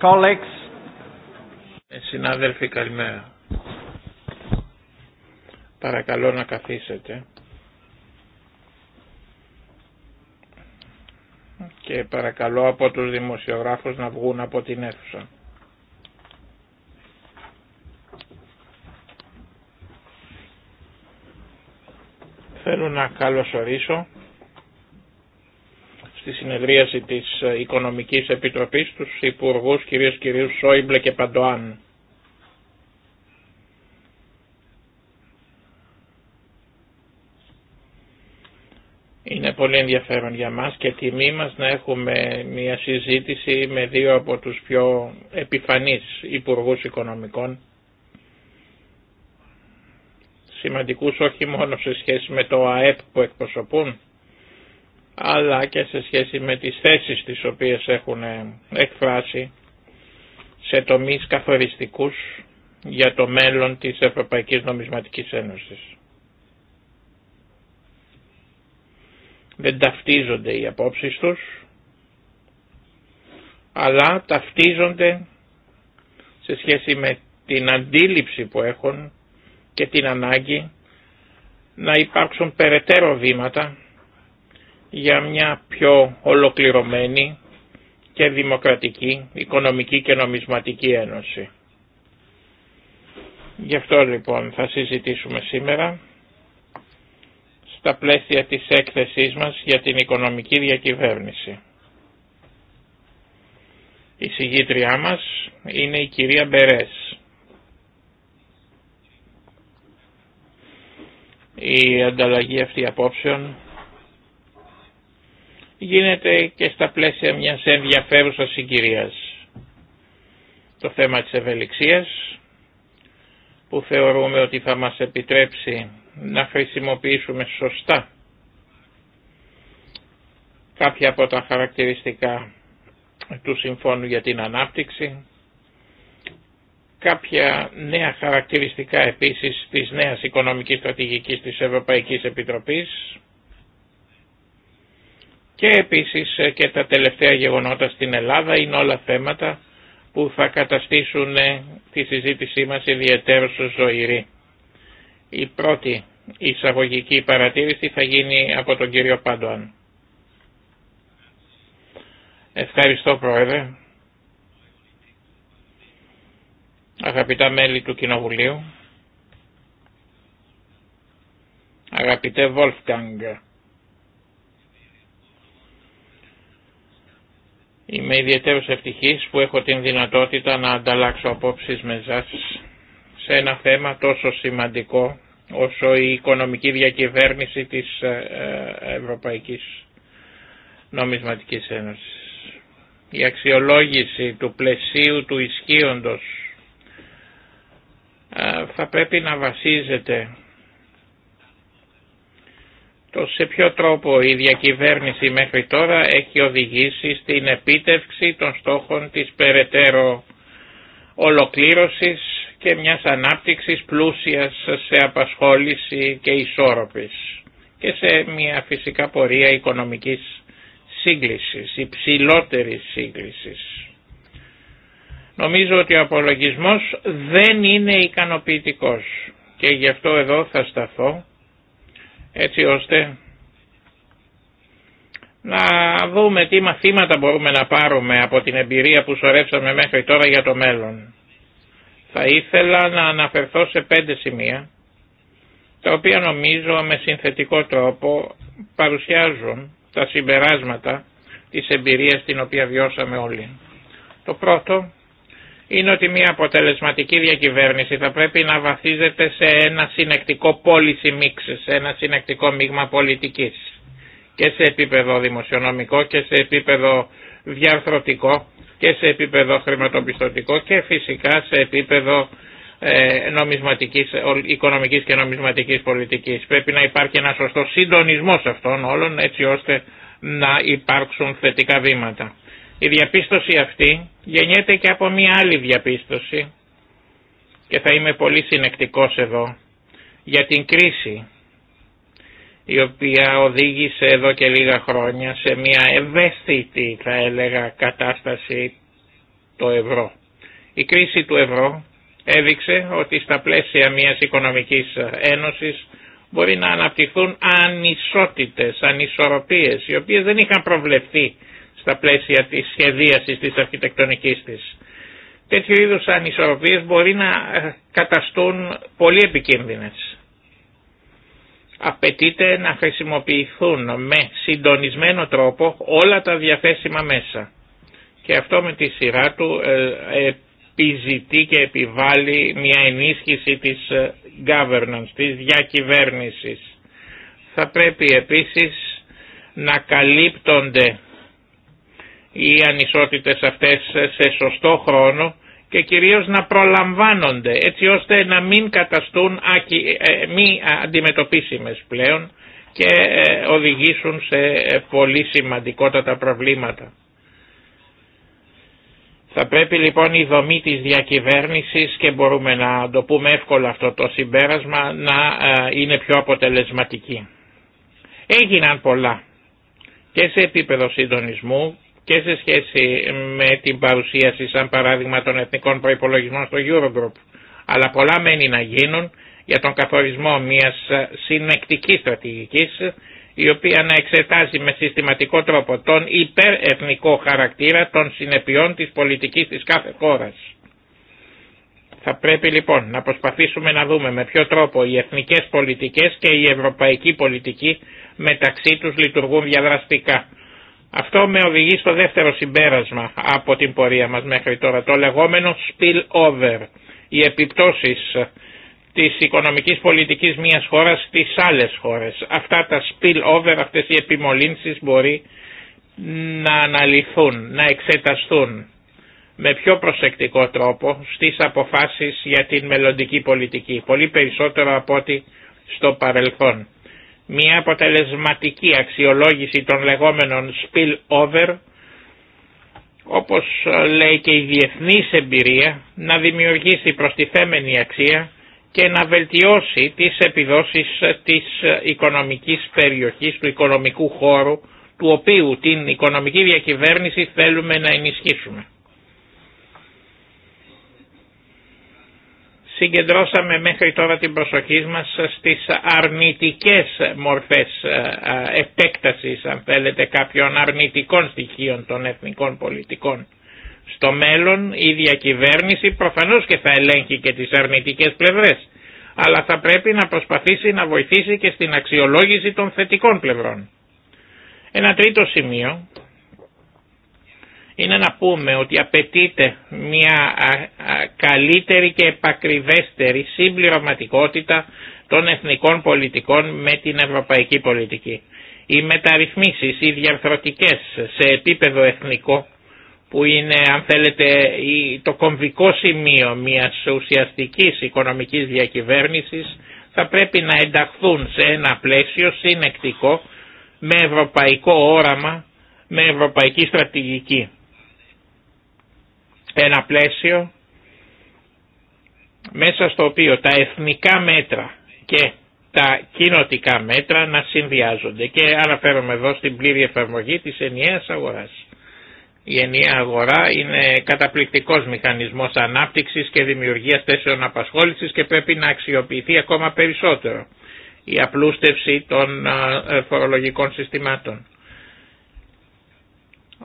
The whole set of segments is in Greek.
Colleagues. Ε, συνάδελφοι καλημέρα. Παρακαλώ να καθίσετε. Και παρακαλώ από τους δημοσιογράφους να βγουν από την αίθουσα. Θέλω να καλωσορίσω στη συνεδρίαση της ε, Οικονομικής Επιτροπής τους Υπουργούς κυρίως κυρίους Σόιμπλε και Παντοάν. Είναι πολύ ενδιαφέρον για μας και τιμή μας να έχουμε μια συζήτηση με δύο από τους πιο επιφανείς Υπουργούς Οικονομικών σημαντικούς όχι μόνο σε σχέση με το ΑΕΠ που εκπροσωπούν, αλλά και σε σχέση με τις θέσεις τις οποίες έχουν εκφράσει σε τομείς καθοριστικούς για το μέλλον της Ευρωπαϊκής Νομισματικής Ένωσης. Δεν ταυτίζονται οι απόψεις τους, αλλά ταυτίζονται σε σχέση με την αντίληψη που έχουν και την ανάγκη να υπάρξουν περαιτέρω βήματα για μια πιο ολοκληρωμένη και δημοκρατική οικονομική και νομισματική ένωση. Γι' αυτό λοιπόν θα συζητήσουμε σήμερα στα πλαίσια της έκθεσής μας για την οικονομική διακυβέρνηση. Η συγγήτριά μας είναι η κυρία Μπερές. Η ανταλλαγή αυτή απόψεων γίνεται και στα πλαίσια μιας ενδιαφέρουσα συγκυρίας. Το θέμα της ευελιξίας που θεωρούμε ότι θα μας επιτρέψει να χρησιμοποιήσουμε σωστά κάποια από τα χαρακτηριστικά του Συμφώνου για την Ανάπτυξη, κάποια νέα χαρακτηριστικά επίσης της νέας οικονομικής στρατηγικής της Ευρωπαϊκής Επιτροπής, και επίσης ε, και τα τελευταία γεγονότα στην Ελλάδα είναι όλα θέματα που θα καταστήσουν ε, τη συζήτησή μας ιδιαίτερως ζωηρή. Η πρώτη εισαγωγική παρατήρηση θα γίνει από τον κύριο Παντοάν. Ευχαριστώ Πρόεδρε. Αγαπητά μέλη του Κοινοβουλίου. Αγαπητέ Βολφκανγκ. Είμαι ιδιαίτερος ευτυχής που έχω την δυνατότητα να ανταλλάξω απόψεις με σε ένα θέμα τόσο σημαντικό όσο η οικονομική διακυβέρνηση της ε, ε, Ευρωπαϊκής Νομισματικής Ένωσης. Η αξιολόγηση του πλαισίου του ισχύοντος ε, θα πρέπει να βασίζεται το σε ποιο τρόπο η διακυβέρνηση μέχρι τώρα έχει οδηγήσει στην επίτευξη των στόχων της περαιτέρω ολοκλήρωσης και μιας ανάπτυξης πλούσιας σε απασχόληση και ισόρροπης και σε μια φυσικά πορεία οικονομικής σύγκλησης, υψηλότερης σύγκλησης. Νομίζω ότι ο απολογισμός δεν είναι ικανοποιητικός και γι' αυτό εδώ θα σταθώ έτσι ώστε να δούμε τι μαθήματα μπορούμε να πάρουμε από την εμπειρία που σωρέψαμε μέχρι τώρα για το μέλλον. Θα ήθελα να αναφερθώ σε πέντε σημεία, τα οποία νομίζω με συνθετικό τρόπο παρουσιάζουν τα συμπεράσματα της εμπειρίας την οποία βιώσαμε όλοι. Το πρώτο είναι ότι μια αποτελεσματική διακυβέρνηση θα πρέπει να βαθίζεται σε ένα συνεκτικό policy mix, σε ένα συνεκτικό μείγμα πολιτικής και σε επίπεδο δημοσιονομικό και σε επίπεδο διαρθρωτικό και σε επίπεδο χρηματοπιστωτικό και φυσικά σε επίπεδο ε, νομισματικής, οικονομικής και νομισματικής πολιτικής. Πρέπει να υπάρχει ένα σωστό συντονισμός αυτών όλων έτσι ώστε να υπάρξουν θετικά βήματα. Η διαπίστωση αυτή γεννιέται και από μία άλλη διαπίστωση και θα είμαι πολύ συνεκτικός εδώ για την κρίση η οποία οδήγησε εδώ και λίγα χρόνια σε μια ευαίσθητη θα έλεγα κατάσταση το ευρώ. Η κρίση του ευρώ έδειξε ότι στα πλαίσια μιας οικονομικής ένωσης μπορεί να αναπτυχθούν ανισότητες, ανισορροπίες, οι οποίες δεν είχαν προβλεφθεί στα πλαίσια της σχεδίασης της αρχιτεκτονικής της. Τέτοιου είδους ανισορροπίες μπορεί να ε, καταστούν πολύ επικίνδυνες. Απαιτείται να χρησιμοποιηθούν με συντονισμένο τρόπο όλα τα διαθέσιμα μέσα. Και αυτό με τη σειρά του ε, επιζητεί και επιβάλλει μια ενίσχυση της ε, governance, της διακυβέρνησης. Θα πρέπει επίσης να καλύπτονται οι ανισότητες αυτές σε σωστό χρόνο και κυρίως να προλαμβάνονται έτσι ώστε να μην καταστούν ε, μη αντιμετωπίσιμες πλέον και ε, οδηγήσουν σε ε, πολύ σημαντικότατα προβλήματα. Θα πρέπει λοιπόν η δομή της διακυβέρνησης και μπορούμε να το πούμε εύκολα αυτό το συμπέρασμα να είναι πιο αποτελεσματική. Έγιναν πολλά και σε επίπεδο συντονισμού και σε σχέση με την παρουσίαση σαν παράδειγμα των εθνικών προϋπολογισμών στο Eurogroup. Αλλά πολλά μένει να γίνουν για τον καθορισμό μιας συνεκτικής στρατηγικής η οποία να εξετάζει με συστηματικό τρόπο τον υπερεθνικό χαρακτήρα των συνεπειών της πολιτικής της κάθε χώρας. Θα πρέπει λοιπόν να προσπαθήσουμε να δούμε με ποιο τρόπο οι εθνικές πολιτικές και η ευρωπαϊκή πολιτική μεταξύ τους λειτουργούν διαδραστικά αυτό με οδηγεί στο δεύτερο συμπέρασμα από την πορεία μας μέχρι τώρα, το λεγόμενο spill over, οι επιπτώσεις της οικονομικής πολιτικής μιας χώρας στις άλλες χώρες. Αυτά τα spill over, αυτές οι επιμολύνσεις μπορεί να αναλυθούν, να εξεταστούν με πιο προσεκτικό τρόπο στις αποφάσεις για την μελλοντική πολιτική, πολύ περισσότερο από ό,τι στο παρελθόν μια αποτελεσματική αξιολόγηση των λεγόμενων spill over όπως ε, λέει και η διεθνής εμπειρία να δημιουργήσει προστιθέμενη αξία και να βελτιώσει τις επιδόσεις ε, της ε, οικονομικής περιοχής, του οικονομικού χώρου του οποίου την οικονομική διακυβέρνηση θέλουμε να ενισχύσουμε. συγκεντρώσαμε μέχρι τώρα την προσοχή μας στις αρνητικές μορφές ε, ε, επέκτασης, αν θέλετε, κάποιων αρνητικών στοιχείων των εθνικών πολιτικών. Στο μέλλον η διακυβέρνηση προφανώς και θα ελέγχει και τις αρνητικές πλευρές, αλλά θα πρέπει να προσπαθήσει να βοηθήσει και στην αξιολόγηση των θετικών πλευρών. Ένα τρίτο σημείο είναι να πούμε ότι απαιτείται μια καλύτερη και επακριβέστερη συμπληρωματικότητα των εθνικών πολιτικών με την ευρωπαϊκή πολιτική. Οι μεταρρυθμίσεις, οι διαρθρωτικές σε επίπεδο εθνικό που είναι αν θέλετε το κομβικό σημείο μιας ουσιαστικής οικονομικής διακυβέρνησης θα πρέπει να ενταχθούν σε ένα πλαίσιο συνεκτικό με ευρωπαϊκό όραμα, με ευρωπαϊκή στρατηγική ένα πλαίσιο μέσα στο οποίο τα εθνικά μέτρα και τα κοινοτικά μέτρα να συνδυάζονται και αναφέρομαι εδώ στην πλήρη εφαρμογή της ενιαίας αγοράς. Η ενιαία αγορά είναι καταπληκτικός μηχανισμός ανάπτυξης και δημιουργίας θέσεων απασχόλησης και πρέπει να αξιοποιηθεί ακόμα περισσότερο η απλούστευση των ε, φορολογικών συστημάτων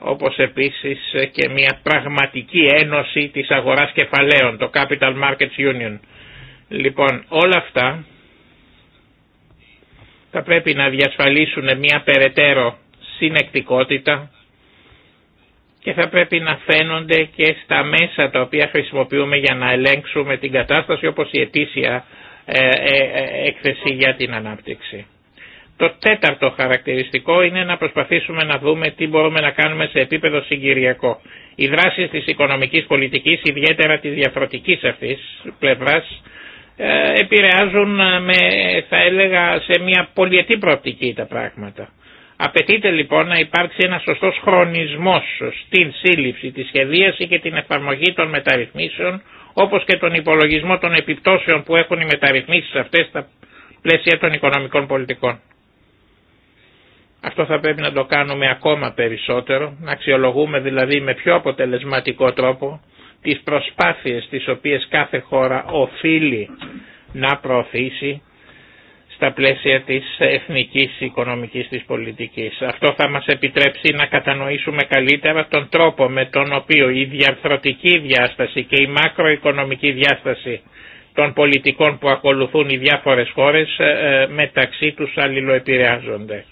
όπως επίσης και μια πραγματική ένωση της αγοράς κεφαλαίων, το Capital Markets Union. Λοιπόν, όλα αυτά θα πρέπει να διασφαλίσουν μια περαιτέρω συνεκτικότητα και θα πρέπει να φαίνονται και στα μέσα τα οποία χρησιμοποιούμε για να ελέγξουμε την κατάσταση όπως η ετήσια ε, ε, ε, έκθεση για την ανάπτυξη. Το τέταρτο χαρακτηριστικό είναι να προσπαθήσουμε να δούμε τι μπορούμε να κάνουμε σε επίπεδο συγκυριακό. Οι δράσεις της οικονομικής πολιτικής, ιδιαίτερα της διαφορετικής αυτής πλευράς, ε, επηρεάζουν ε, με, θα έλεγα, σε μια πολιετή προοπτική τα πράγματα. Απαιτείται λοιπόν να υπάρξει ένα σωστός χρονισμός στην σύλληψη, τη σχεδίαση και την εφαρμογή των μεταρρυθμίσεων, όπως και τον υπολογισμό των επιπτώσεων που έχουν οι μεταρρυθμίσεις αυτές στα πλαίσια των οικονομικών πολιτικών. Αυτό θα πρέπει να το κάνουμε ακόμα περισσότερο, να αξιολογούμε δηλαδή με πιο αποτελεσματικό τρόπο τις προσπάθειες τις οποίες κάθε χώρα οφείλει να προωθήσει στα πλαίσια της εθνικής οικονομικής της πολιτικής. Αυτό θα μας επιτρέψει να κατανοήσουμε καλύτερα τον τρόπο με τον οποίο η διαρθρωτική διάσταση και η μακροοικονομική διάσταση των πολιτικών που ακολουθούν οι διάφορες χώρες ε, ε, μεταξύ τους αλληλοεπηρεάζονται.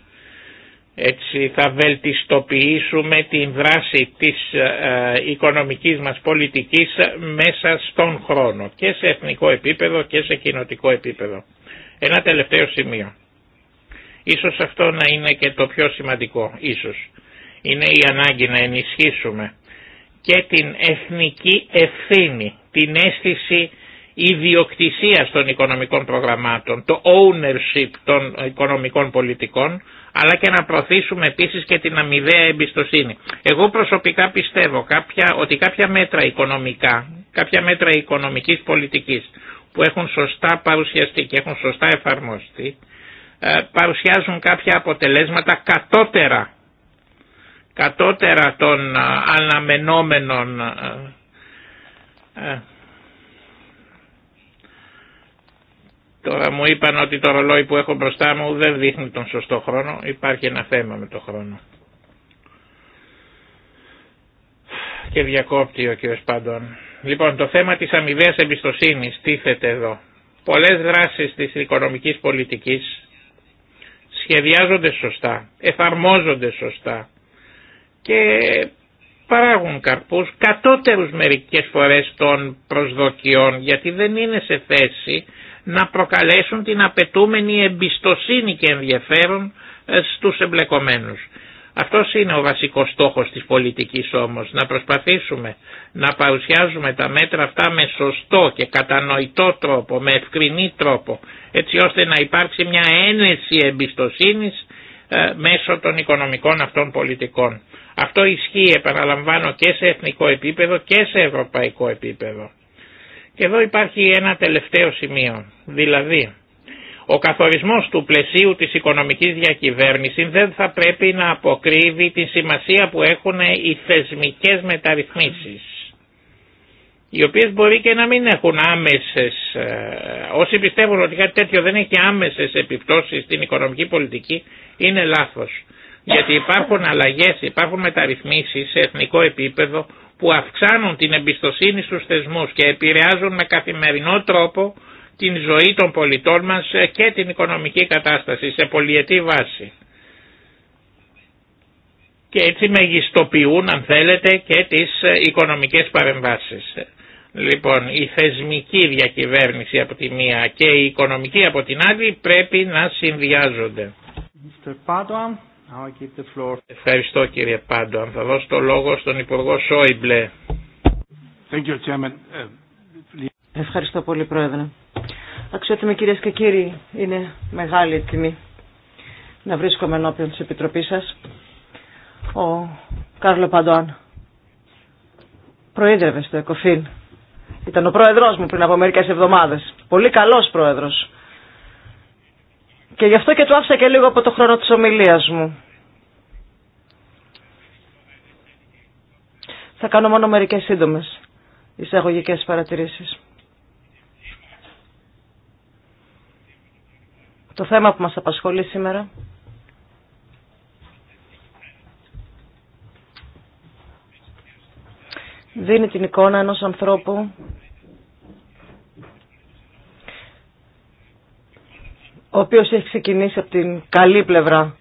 Έτσι θα βελτιστοποιήσουμε την δράση της ε, οικονομικής μας πολιτικής μέσα στον χρόνο και σε εθνικό επίπεδο και σε κοινοτικό επίπεδο. Ένα τελευταίο σημείο. Ίσως αυτό να είναι και το πιο σημαντικό, ίσως. Είναι η ανάγκη να ενισχύσουμε και την εθνική ευθύνη, την αίσθηση ιδιοκτησίας των οικονομικών προγραμμάτων, το ownership των οικονομικών πολιτικών, αλλά και να προωθήσουμε επίσης και την αμοιβαία εμπιστοσύνη. Εγώ προσωπικά πιστεύω κάποια, ότι κάποια μέτρα οικονομικά, κάποια μέτρα οικονομικής πολιτικής που έχουν σωστά παρουσιαστεί και έχουν σωστά εφαρμοστεί, ε, παρουσιάζουν κάποια αποτελέσματα κατώτερα, κατώτερα των ε, αναμενόμενων ε, Τώρα μου είπαν ότι το ρολόι που έχω μπροστά μου δεν δείχνει τον σωστό χρόνο. Υπάρχει ένα θέμα με το χρόνο. Και διακόπτει ο κύριος Παντών. Λοιπόν, το θέμα της αμοιβαίας εμπιστοσύνης τίθεται εδώ. Πολλές δράσεις της οικονομικής πολιτικής σχεδιάζονται σωστά, εφαρμόζονται σωστά και παράγουν καρπούς κατώτερους μερικές φορές των προσδοκιών γιατί δεν είναι σε θέση να προκαλέσουν την απαιτούμενη εμπιστοσύνη και ενδιαφέρον ε, στους εμπλεκομένους. Αυτός είναι ο βασικός στόχος της πολιτικής όμως, να προσπαθήσουμε να παρουσιάζουμε τα μέτρα αυτά με σωστό και κατανοητό τρόπο, με ευκρινή τρόπο, έτσι ώστε να υπάρξει μια ένεση εμπιστοσύνης ε, μέσω των οικονομικών αυτών πολιτικών. Αυτό ισχύει, επαναλαμβάνω, και σε εθνικό επίπεδο και σε ευρωπαϊκό επίπεδο. Και εδώ υπάρχει ένα τελευταίο σημείο, δηλαδή ο καθορισμός του πλαισίου της οικονομικής διακυβέρνησης δεν θα πρέπει να αποκρύβει τη σημασία που έχουν οι θεσμικές μεταρρυθμίσεις οι οποίες μπορεί και να μην έχουν άμεσες, ε, όσοι πιστεύουν ότι κάτι τέτοιο δεν έχει άμεσες επιπτώσεις στην οικονομική πολιτική, είναι λάθος γιατί υπάρχουν αλλαγές, υπάρχουν μεταρρυθμίσεις σε εθνικό επίπεδο που αυξάνουν την εμπιστοσύνη στους θεσμούς και επηρεάζουν με καθημερινό τρόπο την ζωή των πολιτών μας και την οικονομική κατάσταση σε πολιετή βάση. Και έτσι μεγιστοποιούν αν θέλετε και τις οικονομικές παρεμβάσεις. Λοιπόν, η θεσμική διακυβέρνηση από τη μία και η οικονομική από την άλλη πρέπει να συνδυάζονται. Ευχαριστώ κύριε Πάντο. Θα δώσω το λόγο στον Υπουργό Σόιμπλε. Ευχαριστώ πολύ Πρόεδρε. Αξιότιμοι κυρίες και κύριοι, είναι μεγάλη τιμή να βρίσκομαι ενώπιον της Επιτροπής σας. Ο Κάρλο Παντοάν προείδρευε στο ΕΚΟΦΗΝ. Ήταν ο πρόεδρός μου πριν από μερικές εβδομάδες. Πολύ καλός πρόεδρος. Και γι' αυτό και του άφησα και λίγο από το χρόνο της ομιλίας μου. Θα κάνω μόνο μερικές σύντομες εισαγωγικές παρατηρήσεις. Το θέμα που μας απασχολεί σήμερα δίνει την εικόνα ενός ανθρώπου ο οποίος έχει ξεκινήσει από την καλή πλευρά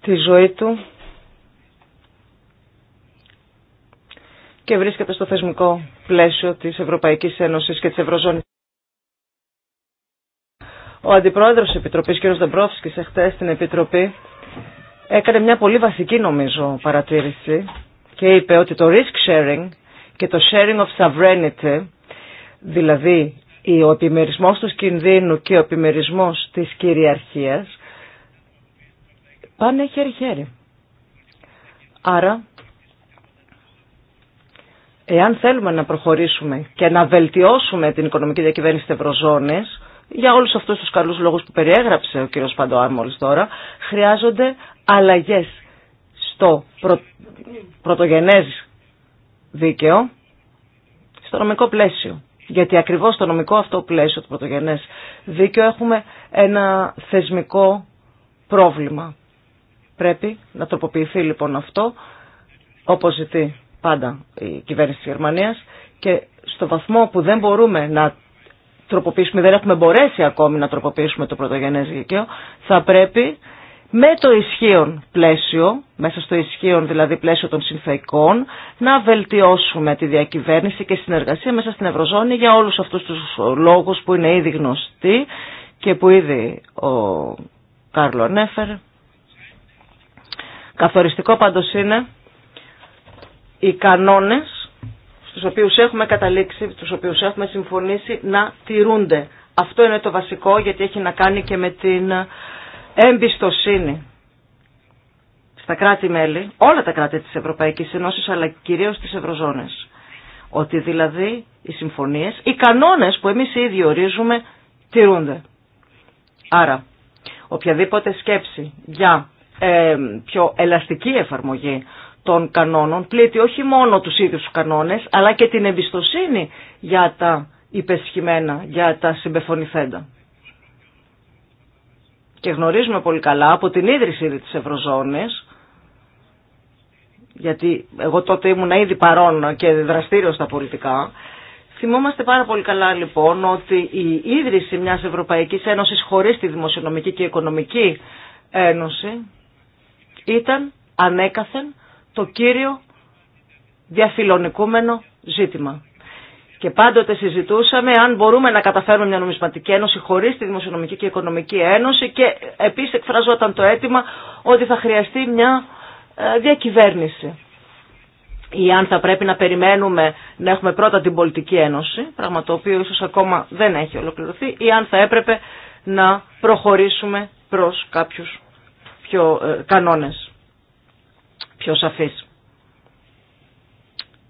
τη ζωή του και βρίσκεται στο θεσμικό πλαίσιο της Ευρωπαϊκής Ένωσης και της Ευρωζώνης. Ο Αντιπρόεδρος της Επιτροπής, κ. Δεμπρόφσκης, εχθές στην Επιτροπή, έκανε μια πολύ βασική νομίζω παρατήρηση και είπε ότι το risk sharing και το sharing of sovereignty, δηλαδή ο επιμερισμός του κινδύνου και ο επιμερισμός της κυριαρχίας, πάνε χέρι-χέρι. Άρα Εάν θέλουμε να προχωρήσουμε και να βελτιώσουμε την οικονομική διακυβέρνηση της Ευρωζώνης, για όλους αυτούς τους καλούς λόγους που περιέγραψε ο κύριος Παντοάρ μόλις τώρα, χρειάζονται αλλαγές στο πρω... πρωτογενές δίκαιο, στο νομικό πλαίσιο. Γιατί ακριβώς στο νομικό αυτό πλαίσιο, του πρωτογενές δίκαιο, έχουμε ένα θεσμικό πρόβλημα. Πρέπει να τροποποιηθεί λοιπόν αυτό, όπως ζητεί πάντα η κυβέρνηση της Γερμανίας και στο βαθμό που δεν μπορούμε να τροποποιήσουμε, δεν έχουμε μπορέσει ακόμη να τροποποιήσουμε το πρωτογενές δικαίωμα, θα πρέπει με το ισχύον πλαίσιο, μέσα στο ισχύον δηλαδή πλαίσιο των συνθαϊκών, να βελτιώσουμε τη διακυβέρνηση και συνεργασία μέσα στην Ευρωζώνη για όλους αυτούς τους λόγους που είναι ήδη γνωστοί και που ήδη ο Κάρλο ανέφερε. Καθοριστικό πάντως είναι οι κανόνες στους οποίους έχουμε καταλήξει, στους οποίους έχουμε συμφωνήσει να τηρούνται. Αυτό είναι το βασικό γιατί έχει να κάνει και με την εμπιστοσύνη στα κράτη-μέλη, όλα τα κράτη της Ευρωπαϊκής Ένωσης αλλά κυρίως της Ευρωζώνης. Ότι δηλαδή οι συμφωνίες, οι κανόνες που εμείς οι ορίζουμε τηρούνται. Άρα, οποιαδήποτε σκέψη για ε, πιο ελαστική εφαρμογή των κανόνων πλήττει όχι μόνο τους ίδιους τους κανόνες, αλλά και την εμπιστοσύνη για τα υπεσχημένα, για τα συμπεφωνηθέντα. Και γνωρίζουμε πολύ καλά από την ίδρυση της Ευρωζώνης, γιατί εγώ τότε ήμουν ήδη παρόν και δραστήριο στα πολιτικά, Θυμόμαστε πάρα πολύ καλά λοιπόν ότι η ίδρυση μιας Ευρωπαϊκής Ένωσης χωρίς τη Δημοσιονομική και Οικονομική Ένωση ήταν ανέκαθεν το κύριο διαφιλονικούμενο ζήτημα. Και πάντοτε συζητούσαμε αν μπορούμε να καταφέρουμε μια νομισματική ένωση χωρίς τη Δημοσιονομική και Οικονομική Ένωση και επίσης εκφραζόταν το αίτημα ότι θα χρειαστεί μια ε, διακυβέρνηση. Ή αν θα πρέπει να περιμένουμε να έχουμε πρώτα την πολιτική ένωση, πράγμα το οποίο ίσω ακόμα δεν έχει ολοκληρωθεί, ή αν θα έπρεπε να προχωρήσουμε προς κάποιου πιο ε, κανόνες πιο σαφή.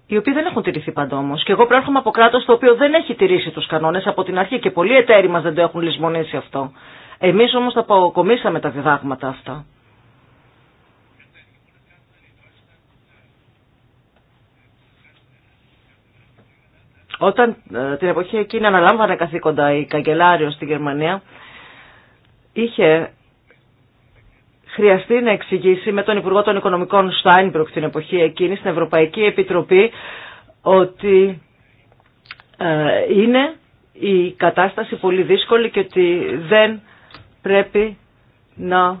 Οι οποίοι δεν έχουν τηρηθεί πάντα όμω. Και εγώ προέρχομαι από κράτο το οποίο δεν έχει τηρήσει του κανόνε από την αρχή και πολλοί εταίροι μα δεν το έχουν λησμονήσει αυτό. Εμεί όμω τα αποκομίσαμε τα διδάγματα αυτά. Όταν ε, την εποχή εκείνη αναλάμβανε καθήκοντα η καγκελάριο στη Γερμανία, είχε χρειαστεί να εξηγήσει με τον Υπουργό των Οικονομικών Στάινμπρουκ την εποχή εκείνη στην Ευρωπαϊκή Επιτροπή ότι ε, είναι η κατάσταση πολύ δύσκολη και ότι δεν πρέπει να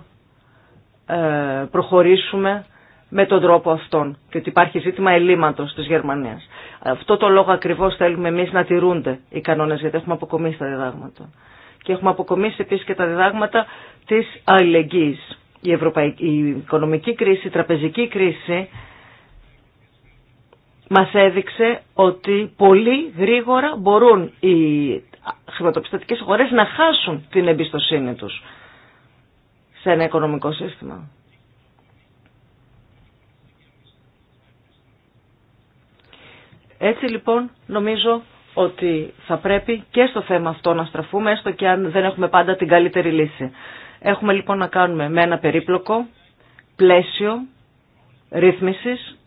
ε, προχωρήσουμε με τον τρόπο αυτόν και ότι υπάρχει ζήτημα ελλείμματος της Γερμανίας. Αυτό το λόγο ακριβώς θέλουμε εμείς να τηρούνται οι κανόνες γιατί έχουμε αποκομίσει τα διδάγματα. Και έχουμε αποκομίσει επίσης και τα διδάγματα της αλληλεγγύης η, ευρωπαϊκή, η οικονομική κρίση, η τραπεζική κρίση μας έδειξε ότι πολύ γρήγορα μπορούν οι χρηματοπιστωτικές χώρες να χάσουν την εμπιστοσύνη τους σε ένα οικονομικό σύστημα. Έτσι λοιπόν νομίζω ότι θα πρέπει και στο θέμα αυτό να στραφούμε, έστω και αν δεν έχουμε πάντα την καλύτερη λύση. Έχουμε λοιπόν να κάνουμε με ένα περίπλοκο πλαίσιο ρύθμισης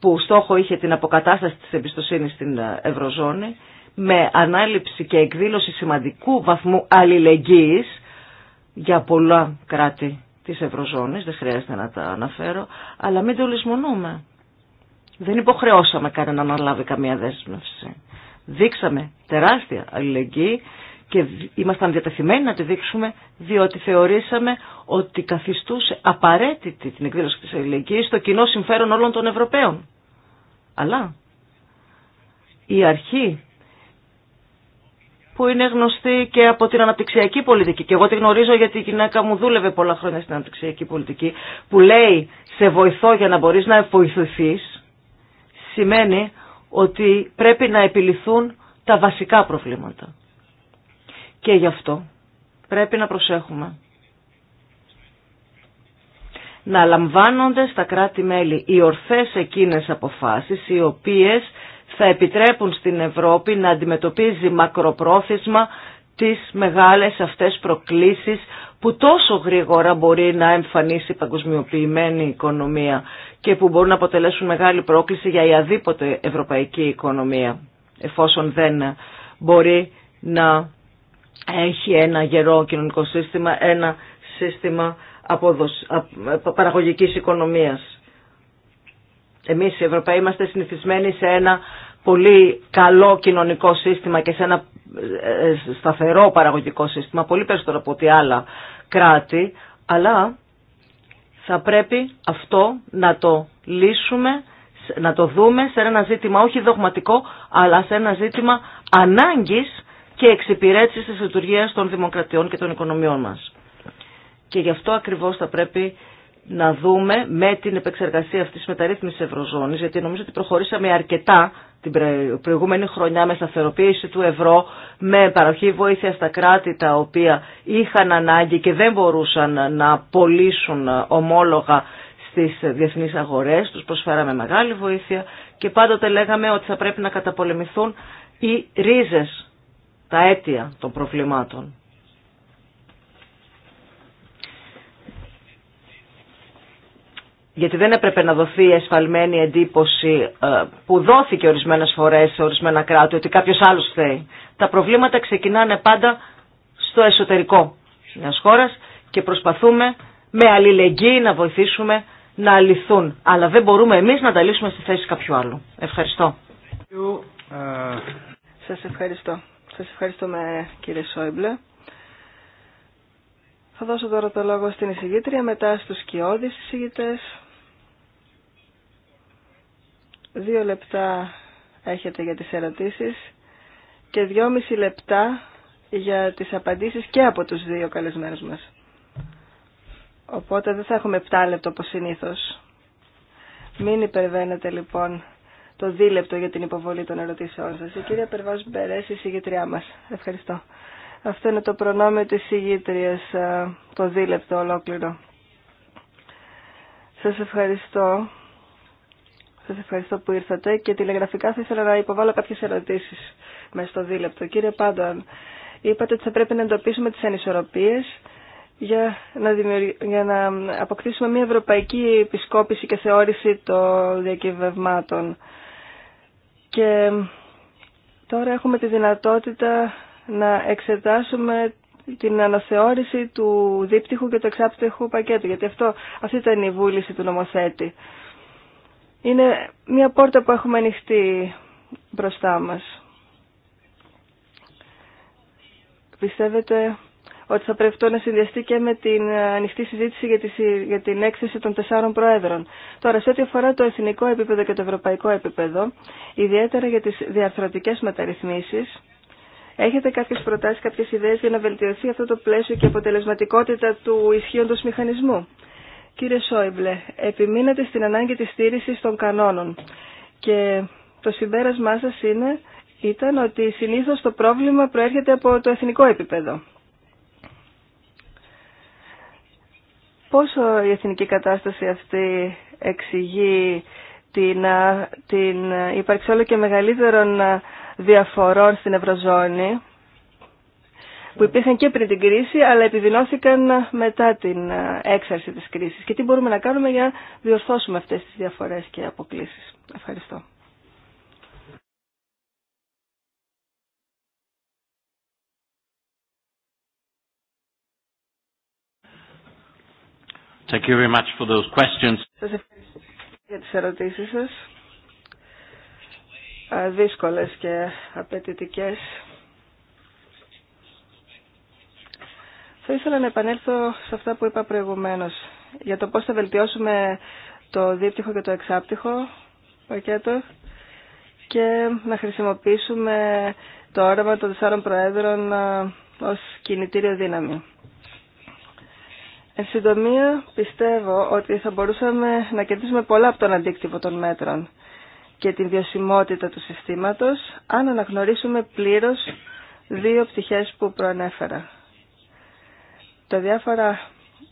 που στόχο είχε την αποκατάσταση της εμπιστοσύνης στην ε, Ευρωζώνη με ανάληψη και εκδήλωση σημαντικού βαθμού αλληλεγγύης για πολλά κράτη της Ευρωζώνης, δεν χρειάζεται να τα αναφέρω, αλλά μην το λησμονούμε. Δεν υποχρεώσαμε κανένα να λάβει καμία δέσμευση. Δείξαμε τεράστια αλληλεγγύη και ήμασταν διατεθειμένοι να τη δείξουμε διότι θεωρήσαμε ότι καθιστούσε απαραίτητη την εκδήλωση της ελληνικής στο κοινό συμφέρον όλων των Ευρωπαίων. Αλλά η αρχή που είναι γνωστή και από την αναπτυξιακή πολιτική και εγώ τη γνωρίζω γιατί η γυναίκα μου δούλευε πολλά χρόνια στην αναπτυξιακή πολιτική που λέει σε βοηθώ για να μπορείς να βοηθηθείς σημαίνει ότι πρέπει να επιληθούν τα βασικά προβλήματα και γι' αυτό πρέπει να προσέχουμε. Να λαμβάνονται στα κράτη-μέλη οι ορθές εκείνες αποφάσεις οι οποίες θα επιτρέπουν στην Ευρώπη να αντιμετωπίζει μακροπρόθεσμα τις μεγάλες αυτές προκλήσεις που τόσο γρήγορα μπορεί να εμφανίσει η παγκοσμιοποιημένη οικονομία και που μπορούν να αποτελέσουν μεγάλη πρόκληση για η αδίποτε ευρωπαϊκή οικονομία εφόσον δεν μπορεί να έχει ένα γερό κοινωνικό σύστημα, ένα σύστημα απόδοση, παραγωγικής οικονομίας. Εμείς οι Ευρωπαίοι είμαστε συνηθισμένοι σε ένα πολύ καλό κοινωνικό σύστημα και σε ένα ε, ε, σταθερό παραγωγικό σύστημα, πολύ περισσότερο από ό,τι άλλα κράτη, αλλά θα πρέπει αυτό να το λύσουμε, να το δούμε σε ένα ζήτημα όχι δογματικό, αλλά σε ένα ζήτημα ανάγκης και εξυπηρέτηση της λειτουργία των δημοκρατιών και των οικονομιών μας. Και γι' αυτό ακριβώς θα πρέπει να δούμε με την επεξεργασία αυτής της μεταρρύθμισης Ευρωζώνης, γιατί νομίζω ότι προχωρήσαμε αρκετά την προηγούμενη χρονιά με σταθεροποίηση του ευρώ, με παροχή βοήθεια στα κράτη τα οποία είχαν ανάγκη και δεν μπορούσαν να πωλήσουν ομόλογα στις διεθνείς αγορές, τους προσφέραμε μεγάλη βοήθεια και πάντοτε λέγαμε ότι θα πρέπει να καταπολεμηθούν οι ρίζες τα αίτια των προβλημάτων. γιατί δεν έπρεπε να δοθεί εσφαλμένη εντύπωση ε, που δόθηκε ορισμένες φορές σε ορισμένα κράτη ότι κάποιος άλλος θέλει. Τα προβλήματα ξεκινάνε πάντα στο εσωτερικό μιας χώρας και προσπαθούμε με αλληλεγγύη να βοηθήσουμε να λυθούν. Αλλά δεν μπορούμε εμείς να τα λύσουμε στη θέση κάποιου άλλου. Ευχαριστώ. Ε, Σας ευχαριστώ. Σας ευχαριστούμε κύριε Σόιμπλε. Θα δώσω τώρα το λόγο στην εισηγήτρια, μετά στους σκιώδεις εισηγητές. Δύο λεπτά έχετε για τις ερωτήσεις και δυόμιση λεπτά για τις απαντήσεις και από τους δύο καλεσμένους μας. Οπότε δεν θα έχουμε 7 λεπτό όπως συνήθως. Μην υπερβαίνετε λοιπόν το δίλεπτο για την υποβολή των ερωτήσεών σας. Η κυρία Περβάς Μπερές, η συγγητριά μας. Ευχαριστώ. Αυτό είναι το προνόμιο της συγγήτριας, ε, το δίλεπτο ολόκληρο. Σας ευχαριστώ. Σας ευχαριστώ που ήρθατε και τηλεγραφικά θα ήθελα να υποβάλω κάποιες ερωτήσεις μέσα στο δίλεπτο. Κύριε Πάντων, είπατε ότι θα πρέπει να εντοπίσουμε τις ανισορροπίες για για να αποκτήσουμε μια ευρωπαϊκή επισκόπηση και θεώρηση των διακυβευμάτων. Και τώρα έχουμε τη δυνατότητα να εξετάσουμε την αναθεώρηση του δίπτυχου και του εξάπτυχου πακέτου, γιατί αυτό, αυτή ήταν η βούληση του νομοθέτη. Είναι μια πόρτα που έχουμε ανοιχτεί μπροστά μας. Πιστεύετε ότι θα πρέπει αυτό να συνδυαστεί και με την ε, ανοιχτή συζήτηση για, τη, για την έκθεση των τεσσάρων προέδρων. Τώρα, σε ό,τι αφορά το εθνικό επίπεδο και το ευρωπαϊκό επίπεδο, ιδιαίτερα για τις διαρθρωτικές μεταρρυθμίσεις, Έχετε κάποιε προτάσει, κάποιε ιδέε για να βελτιωθεί αυτό το πλαίσιο και η αποτελεσματικότητα του ισχύοντο μηχανισμού. Κύριε Σόιμπλε, επιμείνατε στην ανάγκη της στήριξη των κανόνων. Και το συμπέρασμά σα είναι ήταν ότι συνήθω το πρόβλημα προέρχεται από το εθνικό επίπεδο. Πόσο η εθνική κατάσταση αυτή εξηγεί την, την ύπαρξη όλο και μεγαλύτερων διαφορών στην Ευρωζώνη που υπήρχαν και πριν την κρίση αλλά επιδεινώθηκαν μετά την έξαρση της κρίσης και τι μπορούμε να κάνουμε για να διορθώσουμε αυτές τις διαφορές και αποκλήσεις. Ευχαριστώ. Thank Σας ευχαριστώ για τις ερωτήσεις σας. Ε, δύσκολες και απαιτητικές. Θα ήθελα να επανέλθω σε αυτά που είπα προηγουμένως. Για το πώς θα βελτιώσουμε το δίπτυχο και το εξάπτυχο πακέτο και να χρησιμοποιήσουμε το όραμα των τεσσάρων προέδρων ε, ως κινητήριο δύναμη. Εν συντομία, πιστεύω ότι θα μπορούσαμε να κερδίσουμε πολλά από τον αντίκτυπο των μέτρων και την βιωσιμότητα του συστήματος, αν αναγνωρίσουμε πλήρως δύο πτυχές που προανέφερα. Τα διάφορα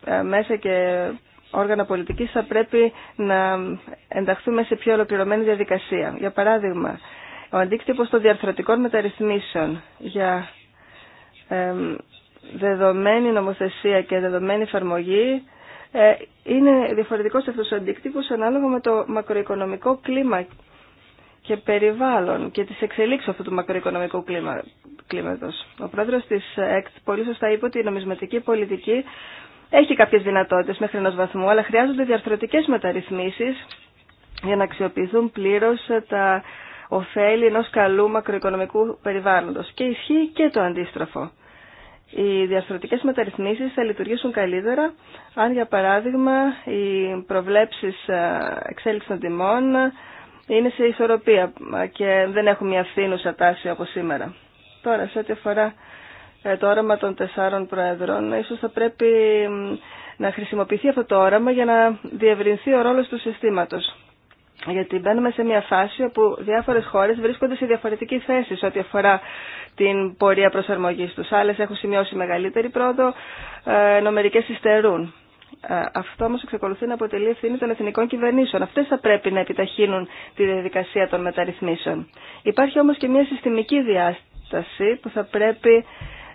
ε, μέσα και όργανα πολιτικής θα πρέπει να ενταχθούμε σε πιο ολοκληρωμένη διαδικασία. Για παράδειγμα, ο αντίκτυπος των διαρθρωτικών μεταρρυθμίσεων για ε, δεδομένη νομοθεσία και δεδομένη εφαρμογή ε, είναι διαφορετικός αυτός ο αντίκτυπος ανάλογα με το μακροοικονομικό κλίμα και περιβάλλον και τις εξελίξεις αυτού του μακροοικονομικού κλίμα, κλίματος. Ο πρόεδρος της ΕΚΤ πολύ σωστά είπε ότι η νομισματική πολιτική έχει κάποιες δυνατότητες μέχρι ενός βαθμού, αλλά χρειάζονται διαρθρωτικές μεταρρυθμίσεις για να αξιοποιηθούν πλήρως τα ωφέλη ενός καλού μακροοικονομικού περιβάλλοντος. Και ισχύει και το αντίστροφο οι διαστρωτικές μεταρρυθμίσεις θα λειτουργήσουν καλύτερα αν για παράδειγμα οι προβλέψεις ε, εξέλιξη των τιμών είναι σε ισορροπία και δεν έχουν μια φθήνουσα τάση όπως σήμερα. Τώρα, σε ό,τι αφορά ε, το όραμα των τεσσάρων προέδρων, ίσως θα πρέπει να χρησιμοποιηθεί αυτό το όραμα για να διευρυνθεί ο ρόλος του συστήματος. Γιατί μπαίνουμε σε μια φάση όπου διάφορες χώρες βρίσκονται σε διαφορετική θέση σε ό,τι αφορά την πορεία προσαρμογής τους. Άλλες έχουν σημειώσει μεγαλύτερη πρόοδο, ε, ενώ μερικές υστερούν. Ε, αυτό όμως εξακολουθεί να αποτελεί ευθύνη των εθνικών κυβερνήσεων. Αυτές θα πρέπει να επιταχύνουν τη διαδικασία των μεταρρυθμίσεων. Υπάρχει όμως και μια συστημική διάσταση που θα πρέπει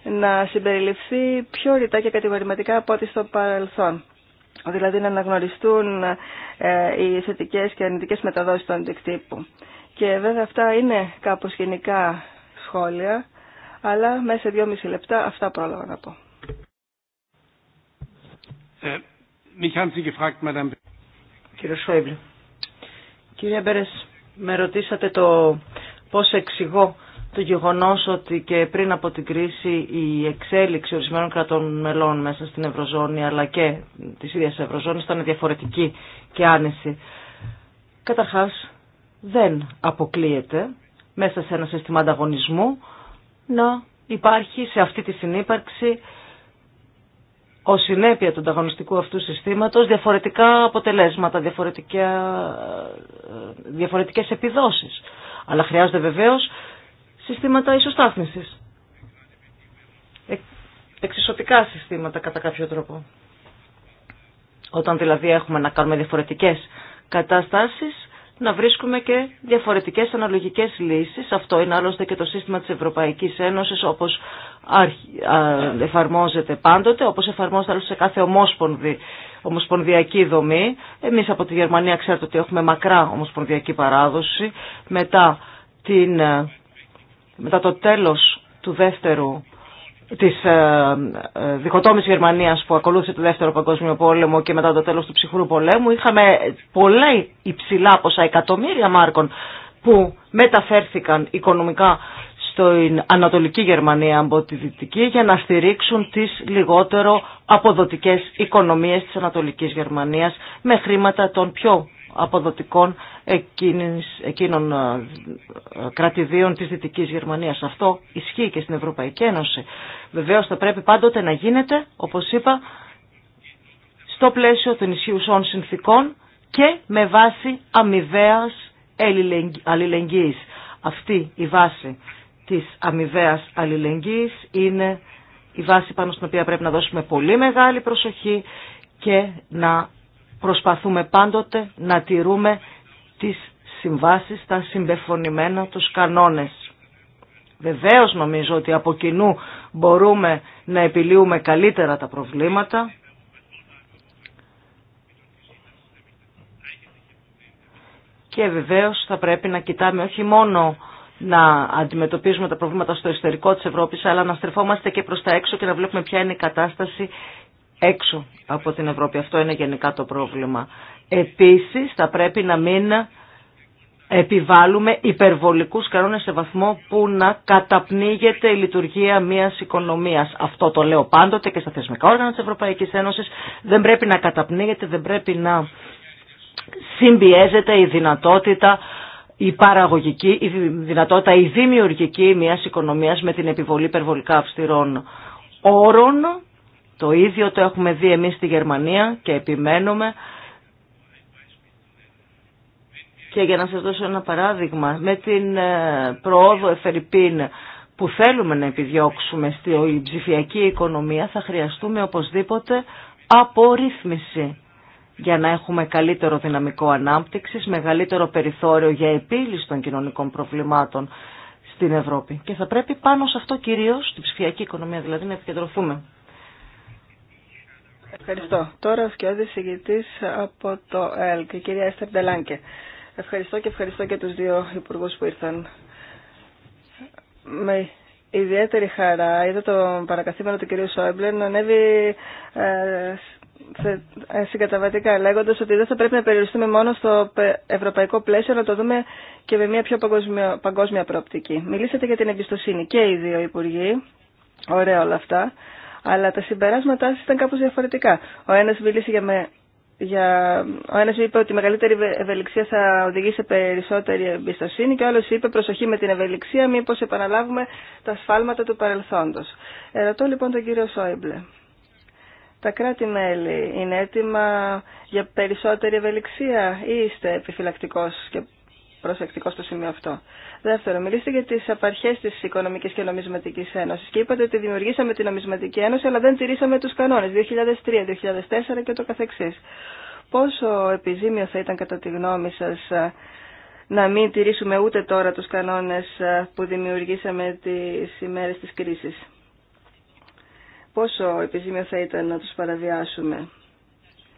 να συμπεριληφθεί πιο ρητά και κατηγορηματικά από ό,τι στο παρελθόν δηλαδή να αναγνωριστούν ε, οι θετικέ και αρνητικές μεταδόσεις του αντικτύπου. Και βέβαια αυτά είναι κάπως γενικά σχόλια, αλλά μέσα σε μισή λεπτά αυτά πρόλαβα να πω. Ε, κύριε Σόιμπλε, κύριε Μπέρες, με ρωτήσατε το πώς εξηγώ το γεγονός ότι και πριν από την κρίση η εξέλιξη ορισμένων κρατών μελών μέσα στην Ευρωζώνη αλλά και της ίδιας Ευρωζώνης ήταν διαφορετική και άνεση. Καταρχάς δεν αποκλείεται μέσα σε ένα σύστημα ανταγωνισμού να υπάρχει σε αυτή τη συνύπαρξη ω συνέπεια του ανταγωνιστικού αυτού συστήματος διαφορετικά αποτελέσματα, ε, διαφορετικές επιδόσεις. Αλλά χρειάζεται βεβαίως συστήματα ισοστάθμισης. Ε, εξισωτικά συστήματα κατά κάποιο τρόπο. Όταν δηλαδή έχουμε να κάνουμε διαφορετικές κατάστασεις, να βρίσκουμε και διαφορετικές αναλογικές λύσεις. Αυτό είναι άλλωστε και το σύστημα της Ευρωπαϊκής Ένωσης όπως εφαρμόζεται πάντοτε, όπως εφαρμόζεται άλλωστε σε κάθε ομόσπονδη, ομοσπονδιακή δομή. Εμείς από τη Γερμανία ξέρετε ότι έχουμε μακρά ομοσπονδιακή παράδοση. Μετά την ε, μετά το τέλος του δεύτερου της ε, ε, διχοτόμησης Γερμανίας που ακολούθησε το δεύτερο παγκόσμιο πόλεμο και μετά το τέλος του ψυχρού πολέμου είχαμε πολλά υψηλά ποσά εκατομμύρια μάρκων που μεταφέρθηκαν οικονομικά στην Ανατολική Γερμανία από τη Δυτική για να στηρίξουν τις λιγότερο αποδοτικές οικονομίες της Ανατολικής Γερμανίας με χρήματα των πιο αποδοτικών εκείνων ε, κρατηδίων της Δυτικής Γερμανίας. Αυτό ισχύει και στην Ευρωπαϊκή Ένωση. Βεβαίως θα πρέπει πάντοτε να γίνεται, όπως είπα, στο πλαίσιο των ισχύουσών συνθήκων και με βάση αμοιβαίας αλληλεγγύης. Αυτή η βάση της αμοιβαίας αλληλεγγύης είναι η βάση πάνω στην οποία πρέπει να δώσουμε πολύ μεγάλη προσοχή και να προσπαθούμε πάντοτε να τηρούμε τις συμβάσεις, τα συμπεφωνημένα, τους κανόνες. Βεβαίως νομίζω ότι από κοινού μπορούμε να επιλύουμε καλύτερα τα προβλήματα. Και βεβαίως θα πρέπει να κοιτάμε όχι μόνο να αντιμετωπίζουμε τα προβλήματα στο εσωτερικό της Ευρώπης, αλλά να στρεφόμαστε και προς τα έξω και να βλέπουμε ποια είναι η κατάσταση έξω από την Ευρώπη. Αυτό είναι γενικά το πρόβλημα. Επίσης θα πρέπει να μην επιβάλλουμε υπερβολικούς κανόνες σε βαθμό που να καταπνίγεται η λειτουργία μιας οικονομίας. Αυτό το λέω πάντοτε και στα θεσμικά όργανα της Ευρωπαϊκής Ένωσης. Δεν πρέπει να καταπνίγεται, δεν πρέπει να συμπιέζεται η δυνατότητα η παραγωγική, η δυνατότητα, η δημιουργική μιας οικονομίας με την επιβολή υπερβολικά αυστηρών όρων το ίδιο το έχουμε δει εμείς στη Γερμανία και επιμένουμε. Και για να σας δώσω ένα παράδειγμα, με την ε, προόδο εφερειπίν που θέλουμε να επιδιώξουμε στη ψηφιακή οικονομία θα χρειαστούμε οπωσδήποτε απορρίθμιση για να έχουμε καλύτερο δυναμικό ανάπτυξης, μεγαλύτερο περιθώριο για επίλυση των κοινωνικών προβλημάτων στην Ευρώπη. Και θα πρέπει πάνω σε αυτό κυρίως, στην ψηφιακή οικονομία δηλαδή, να επικεντρωθούμε. Ευχαριστώ. Τώρα ο Σκιώδη ηγητής από το ΕΛΚ, η κυρία Έστερ Ντελάνκε. Ευχαριστώ και ευχαριστώ και τους δύο υπουργού που ήρθαν. Με ιδιαίτερη χαρά είδα το παρακαθήμενο του κυρίου Σόιμπλε να ανέβει ε, ε, συγκαταβατικά λέγοντα ότι δεν θα πρέπει να περιοριστούμε μόνο στο ευρωπαϊκό πλαίσιο να το δούμε και με μια πιο παγκόσμια, παγκόσμια προοπτική. Μιλήσατε για την εμπιστοσύνη και οι δύο υπουργοί. Ωραία όλα αυτά αλλά τα συμπεράσματά σα ήταν κάπως διαφορετικά. Ο ένας μίλησε για, με, για... Ο είπε ότι η μεγαλύτερη ευελιξία θα οδηγήσει σε περισσότερη εμπιστοσύνη και ο άλλο είπε προσοχή με την ευελιξία μήπως επαναλάβουμε τα σφάλματα του παρελθόντος. Ερωτώ λοιπόν τον κύριο Σόιμπλε. Τα κράτη-μέλη είναι έτοιμα για περισσότερη ευελιξία ή είστε επιφυλακτικό. και προσεκτικό στο σημείο αυτό. Δεύτερο, μιλήστε για τι απαρχέ τη Οικονομική και Νομισματική Ένωση και είπατε ότι δημιουργήσαμε την Νομισματική Ένωση αλλά δεν τηρήσαμε του κανόνε 2003, 2004 και το καθεξής. Πόσο επιζήμιο θα ήταν κατά τη γνώμη σας να μην τηρήσουμε ούτε τώρα τους κανόνες που δημιουργήσαμε τις ημέρες της κρίσης. Πόσο επιζήμιο θα ήταν να τους παραβιάσουμε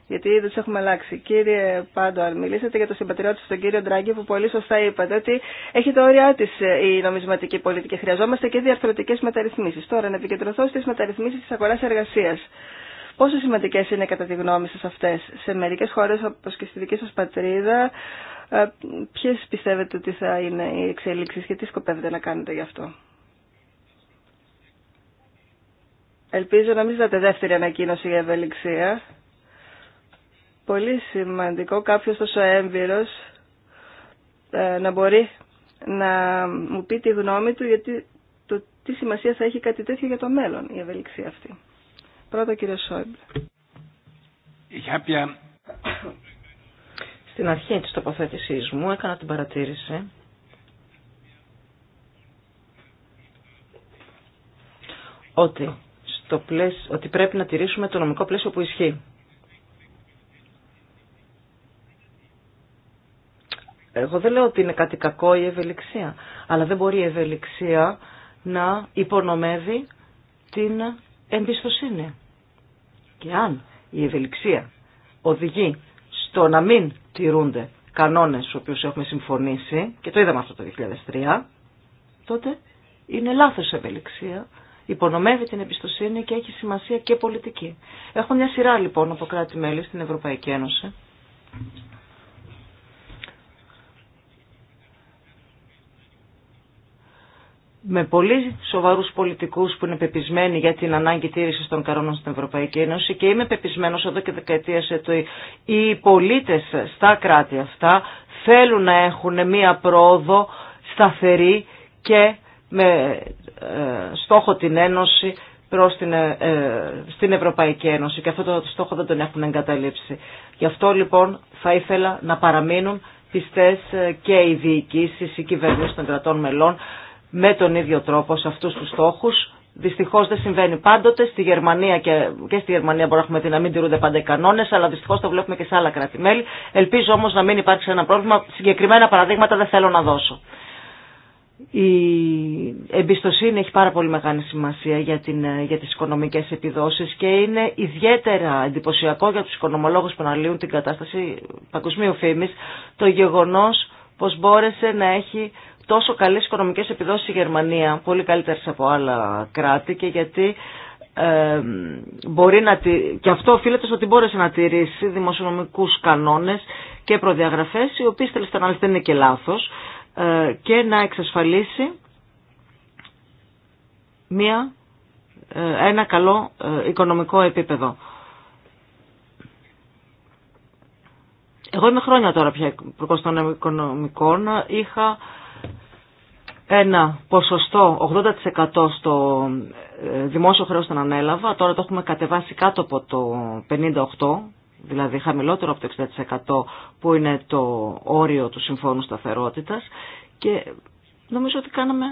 γιατί δεν του έχουμε αλλάξει. Κύριε Πάντο, μιλήσατε για το συμπατριώτη τον κύριο Ντράγκη, που πολύ σωστά είπατε ότι έχει τα όρια τη ε, η νομισματική πολιτική. Χρειαζόμαστε και διαρθρωτικέ μεταρρυθμίσει. Τώρα, να επικεντρωθώ στι μεταρρυθμίσει τη αγορά εργασία. Πόσο σημαντικέ είναι κατά τη γνώμη σα αυτέ σε μερικέ χώρε, όπω και στη δική σα πατρίδα, ε, ποιε πιστεύετε ότι θα είναι οι εξελίξει και τι σκοπεύετε να κάνετε γι' αυτό. Ελπίζω να μην ζητάτε δεύτερη ανακοίνωση για ευελιξία πολύ σημαντικό κάποιος τόσο έμπειρος ε, να μπορεί να μου πει τη γνώμη του γιατί το τι σημασία θα έχει κάτι τέτοιο για το μέλλον η ευελιξία αυτή. Πρώτα κύριε Σόιμπλε. Στην αρχή της τοποθέτησής μου έκανα την παρατήρηση ότι, στο πλαίσιο, ότι πρέπει να τηρήσουμε το νομικό πλαίσιο που ισχύει. Εγώ δεν λέω ότι είναι κάτι κακό η ευελιξία, αλλά δεν μπορεί η ευελιξία να υπονομεύει την εμπιστοσύνη. Και αν η ευελιξία οδηγεί στο να μην τηρούνται κανόνες στους οποίους έχουμε συμφωνήσει, και το είδαμε αυτό το 2003, τότε είναι λάθος ευελιξία, υπονομεύει την εμπιστοσύνη και έχει σημασία και πολιτική. Έχω μια σειρά λοιπόν από κράτη-μέλη στην Ευρωπαϊκή Ένωση, με πολύ σοβαρού πολιτικού που είναι πεπισμένοι για την ανάγκη τήρηση των καρόνων στην Ευρωπαϊκή Ένωση και είμαι πεπισμένο εδώ και δεκαετία. ότι οι πολίτε στα κράτη αυτά θέλουν να έχουν μία πρόοδο σταθερή και με ε, στόχο την Ένωση προς την, ε, ε, στην Ευρωπαϊκή Ένωση και αυτό το στόχο δεν τον έχουν εγκαταλείψει. Γι' αυτό λοιπόν θα ήθελα να παραμείνουν πιστές και οι διοικήσεις, οι κυβερνήσεις των κρατών μελών με τον ίδιο τρόπο σε αυτούς τους στόχους. Δυστυχώς δεν συμβαίνει πάντοτε. Στη Γερμανία και, και στη Γερμανία μπορούμε να μην τηρούνται πάντα οι κανόνες, αλλά δυστυχώς το βλέπουμε και σε άλλα κράτη-μέλη. Ελπίζω όμως να μην υπάρξει ένα πρόβλημα. Συγκεκριμένα παραδείγματα δεν θέλω να δώσω. Η εμπιστοσύνη έχει πάρα πολύ μεγάλη σημασία για, την, για τις οικονομικές επιδόσεις και είναι ιδιαίτερα εντυπωσιακό για τους οικονομολόγους που αναλύουν την κατάσταση παγκοσμίου φήμης το γεγονός πως μπόρεσε να έχει τόσο καλές οικονομικές επιδόσεις η Γερμανία, πολύ καλύτερες από άλλα κράτη και γιατί ε, μπορεί να, και αυτό οφείλεται στο ότι μπόρεσε να τηρήσει δημοσιονομικούς κανόνες και προδιαγραφές, οι οποίες να δεν είναι και λάθος, ε, και να εξασφαλίσει μια, ε, ένα καλό ε, οικονομικό επίπεδο. Εγώ είμαι χρόνια τώρα πια υπουργός οικονομικών, είχα ένα ποσοστό 80% στο ε, δημόσιο χρέο τον ανέλαβα, τώρα το έχουμε κατεβάσει κάτω από το 58%, δηλαδή χαμηλότερο από το 60% που είναι το όριο του Συμφώνου Σταθερότητας και νομίζω ότι κάναμε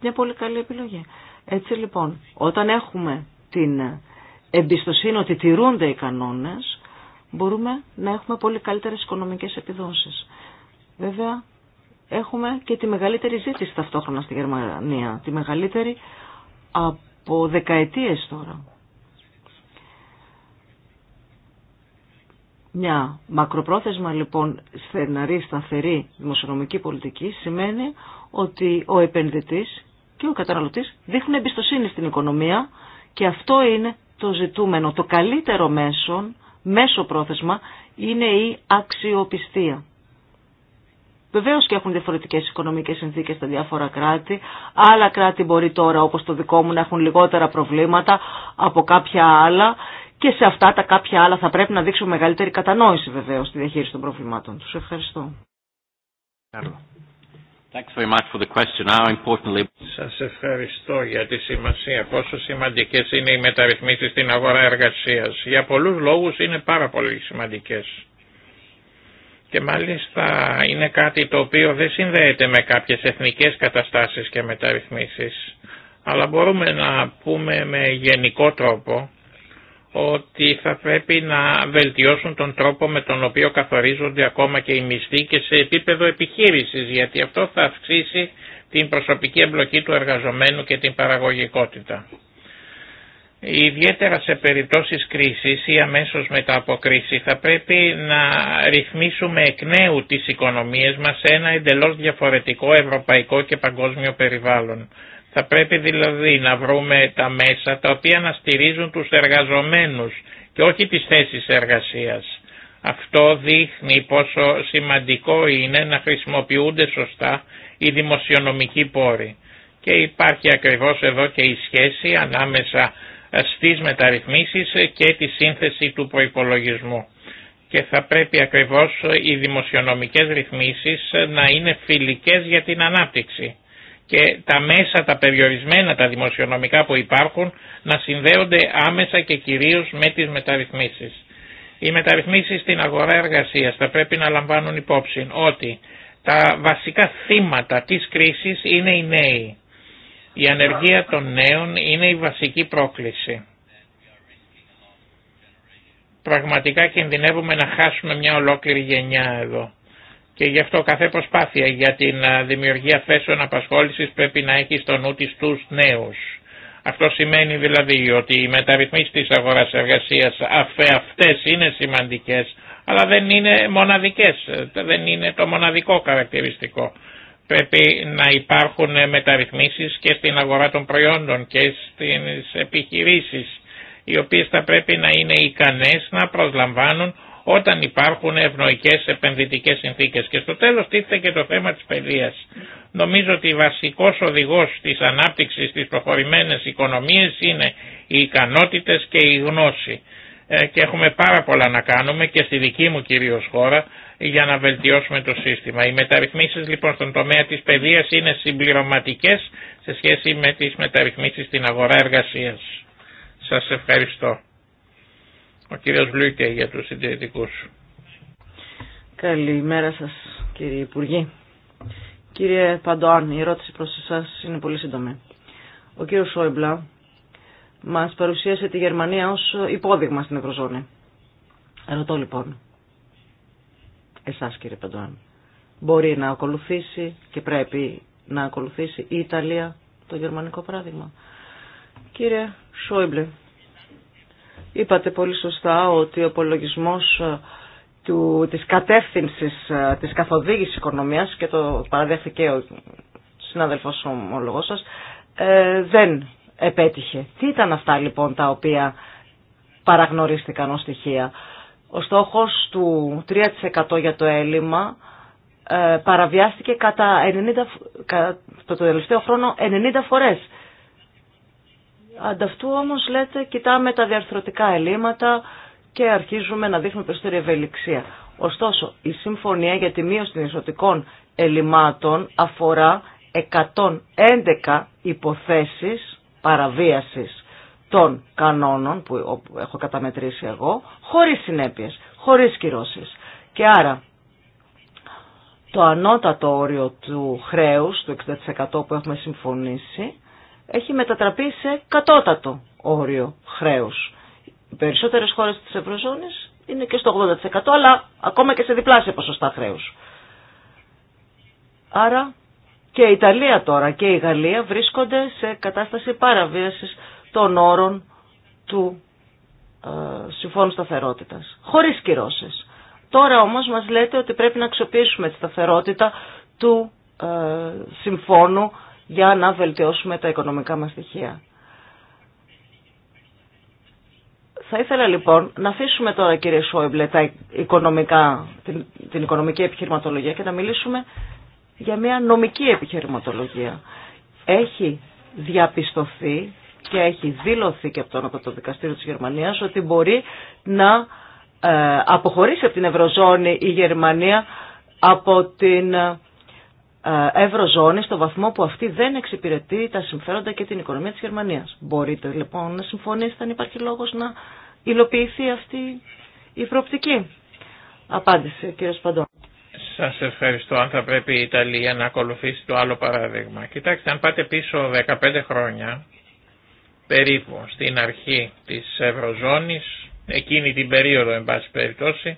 μια πολύ καλή επιλογή. Έτσι λοιπόν, όταν έχουμε την εμπιστοσύνη ότι τηρούνται οι κανόνες, μπορούμε να έχουμε πολύ καλύτερες οικονομικές επιδόσεις. Βέβαια, έχουμε και τη μεγαλύτερη ζήτηση ταυτόχρονα στη Γερμανία. Τη μεγαλύτερη από δεκαετίες τώρα. Μια μακροπρόθεσμα λοιπόν στεναρή, σταθερή δημοσιονομική πολιτική σημαίνει ότι ο επενδυτής και ο καταναλωτής δείχνουν εμπιστοσύνη στην οικονομία και αυτό είναι το ζητούμενο. Το καλύτερο μέσο, μέσο πρόθεσμα, είναι η αξιοπιστία. Βεβαίως και έχουν διαφορετικές οικονομικές συνθήκες στα διάφορα κράτη. Άλλα κράτη μπορεί τώρα όπως το δικό μου να έχουν λιγότερα προβλήματα από κάποια άλλα και σε αυτά τα κάποια άλλα θα πρέπει να δείξουμε μεγαλύτερη κατανόηση βεβαίως στη διαχείριση των προβλημάτων. Τους ευχαριστώ. Σας ευχαριστώ για τη σημασία. Πόσο σημαντικές είναι οι μεταρρυθμίσεις στην αγορά εργασίας. Για πολλούς λόγους είναι πάρα πολύ σημαντικές και μάλιστα είναι κάτι το οποίο δεν συνδέεται με κάποιες εθνικές καταστάσεις και μεταρρυθμίσεις αλλά μπορούμε να πούμε με γενικό τρόπο ότι θα πρέπει να βελτιώσουν τον τρόπο με τον οποίο καθορίζονται ακόμα και οι μισθοί και σε επίπεδο επιχείρησης γιατί αυτό θα αυξήσει την προσωπική εμπλοκή του εργαζομένου και την παραγωγικότητα. Ιδιαίτερα σε περιπτώσεις κρίσης ή αμέσως μετά από κρίση θα πρέπει να ρυθμίσουμε εκ νέου τις οικονομίες μας σε ένα εντελώς διαφορετικό ευρωπαϊκό και παγκόσμιο περιβάλλον. Θα πρέπει δηλαδή να βρούμε τα μέσα τα οποία να στηρίζουν τους εργαζομένους και όχι τις θέσεις εργασίας. Αυτό δείχνει πόσο σημαντικό είναι να χρησιμοποιούνται σωστά οι δημοσιονομικοί πόροι. Και υπάρχει ακριβώς εδώ και η σχέση ανάμεσα ε, στις μεταρρυθμίσεις ε, και τη σύνθεση του προϋπολογισμού. Και θα πρέπει ακριβώς ε, οι δημοσιονομικές ρυθμίσεις να είναι φιλικές για την ανάπτυξη και τα μέσα, τα περιορισμένα, τα δημοσιονομικά που υπάρχουν να συνδέονται άμεσα και κυρίως με τις μεταρρυθμίσεις. Οι μεταρρυθμίσεις στην αγορά εργασίας θα πρέπει να λαμβάνουν υπόψη ότι τα βασικά θύματα της κρίσης είναι οι νέοι. Η ανεργία των νέων είναι η βασική πρόκληση. Πραγματικά κινδυνεύουμε να χάσουμε μια ολόκληρη γενιά εδώ. Και γι' αυτό κάθε προσπάθεια για την δημιουργία θέσεων απασχόλησης πρέπει να έχει στο νου της τους νέους. Αυτό σημαίνει δηλαδή ότι οι μεταρρυθμίσεις της αγοράς εργασίας αυτές είναι σημαντικές, αλλά δεν είναι μοναδικές, δεν είναι το μοναδικό χαρακτηριστικό πρέπει να υπάρχουν μεταρρυθμίσεις και στην αγορά των προϊόντων και στις επιχειρήσεις οι οποίες θα πρέπει να είναι ικανές να προσλαμβάνουν όταν υπάρχουν ευνοϊκές επενδυτικές συνθήκες. Και στο τέλος τίθεται και το θέμα της παιδείας. Νομίζω ότι βασικός οδηγός της ανάπτυξης στις προχωρημένες οικονομίες είναι οι ικανότητες και η γνώση. Ε, και έχουμε πάρα πολλά να κάνουμε και στη δική μου κυρίως χώρα για να βελτιώσουμε το σύστημα. Οι μεταρρυθμίσεις λοιπόν στον τομέα της παιδείας είναι συμπληρωματικές σε σχέση με τις μεταρρυθμίσεις στην αγορά εργασίας. Σας ευχαριστώ. Ο κύριος Βλούκε για τους συντηρητικούς. Καλημέρα σας κύριε Υπουργή. Κύριε Παντοάν, η ερώτηση προς εσάς είναι πολύ σύντομη. Ο κύριος Σόιμπλα μας παρουσίασε τη Γερμανία ως υπόδειγμα στην Ευρωζώνη. Ερωτώ, λοιπόν, εσάς κύριε Παντουάν, μπορεί να ακολουθήσει και πρέπει να ακολουθήσει η Ιταλία το γερμανικό παράδειγμα. Κύριε Σόιμπλε, είπατε πολύ σωστά ότι ο απολογισμός ε, του, της κατεύθυνσης ε, της καθοδήγησης οικονομίας και το παραδέχθηκε ο συνάδελφος ομολογός σας, ε, δεν επέτυχε. Τι ήταν αυτά λοιπόν τα οποία παραγνωρίστηκαν ως στοιχεία. Ο στόχος του 3% για το έλλειμμα ε, παραβιάστηκε κατά, 90, το τελευταίο χρόνο 90 φορές. Ανταυτού όμως λέτε κοιτάμε τα διαρθρωτικά ελλείμματα και αρχίζουμε να δείχνουμε περισσότερη ευελιξία. Ωστόσο, η συμφωνία για τη μείωση των ισοτικών ελλημάτων αφορά 111 υποθέσεις παραβίασης των κανόνων που έχω καταμετρήσει εγώ, χωρίς συνέπειες, χωρίς κυρώσεις. Και άρα το ανώτατο όριο του χρέους, του 60% που έχουμε συμφωνήσει, έχει μετατραπεί σε κατώτατο όριο χρέους. Οι περισσότερες χώρες της Ευρωζώνης είναι και στο 80% αλλά ακόμα και σε διπλάσια ποσοστά χρέους. Άρα και η Ιταλία τώρα και η Γαλλία βρίσκονται σε κατάσταση παραβίασης των όρων του ε, Συμφώνου Σταθερότητας, χωρίς κυρώσεις. Τώρα όμως μας λέτε ότι πρέπει να αξιοποιήσουμε τη σταθερότητα του ε, Συμφώνου για να βελτιώσουμε τα οικονομικά μας στοιχεία. Θα ήθελα λοιπόν να αφήσουμε τώρα κύριε Σόιμπλε οικονομικά, την, την οικονομική επιχειρηματολογία και να μιλήσουμε για μια νομική επιχειρηματολογία. Έχει διαπιστωθεί και έχει δηλωθεί και από τον το δικαστήριο της Γερμανίας ότι μπορεί να ε, αποχωρήσει από την Ευρωζώνη η Γερμανία από την ε, Ευρωζώνη στο βαθμό που αυτή δεν εξυπηρετεί τα συμφέροντα και την οικονομία της Γερμανίας. Μπορείτε λοιπόν να συμφωνήσετε αν υπάρχει λόγος να υλοποιηθεί αυτή η προοπτική. Απάντησε κύριε κύριος σας ευχαριστώ αν θα πρέπει η Ιταλία να ακολουθήσει το άλλο παράδειγμα. Κοιτάξτε, αν πάτε πίσω 15 χρόνια, περίπου στην αρχή της Ευρωζώνης, εκείνη την περίοδο εν πάση περιπτώσει,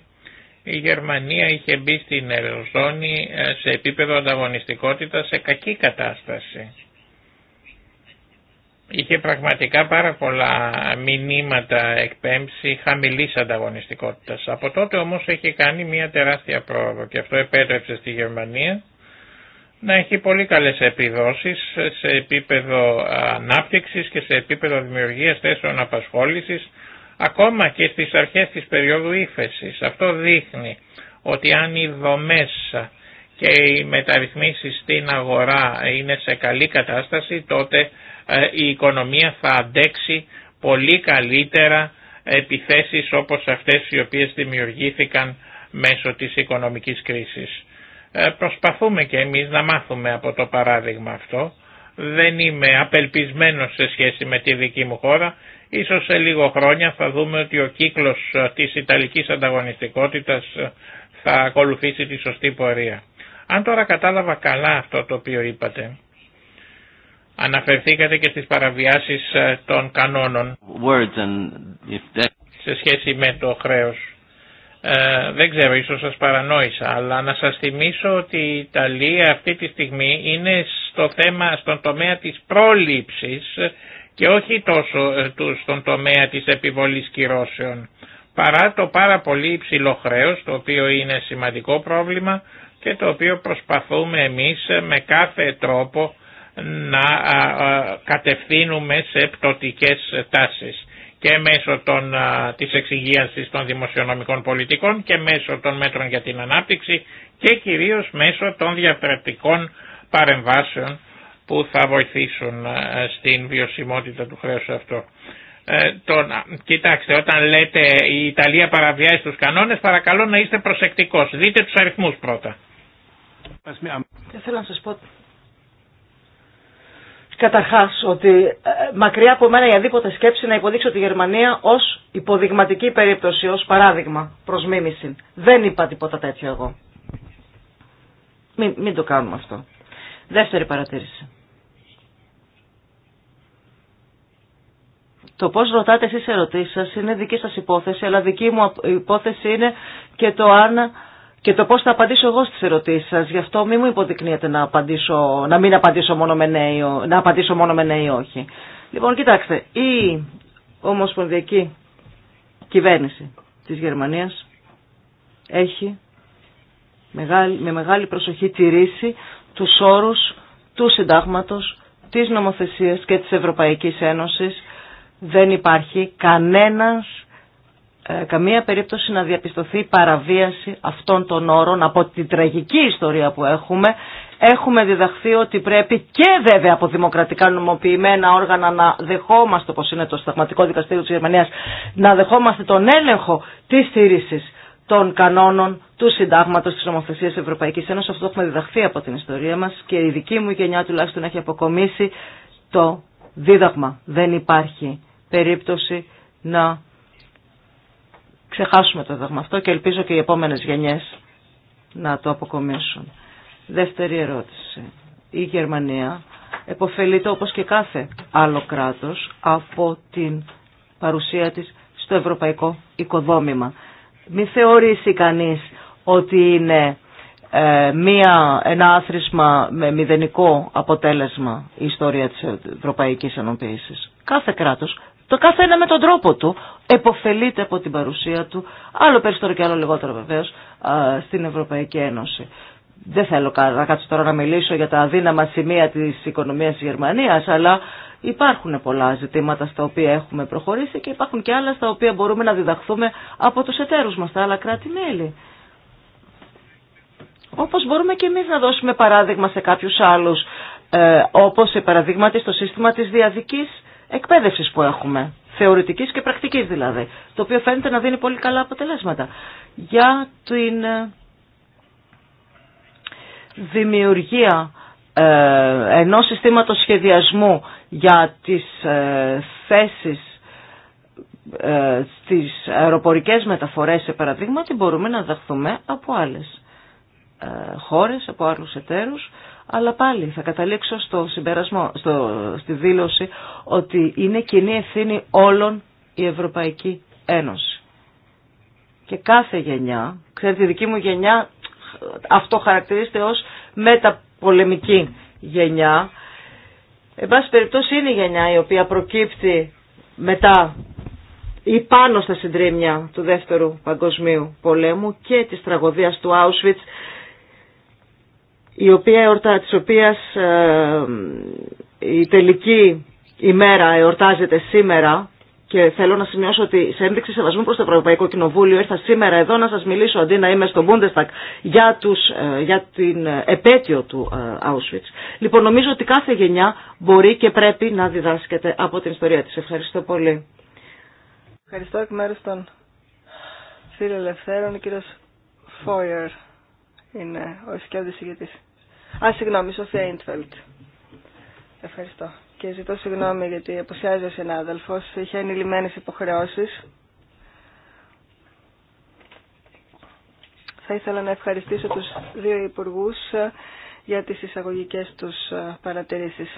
η Γερμανία είχε μπει στην Ευρωζώνη ε, σε επίπεδο ανταγωνιστικότητα σε κακή κατάσταση είχε πραγματικά πάρα πολλά μηνύματα εκπέμψη χαμηλή ανταγωνιστικότητα. Από τότε όμως έχει κάνει μια τεράστια πρόοδο και αυτό επέτρεψε στη Γερμανία να έχει πολύ καλές επιδόσεις σε επίπεδο ανάπτυξης και σε επίπεδο δημιουργίας θέσεων απασχόλησης ακόμα και στις αρχές της περίοδου ύφεση. Αυτό δείχνει ότι αν οι δομές και οι μεταρρυθμίσεις στην αγορά είναι σε καλή κατάσταση τότε ε, η οικονομία θα αντέξει πολύ καλύτερα επιθέσεις όπως αυτές οι οποίες δημιουργήθηκαν μέσω της οικονομικής κρίσης. Ε, προσπαθούμε και εμείς να μάθουμε από το παράδειγμα αυτό. Δεν είμαι απελπισμένος σε σχέση με τη δική μου χώρα. Ίσως σε λίγο χρόνια θα δούμε ότι ο κύκλος ε, της Ιταλικής ανταγωνιστικότητας θα ακολουθήσει τη σωστή πορεία. Αν τώρα κατάλαβα καλά αυτό το οποίο είπατε, Αναφερθήκατε και στις παραβιάσεις ε, των κανόνων σε σχέση με το χρέος. Ε, δεν ξέρω, ίσως σας παρανόησα, αλλά να σας θυμίσω ότι η Ιταλία αυτή τη στιγμή είναι στο θέμα, στον τομέα της πρόληψης και όχι τόσο ε, στον τομέα της επιβολής κυρώσεων. Παρά το πάρα πολύ υψηλό χρέος, το οποίο είναι σημαντικό πρόβλημα και το οποίο προσπαθούμε εμείς ε, με κάθε τρόπο να κατευθύνουμε σε πτωτικές τάσεις και μέσω των, της εξυγίανσης των δημοσιονομικών πολιτικών και μέσω των μέτρων για την ανάπτυξη και κυρίως μέσω των διαφορετικών παρεμβάσεων που θα βοηθήσουν στην βιωσιμότητα του χρέους αυτό. Ε, κοιτάξτε, όταν λέτε η Ιταλία παραβιάζει τους κανόνες, παρακαλώ να είστε προσεκτικός. Δείτε τους αριθμούς πρώτα. Θέλω να σας πω Καταρχά, ότι ε, μακριά από μένα η αδίποτε σκέψη να υποδείξω τη Γερμανία ω υποδειγματική περίπτωση, ω παράδειγμα προ μίμηση. Δεν είπα τίποτα τέτοιο εγώ. Μην, μην το κάνουμε αυτό. Δεύτερη παρατήρηση. Το πώς ρωτάτε εσείς ερωτήσεις σας είναι δική σας υπόθεση, αλλά δική μου υπόθεση είναι και το αν και το πώ θα απαντήσω εγώ στι ερωτήσει σας. Γι' αυτό μην μου υποδεικνύετε να, απαντήσω, να μην απαντήσω μόνο με ναι, να απαντήσω μόνο με ναι ή όχι. Λοιπόν, κοιτάξτε, η ομοσπονδιακή κυβέρνηση τη Γερμανίας έχει μεγάλη, με μεγάλη προσοχή τηρήσει του όρου του συντάγματος, της νομοθεσίας και της Ευρωπαϊκής Ένωσης. Δεν υπάρχει κανένας ε, καμία περίπτωση να διαπιστωθεί παραβίαση αυτών των όρων από την τραγική ιστορία που έχουμε. Έχουμε διδαχθεί ότι πρέπει και βέβαια από δημοκρατικά νομοποιημένα όργανα να δεχόμαστε, όπως είναι το Σταγματικό Δικαστήριο της Γερμανίας, να δεχόμαστε τον έλεγχο της στήρησης των κανόνων του συντάγματο τη νομοθεσία Ευρωπαϊκή Ένωση. Αυτό το έχουμε διδαχθεί από την ιστορία μα και η δική μου γενιά τουλάχιστον έχει αποκομίσει το δίδαγμα. Δεν υπάρχει περίπτωση να ξεχάσουμε το δόγμα αυτό και ελπίζω και οι επόμενες γενιές να το αποκομίσουν. Δεύτερη ερώτηση. Η Γερμανία εποφελείται όπως και κάθε άλλο κράτος από την παρουσία της στο ευρωπαϊκό οικοδόμημα. Μην θεωρήσει κανείς ότι είναι ε, μία, ένα άθροισμα με μηδενικό αποτέλεσμα η ιστορία της Ευρωπαϊκής Ενοποίησης. Κάθε κράτος το κάθε ένα με τον τρόπο του εποφελείται από την παρουσία του, άλλο περισσότερο και άλλο λιγότερο βεβαίως, στην Ευρωπαϊκή Ένωση. Δεν θέλω να κάτσω τώρα να μιλήσω για τα αδύναμα σημεία της οικονομίας της Γερμανίας, αλλά υπάρχουν πολλά ζητήματα στα οποία έχουμε προχωρήσει και υπάρχουν και άλλα στα οποία μπορούμε να διδαχθούμε από τους εταίρους μας, τα άλλα κράτη-μέλη. Όπως μπορούμε και εμείς να δώσουμε παράδειγμα σε κάποιους άλλους, ε, όπως παραδείγματι στο σύστημα της διαδική. Εκπαίδευση που έχουμε, θεωρητική και πρακτική, δηλαδή, το οποίο φαίνεται να δίνει πολύ καλά αποτελέσματα. Για την ε, δημιουργία ε, ενός συστήματος σχεδιασμού για τις ε, θέσεις ε, στις αεροπορικές μεταφορές, σε παραδείγμα, μπορούμε να δεχθούμε από άλλες ε, χώρες, από άλλους εταίρους, αλλά πάλι θα καταλήξω στο συμπερασμό, στο, στη δήλωση ότι είναι κοινή ευθύνη όλων η Ευρωπαϊκή Ένωση. Και κάθε γενιά, ξέρετε η δική μου γενιά αυτό χαρακτηρίζεται ως μεταπολεμική γενιά. Εν πάση περιπτώσει είναι η γενιά η οποία προκύπτει μετά ή πάνω στα συντρίμια του Δεύτερου Παγκοσμίου Πολέμου και της τραγωδίας του Auschwitz η οποία εορτά, της οποίας ε, η τελική ημέρα εορτάζεται σήμερα και θέλω να σημειώσω ότι σε ένδειξη σεβασμού προς το Ευρωπαϊκό Κοινοβούλιο ήρθα σήμερα εδώ να σας μιλήσω αντί να είμαι στο Bundestag για, τους, ε, για την επέτειο του ε, Auschwitz. Λοιπόν, νομίζω ότι κάθε γενιά μπορεί και πρέπει να διδάσκεται από την ιστορία της. Ευχαριστώ πολύ. Ευχαριστώ εκ μέρους των φίλων ελευθέρων, κύριος Φόιερ είναι ο σκέφτης ηγετής. Α, συγγνώμη, Σοφία Ιντφελτ. Ευχαριστώ. Και ζητώ συγγνώμη γιατί αποσιάζει ο συνάδελφος. Είχε ενηλυμένες υποχρεώσεις. Θα ήθελα να ευχαριστήσω τους δύο υπουργούς ε, για τις εισαγωγικές τους ε, παρατηρήσεις.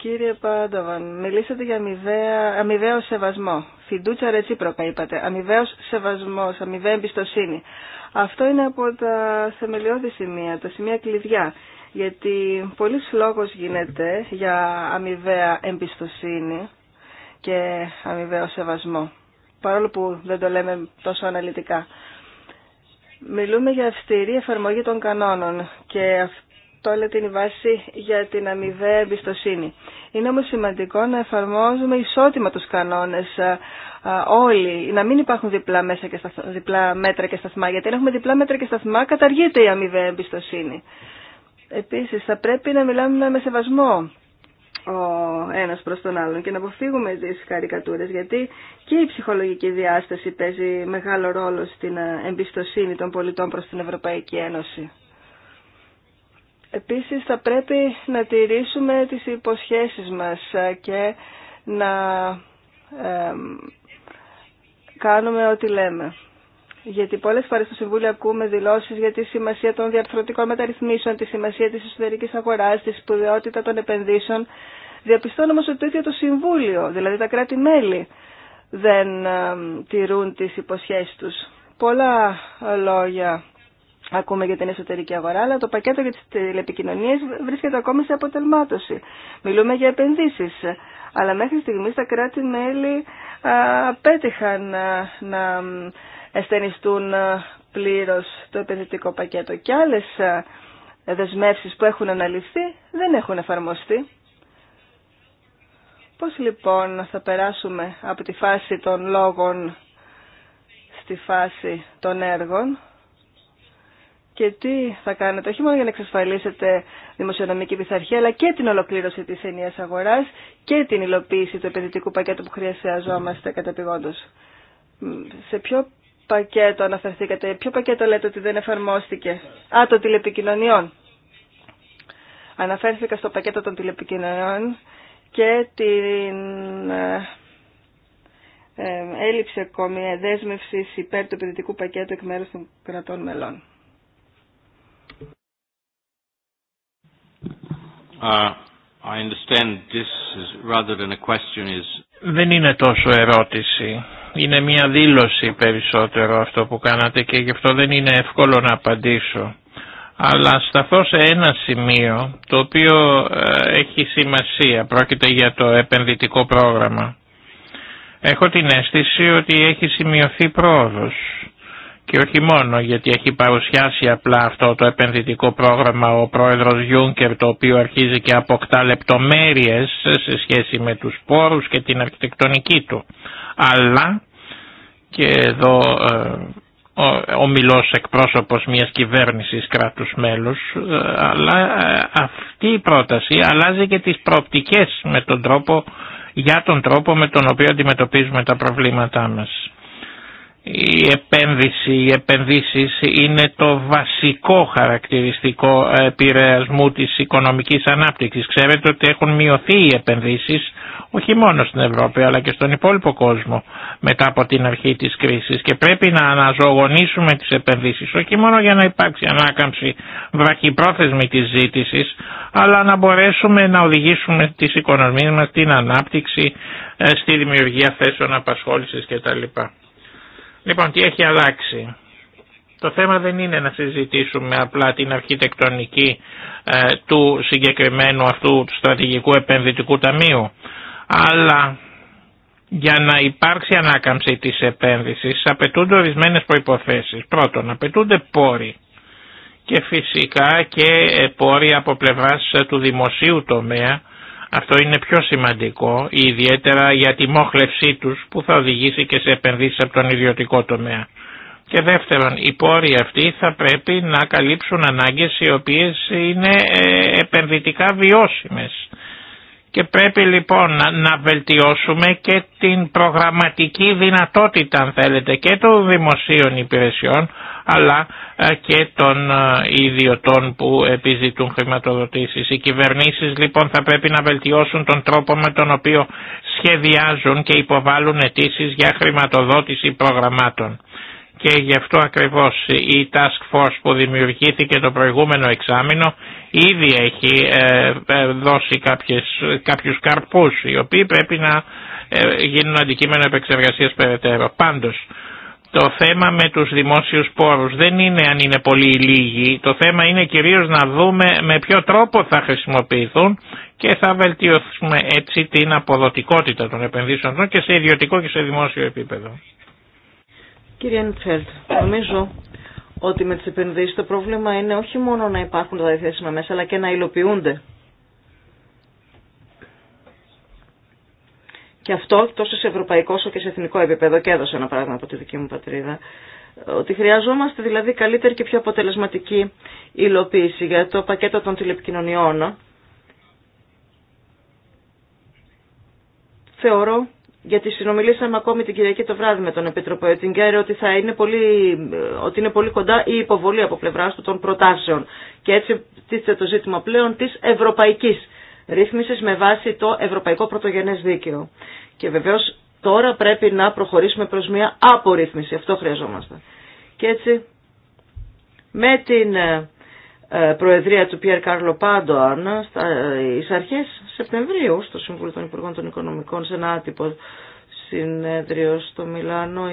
Κύριε Πάντοβαν, μιλήσατε για αμοιβαία, αμοιβαίο σεβασμό. Φιντούτσα ρετσίπροκα είπατε. Αμοιβαίο σεβασμό, αμοιβαία εμπιστοσύνη. Αυτό είναι από τα θεμελιώδη σημεία, τα σημεία κλειδιά. Γιατί πολλή λόγος γίνεται για αμοιβαία εμπιστοσύνη και αμοιβαίο σεβασμό. Παρόλο που δεν το λέμε τόσο αναλυτικά. Μιλούμε για αυστηρή εφαρμογή των κανόνων και το είναι η βάση για την αμοιβαία εμπιστοσύνη. Είναι όμως σημαντικό να εφαρμόζουμε ισότιμα τους κανόνες ε, ε, όλοι, να μην υπάρχουν διπλά, μέσα και σταθ, διπλά μέτρα και σταθμά, γιατί αν έχουμε διπλά μέτρα και σταθμά καταργείται η αμοιβαία εμπιστοσύνη. Επίσης θα πρέπει να μιλάμε με σεβασμό ο ένας προς τον άλλον και να αποφύγουμε τις καρικατούρες γιατί και η ψυχολογική διάσταση παίζει μεγάλο ρόλο στην ε, εμπιστοσύνη των πολιτών προς την Ευρωπαϊκή Ένωση. Επίσης θα πρέπει να τηρήσουμε τις υποσχέσεις μας και να κάνουμε ό,τι λέμε. Γιατί πολλές φορές στο Συμβούλιο ακούμε δηλώσεις για τη σημασία των διαρθρωτικών μεταρρυθμίσεων, τη σημασία της εσωτερικής αγοράς, τη σπουδαιότητα των επενδύσεων. Διαπιστώνω όμως ότι το ίδιο το Συμβούλιο, δηλαδή τα κράτη-μέλη, δεν τηρούν τις υποσχέσεις τους. Πολλά λόγια ακούμε για την εσωτερική αγορά, αλλά το πακέτο για τις τηλεπικοινωνίες βρίσκεται ακόμη σε αποτελμάτωση. Μιλούμε για επενδύσεις, αλλά μέχρι στιγμής τα κράτη-μέλη απέτυχαν να, να πλήρω πλήρως το επενδυτικό πακέτο και άλλες δεσμεύσεις που έχουν αναλυθεί δεν έχουν εφαρμοστεί. Πώς λοιπόν θα περάσουμε από τη φάση των λόγων στη φάση των έργων, και τι θα κάνετε όχι μόνο για να εξασφαλίσετε δημοσιονομική πειθαρχία αλλά και την ολοκλήρωση της ενίας αγοράς και την υλοποίηση του επενδυτικού πακέτου που χρειαζόμαστε καταπηγόντως. Σε ποιο πακέτο αναφερθήκατε, ποιο πακέτο λέτε ότι δεν εφαρμόστηκε. Α, των τηλεπικοινωνιών. Αναφέρθηκα στο πακέτο των τηλεπικοινωνιών και την ε, ε, έλλειψη ακόμη δέσμευση υπέρ του επενδυτικού πακέτου εκ μέρου των κρατών μελών. Δεν είναι τόσο ερώτηση. Είναι μια δήλωση περισσότερο αυτό που κάνατε και γι' αυτό δεν είναι εύκολο να απαντήσω. Αλλά σταθώ σε ένα σημείο το οποίο ε, έχει σημασία. Πρόκειται για το επενδυτικό πρόγραμμα. Έχω την αίσθηση ότι έχει σημειωθεί πρόοδος και όχι μόνο γιατί έχει παρουσιάσει απλά αυτό το επενδυτικό πρόγραμμα ο πρόεδρος Γιούνκερ το οποίο αρχίζει και αποκτά λεπτομέρειες σε σχέση με τους πόρους και την αρχιτεκτονική του. Αλλά και εδώ ε, ο ομιλός εκπρόσωπος μιας κυβέρνησης κράτους μέλους, ε, αλλά ε, αυτή η πρόταση αλλάζει και τις προοπτικές με τον τρόπο, για τον τρόπο με τον οποίο αντιμετωπίζουμε τα προβλήματά μας η επένδυση, οι επενδύσεις είναι το βασικό χαρακτηριστικό ε, επηρεασμού της οικονομικής ανάπτυξης. Ξέρετε ότι έχουν μειωθεί οι επενδύσεις όχι μόνο στην Ευρώπη αλλά και στον υπόλοιπο κόσμο μετά από την αρχή της κρίσης και πρέπει να αναζωογονήσουμε τις επενδύσεις όχι μόνο για να υπάρξει ανάκαμψη βραχυπρόθεσμη της ζήτησης αλλά να μπορέσουμε να οδηγήσουμε τις οικονομίες μας την ανάπτυξη, ε, στη δημιουργία θέσεων απασχόλησης κτλ. Λοιπόν, τι έχει αλλάξει. Το θέμα δεν είναι να συζητήσουμε απλά την αρχιτεκτονική ε, του συγκεκριμένου αυτού του στρατηγικού επενδυτικού ταμείου, αλλά για να υπάρξει ανάκαμψη της επένδυσης απαιτούνται ορισμένες προϋποθέσεις. Πρώτον, απαιτούνται πόροι και φυσικά και πόροι από πλευράς του δημοσίου τομέα αυτό είναι πιο σημαντικό, ιδιαίτερα για τη μόχλευσή τους που θα οδηγήσει και σε επενδύσεις από τον ιδιωτικό τομέα. Και δεύτερον, οι πόροι αυτοί θα πρέπει να καλύψουν ανάγκες οι οποίες είναι ε, επενδυτικά βιώσιμες. Και πρέπει λοιπόν να βελτιώσουμε και την προγραμματική δυνατότητα, αν θέλετε, και των δημοσίων υπηρεσιών, αλλά ε, και των ε, ιδιωτών που επιζητούν χρηματοδοτήσεις. Οι κυβερνήσεις λοιπόν θα πρέπει να βελτιώσουν τον τρόπο με τον οποίο σχεδιάζουν και υποβάλλουν αιτήσει για χρηματοδότηση προγραμμάτων. Και γι' αυτό ακριβώς η Task Force που δημιουργήθηκε το προηγούμενο εξάμεινο ήδη έχει ε, δώσει κάποιες, κάποιους καρπούς οι οποίοι πρέπει να γίνουν αντικείμενο επεξεργασίας περαιτέρω. Πάντως το θέμα με τους δημόσιους πόρους δεν είναι αν είναι πολύ λίγοι, το θέμα είναι κυρίως να δούμε με ποιο τρόπο θα χρησιμοποιηθούν και θα βελτιωθούμε έτσι την αποδοτικότητα των επενδύσεων και σε ιδιωτικό και σε δημόσιο επίπεδο. Κύριε Νιτφέλτ, νομίζω ότι με τις επενδύσεις το πρόβλημα είναι όχι μόνο να υπάρχουν τα διαθέσιμα μέσα αλλά και να υλοποιούνται. και αυτό τόσο σε ευρωπαϊκό όσο και σε εθνικό επίπεδο και έδωσα ένα παράδειγμα από τη δική μου πατρίδα ότι χρειαζόμαστε δηλαδή καλύτερη και πιο αποτελεσματική υλοποίηση για το πακέτο των τηλεπικοινωνιών θεωρώ γιατί συνομιλήσαμε ακόμη την Κυριακή το βράδυ με τον Επίτροπο Ετιγκέρη ότι, είναι πολύ, κοντά η υποβολή από πλευρά του των προτάσεων. Και έτσι τίθεται το ζήτημα πλέον της ευρωπαϊκής Ρύθμιση με βάση το Ευρωπαϊκό Πρωτογενέ Δίκαιο. Και βεβαίω τώρα πρέπει να προχωρήσουμε προ μια απορρίθμιση. Αυτό χρειαζόμαστε. Και έτσι με την ε, ε, Προεδρία του Πιέρ Κάρλο Πάντοαν στι ε, αρχέ Σεπτεμβρίου στο Συμβούλιο των Υπουργών των Οικονομικών σε ένα άτυπο συνέδριο στο Μιλάνο,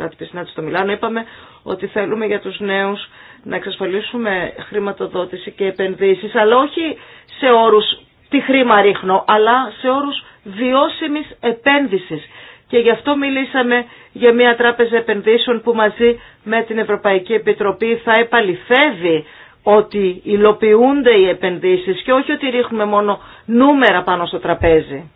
άτυπη συνάντηση στο Μιλάνο, είπαμε ότι θέλουμε για του νέου να εξασφαλίσουμε χρηματοδότηση και επενδύσει, αλλά όχι σε όρου τι χρήμα ρίχνω, αλλά σε όρους βιώσιμης επένδυσης. Και γι' αυτό μιλήσαμε για μια τράπεζα επενδύσεων που μαζί με την Ευρωπαϊκή Επιτροπή θα επαληθεύει ότι υλοποιούνται οι επενδύσεις και όχι ότι ρίχνουμε μόνο νούμερα πάνω στο τραπέζι,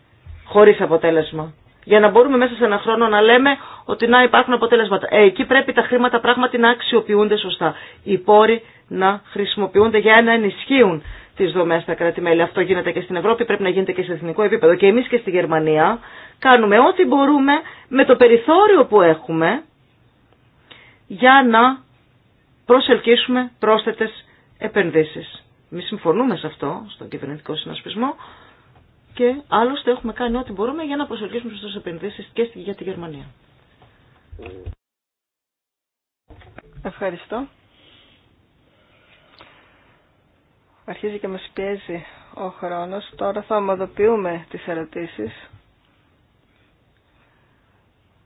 χωρίς αποτέλεσμα. Για να μπορούμε μέσα σε ένα χρόνο να λέμε ότι να υπάρχουν αποτέλεσματα. Ε, εκεί πρέπει τα χρήματα πράγματι να αξιοποιούνται σωστά. Οι πόροι να χρησιμοποιούνται για να ενισχύουν τις δομές στα κράτη-μέλη. Αυτό γίνεται και στην Ευρώπη, πρέπει να γίνεται και σε εθνικό επίπεδο. Και εμείς και στη Γερμανία κάνουμε ό,τι μπορούμε με το περιθώριο που έχουμε για να προσελκύσουμε πρόσθετες επενδύσεις. Μη συμφωνούμε σε αυτό, στον κυβερνητικό συνασπισμό, και άλλωστε έχουμε κάνει ό,τι μπορούμε για να προσελκύσουμε σωστές επενδύσεις και για τη Γερμανία. Ευχαριστώ. Αρχίζει και μας πιέζει ο χρόνος. Τώρα θα ομοδοποιούμε τις ερωτήσεις.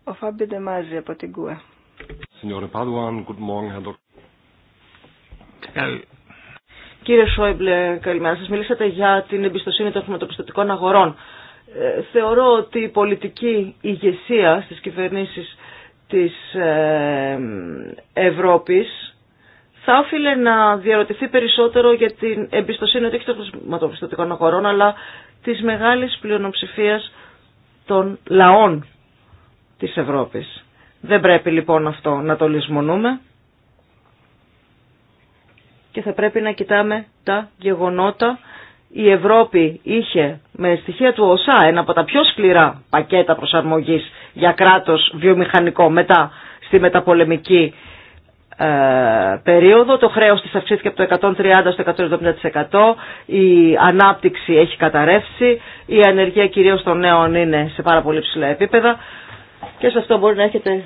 Ο Φάμπι Ντεμάζη από την ΚΟΕ. Κύριε Σόιμπλε, καλημέρα. Σας μιλήσατε για την εμπιστοσύνη των χρηματοπιστωτικών αγορών. Ε, θεωρώ ότι η πολιτική ηγεσία στις κυβερνήσεις της ε, Ευρώπης θα όφιλε να διαρωτηθεί περισσότερο για την εμπιστοσύνη ότι έχει των χρηματοπιστωτικών αλλά της μεγάλης πλειονοψηφίας των λαών της Ευρώπης. Δεν πρέπει λοιπόν αυτό να το λησμονούμε και θα πρέπει να κοιτάμε τα γεγονότα. Η Ευρώπη είχε με στοιχεία του ΩΣΑ ένα από τα πιο σκληρά πακέτα προσαρμογής για κράτος βιομηχανικό μετά στη μεταπολεμική ε, περίοδο. Το χρέος της αυξήθηκε από το 130% στο 170%. Η ανάπτυξη έχει καταρρεύσει. Η ανεργία κυρίως των νέων είναι σε πάρα πολύ ψηλά επίπεδα. Και σε αυτό μπορεί να έχετε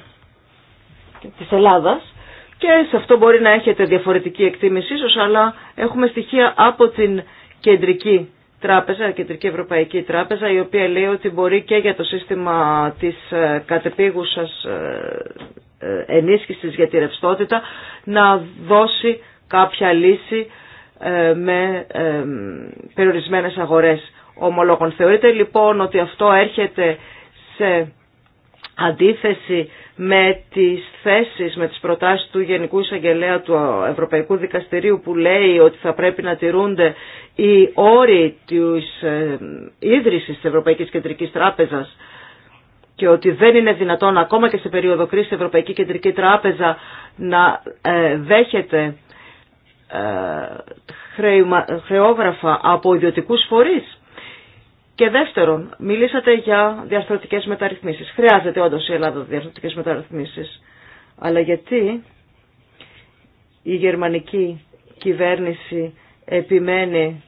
τη της Ελλάδας. Και σε αυτό μπορεί να έχετε διαφορετική εκτίμηση ίσως, αλλά έχουμε στοιχεία από την κεντρική τράπεζα, κεντρική ευρωπαϊκή τράπεζα, η οποία λέει ότι μπορεί και για το σύστημα της ε, κατεπίγουσας ε, ε, ενίσχυσης για τη ρευστότητα να δώσει κάποια λύση ε, με ε, περιορισμένες αγορές ομολόγων. Θεωρείται λοιπόν ότι αυτό έρχεται σε αντίθεση με τις θέσεις, με τις προτάσεις του Γενικού Εισαγγελέα του Ευρωπαϊκού Δικαστηρίου που λέει ότι θα πρέπει να τηρούνται οι όροι της ίδρυσης της Ευρωπαϊκής Κεντρικής Τράπεζας και ότι δεν είναι δυνατόν ακόμα και σε περίοδο κρίση η Ευρωπαϊκή Κεντρική Τράπεζα να ε, δέχεται ε, χρεόγραφα από ιδιωτικού φορεί. Και δεύτερον, μιλήσατε για διαρθρωτικέ μεταρρυθμίσει. Χρειάζεται όντω η Ελλάδα διαρθρωτικέ μεταρρυθμίσει. Αλλά γιατί η γερμανική κυβέρνηση επιμένει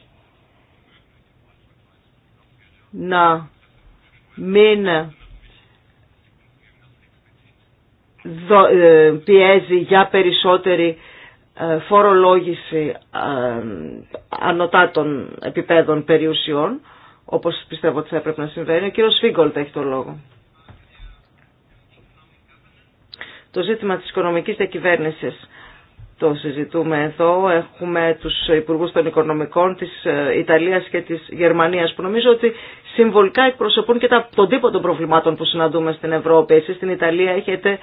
να μην ε, πιέζει για περισσότερη ε, φορολόγηση ε, των επιπέδων περιουσιών, όπως πιστεύω ότι θα έπρεπε να συμβαίνει. Ο κύριος Φίγκολτ έχει το λόγο. Το ζήτημα της οικονομικής διακυβέρνησης το συζητούμε εδώ. Έχουμε τους υπουργούς των οικονομικών της ε, Ιταλίας και της Γερμανίας που νομίζω ότι συμβολικά εκπροσωπούν και τον τύπο των προβλημάτων που συναντούμε στην Ευρώπη. Εσείς στην Ιταλία έχετε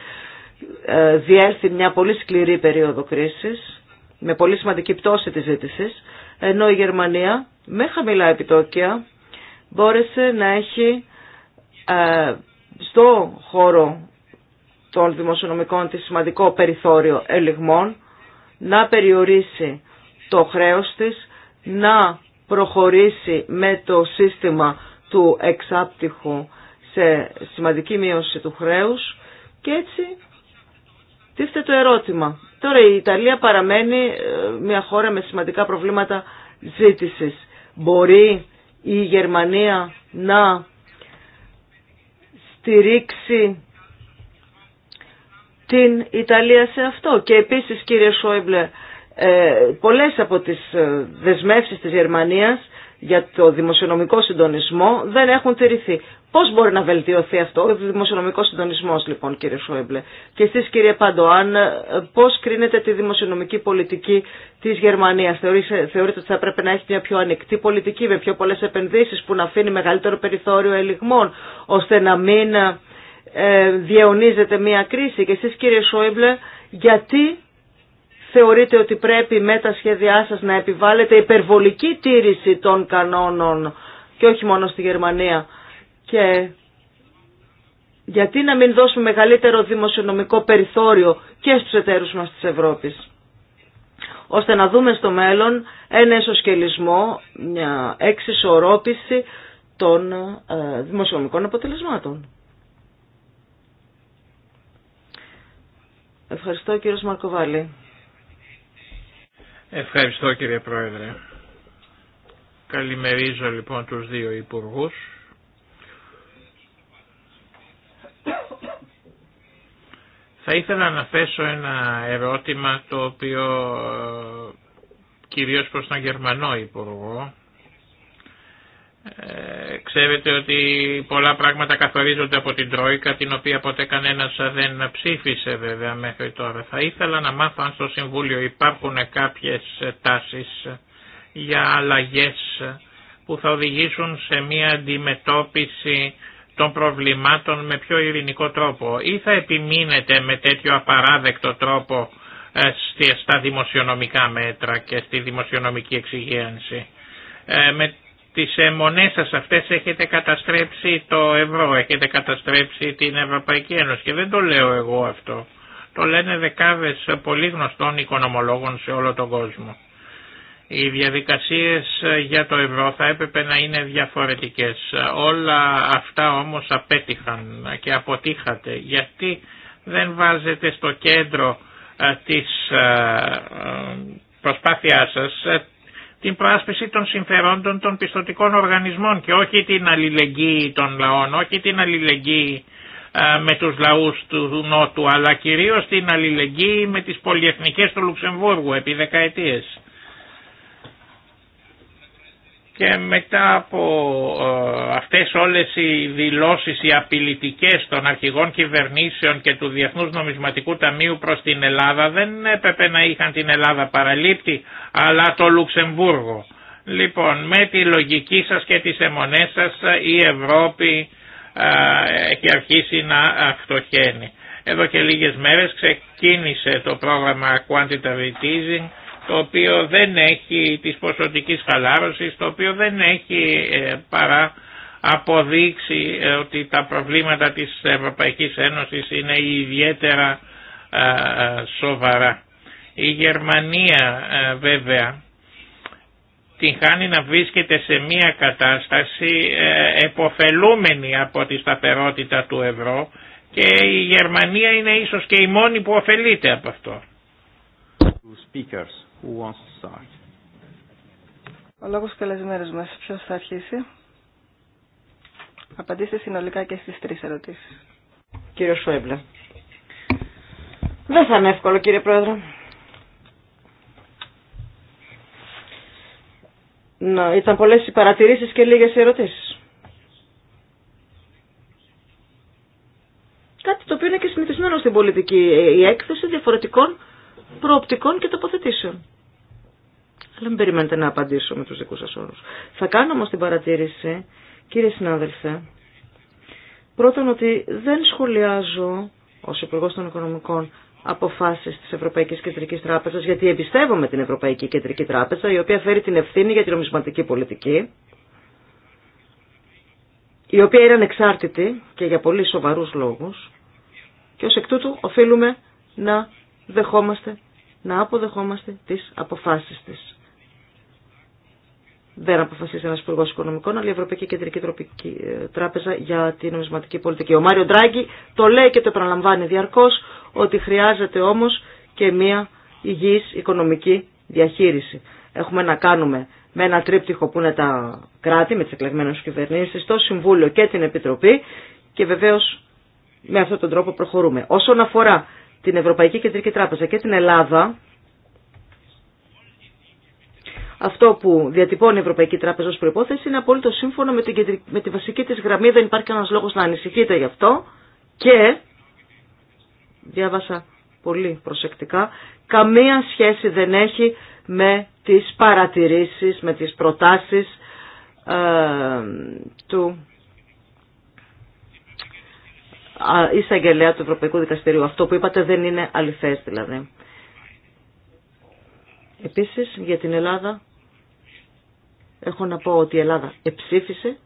ε, διέλθει μια πολύ σκληρή περίοδο κρίσης με πολύ σημαντική πτώση της ζήτησης ενώ η Γερμανία με χαμηλά επιτόκια μπόρεσε να έχει ε, στο χώρο των δημοσιονομικών της σημαντικό περιθώριο ελιγμών να περιορίσει το χρέος της, να προχωρήσει με το σύστημα του εξάπτυχου σε σημαντική μείωση του χρέους και έτσι τίθεται το ερώτημα. Τώρα η Ιταλία παραμένει ε, μια χώρα με σημαντικά προβλήματα ζήτησης. Μπορεί η Γερμανία να στηρίξει την Ιταλία σε αυτό. Και επίσης κύριε Σόιμπλε, πολλές από τις ε, δεσμεύσεις της Γερμανίας για το δημοσιονομικό συντονισμό δεν έχουν τηρηθεί. Πώς μπορεί να βελτιωθεί αυτό ο δημοσιονομικός συντονισμός λοιπόν κύριε Σόιμπλε. Και εσείς κύριε Παντοάν ε, πώς κρίνετε τη δημοσιονομική πολιτική της Γερμανίας. Θεωρείτε, ότι θα πρέπει να έχει μια πιο ανοιχτή πολιτική με πιο πολλές επενδύσεις που να αφήνει μεγαλύτερο περιθώριο ελιγμών ώστε να μην ε, ε, διαιωνίζεται μια κρίση και εσείς κύριε Σόιμπλε γιατί θεωρείτε ότι πρέπει με τα σχέδιά σας να επιβάλλετε υπερβολική τήρηση των κανόνων και όχι μόνο στη Γερμανία και γιατί να μην δώσουμε μεγαλύτερο δημοσιονομικό περιθώριο και στους εταίρους μας της Ευρώπης ώστε να δούμε στο μέλλον ένα εσωσκελισμό, μια εξισορρόπηση των ε, δημοσιονομικών αποτελεσμάτων. Ευχαριστώ κύριος Μαρκοβάλη. Ευχαριστώ κύριε Πρόεδρε. Καλημερίζω λοιπόν τους δύο υπουργούς. Θα ήθελα να θέσω ένα ερώτημα το οποίο ε, κυρίως προς τον Γερμανό Υπουργό ε, ξέρετε ότι πολλά πράγματα καθορίζονται από την Τρόικα, την οποία ποτέ κανένας δεν ψήφισε βέβαια μέχρι τώρα. Θα ήθελα να μάθω αν στο Συμβούλιο υπάρχουν κάποιες τάσεις για αλλαγές που θα οδηγήσουν σε μια αντιμετώπιση των προβλημάτων με πιο ειρηνικό τρόπο ή θα επιμείνετε με τέτοιο απαράδεκτο τρόπο ε, στα δημοσιονομικά μέτρα και στη δημοσιονομική εξυγένση. Ε, με τις αιμονές ε, σας αυτές έχετε καταστρέψει το ευρώ, έχετε καταστρέψει την Ευρωπαϊκή Ένωση και δεν το λέω εγώ αυτό. Το λένε δεκάδες πολύ γνωστών οικονομολόγων σε όλο τον κόσμο. Οι διαδικασίες για το ευρώ θα έπρεπε να είναι διαφορετικές. Όλα αυτά όμως απέτυχαν και αποτύχατε. Γιατί δεν βάζετε στο κέντρο ε, της ε, προσπάθειά σας την προάσπιση των συμφερόντων των πιστοτικών οργανισμών και όχι την αλληλεγγύη των λαών, όχι την αλληλεγγύη με τους λαούς του Νότου αλλά κυρίως την αλληλεγγύη με τις πολιεθνικές του Λουξεμβούργου επί δεκαετίες και μετά από ε, αυτές όλες οι δηλώσεις οι απειλητικές των αρχηγών κυβερνήσεων και του Διεθνούς Νομισματικού Ταμείου προς την Ελλάδα δεν έπρεπε να είχαν την Ελλάδα παραλήπτη αλλά το Λουξεμβούργο. Λοιπόν με τη λογική σας και τις αιμονές σας η Ευρώπη ε, έχει αρχίσει να ε, φτωχαίνει. Εδώ και λίγες μέρες ξεκίνησε το πρόγραμμα Quantitative Easing το οποίο δεν έχει της ποσοτικής χαλάρωσης, το οποίο δεν έχει ε, παρά αποδείξει ε, ότι τα προβλήματα της Ευρωπαϊκής Ένωσης είναι ιδιαίτερα ε, σοβαρά. Η Γερμανία βέβαια την χάνει να βρίσκεται σε μια κατάσταση εποφελούμενη από τη σταθερότητα του ευρώ και η Γερμανία είναι ίσως και η μόνη που ωφελείται από αυτό. Who wants to start? Ο λόγος καλεσμένος μας. Ποιος θα αρχίσει? Απαντήστε συνολικά και στις τρεις ερωτήσεις. Κύριο Σουέμπλε. Δεν θα είναι εύκολο κύριε Πρόεδρε. Να, ήταν πολλές οι παρατηρήσεις και λίγες οι ερωτήσεις. Κάτι το οποίο είναι και συνηθισμένο στην πολιτική η έκθεση διαφορετικών προοπτικών και τοποθετήσεων. Αλλά μην περιμένετε να απαντήσω με τους δικούς σας όρους. Θα κάνω όμως την παρατήρηση, κύριε συνάδελφε, πρώτον ότι δεν σχολιάζω ως υπουργό των Οικονομικών αποφάσεις της Ευρωπαϊκής Κεντρικής Τράπεζας, γιατί εμπιστεύομαι την Ευρωπαϊκή Κεντρική Τράπεζα, η οποία φέρει την ευθύνη για την νομισματική πολιτική, η οποία είναι ανεξάρτητη και για πολύ σοβαρούς λόγους, και ως εκ τούτου οφείλουμε να δεχόμαστε, να αποδεχόμαστε τις αποφάσεις της. Δεν αποφασίζει ένα υπουργό οικονομικών, αλλά η Ευρωπαϊκή Κεντρική ε, Τράπεζα για την νομισματική πολιτική. Ο Μάριο Ντράγκη το λέει και το επαναλαμβάνει διαρκώ ότι χρειάζεται όμω και μια υγιή οικονομική διαχείριση. Έχουμε να κάνουμε με ένα τρίπτυχο που είναι τα κράτη, με τι εκλεγμένε κυβερνήσει, το Συμβούλιο και την Επιτροπή και βεβαίω με αυτόν τον τρόπο προχωρούμε. Όσον αφορά την Ευρωπαϊκή Κεντρική Τράπεζα και την Ελλάδα, αυτό που διατυπώνει η Ευρωπαϊκή Τράπεζα ως προϋπόθεση είναι απόλυτο σύμφωνο με, με τη βασική της γραμμή, δεν υπάρχει κανένας λόγος να ανησυχείτε γι' αυτό και, διάβασα πολύ προσεκτικά, καμία σχέση δεν έχει με τις παρατηρήσεις, με τις προτάσεις ε, του εισαγγελέα του Ευρωπαϊκού Δικαστηρίου. Αυτό που είπατε δεν είναι αληθές δηλαδή. Επίσης για την Ελλάδα έχω να πω ότι η Ελλάδα εψήφισε,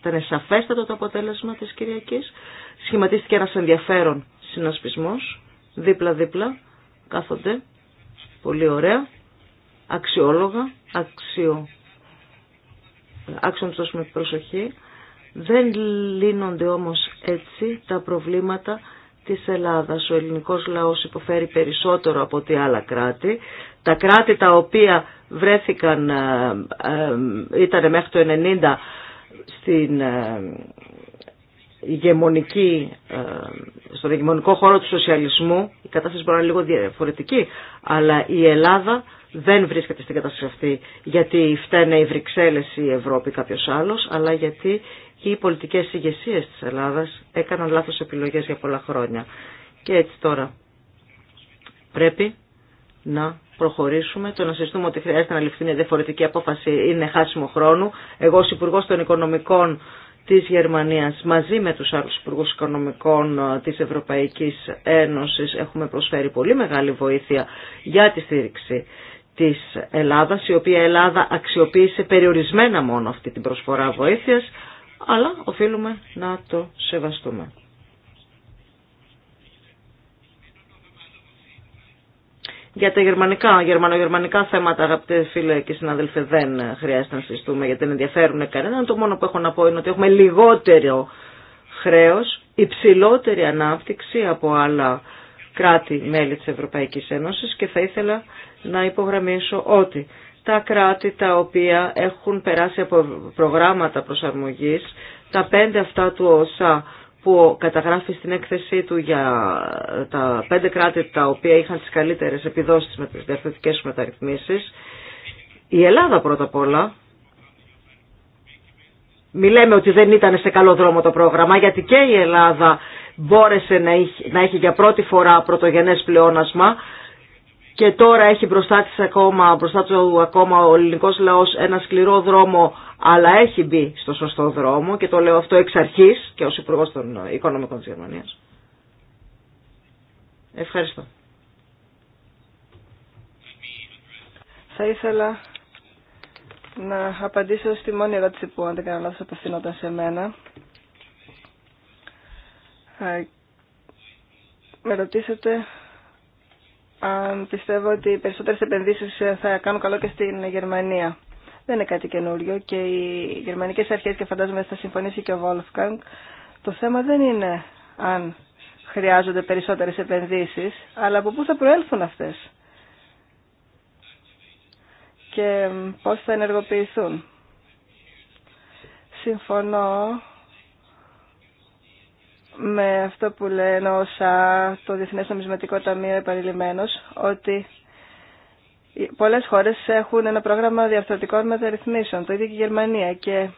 ήταν σαφέστατο το αποτέλεσμα της Κυριακής, σχηματίστηκε ένας ενδιαφέρον συνασπισμός, δίπλα-δίπλα κάθονται, πολύ ωραία, αξιόλογα, αξιο... άξιο τους δώσουμε προσοχή δεν λύνονται όμως έτσι τα προβλήματα της Ελλάδας. Ο ελληνικός λαός υποφέρει περισσότερο από ό,τι άλλα κράτη. Τα κράτη τα οποία βρέθηκαν, ε, ε, ήταν μέχρι το 90 στην ε, ηγεμονική, στον ηγεμονικό χώρο του σοσιαλισμού, η κατάσταση μπορεί να είναι λίγο διαφορετική, αλλά η Ελλάδα δεν βρίσκεται στην κατάσταση αυτή γιατί φταίνε οι Βρυξέλλες ή η Ευρώπη κάποιος άλλος, αλλά γιατί και οι πολιτικές ηγεσίες της Ελλάδας έκαναν λάθος επιλογές για πολλά χρόνια. Και έτσι τώρα πρέπει να προχωρήσουμε. Το να συζητούμε ότι χρειάζεται να ληφθεί μια διαφορετική απόφαση είναι χάσιμο χρόνου. Εγώ ως Υπουργό των Οικονομικών της Γερμανίας μαζί με τους άλλους υπουργού Οικονομικών ε, της Ευρωπαϊκής Ένωσης έχουμε προσφέρει πολύ μεγάλη βοήθεια για τη στήριξη της Ελλάδας, η οποία Ελλάδα αξιοποίησε περιορισμένα μόνο αυτή την προσφορά βοήθειας, αλλά οφείλουμε να το σεβαστούμε. Για τα γερμανικά, γερμανογερμανικά θέματα, αγαπητέ φίλε και συναδελφέ, δεν χρειάζεται να συζητούμε γιατί δεν ενδιαφέρουν κανέναν. Το μόνο που έχω να πω είναι ότι έχουμε λιγότερο χρέος, υψηλότερη ανάπτυξη από άλλα κράτη-μέλη της Ευρωπαϊκής Ένωσης και θα ήθελα να υπογραμμίσω ότι τα κράτη τα οποία έχουν περάσει από προγράμματα προσαρμογής, τα πέντε αυτά του ΩΣΑ που καταγράφει στην έκθεσή του για τα πέντε κράτη τα οποία είχαν τις καλύτερες επιδόσεις με τις διευθυντικές μεταρρυθμίσεις. Η Ελλάδα πρώτα απ' όλα, μη ότι δεν ήταν σε καλό δρόμο το πρόγραμμα, γιατί και η Ελλάδα μπόρεσε να έχει, να για πρώτη φορά πρωτογενές πλεόνασμα και τώρα έχει μπροστά, ακόμα, μπροστά του ακόμα ο ελληνικός λαός ένα σκληρό δρόμο αλλά έχει μπει στο σωστό δρόμο και το λέω αυτό εξ αρχής και ως υπουργό των οικονομικών της Γερμανίας. Ευχαριστώ. Θα ήθελα να απαντήσω στη μόνη ερώτηση που αν δεν κάνω λάθος απευθυνόταν σε μένα. Ε, με ρωτήσατε πιστεύω ότι οι περισσότερες επενδύσεις θα κάνουν καλό και στην Γερμανία. Δεν είναι κάτι καινούριο και οι γερμανικές αρχές και φαντάζομαι θα συμφωνήσει και ο Βόλφκανγκ. Το θέμα δεν είναι αν χρειάζονται περισσότερες επενδύσεις, αλλά από πού θα προέλθουν αυτές και πώς θα ενεργοποιηθούν. Συμφωνώ με αυτό που λένε όσα το Διεθνές Νομισματικό Ταμείο επαριλημμένος, ότι πολλές χώρες έχουν ένα πρόγραμμα διαρθρωτικών μεταρρυθμίσεων, το ίδιο και η Γερμανία και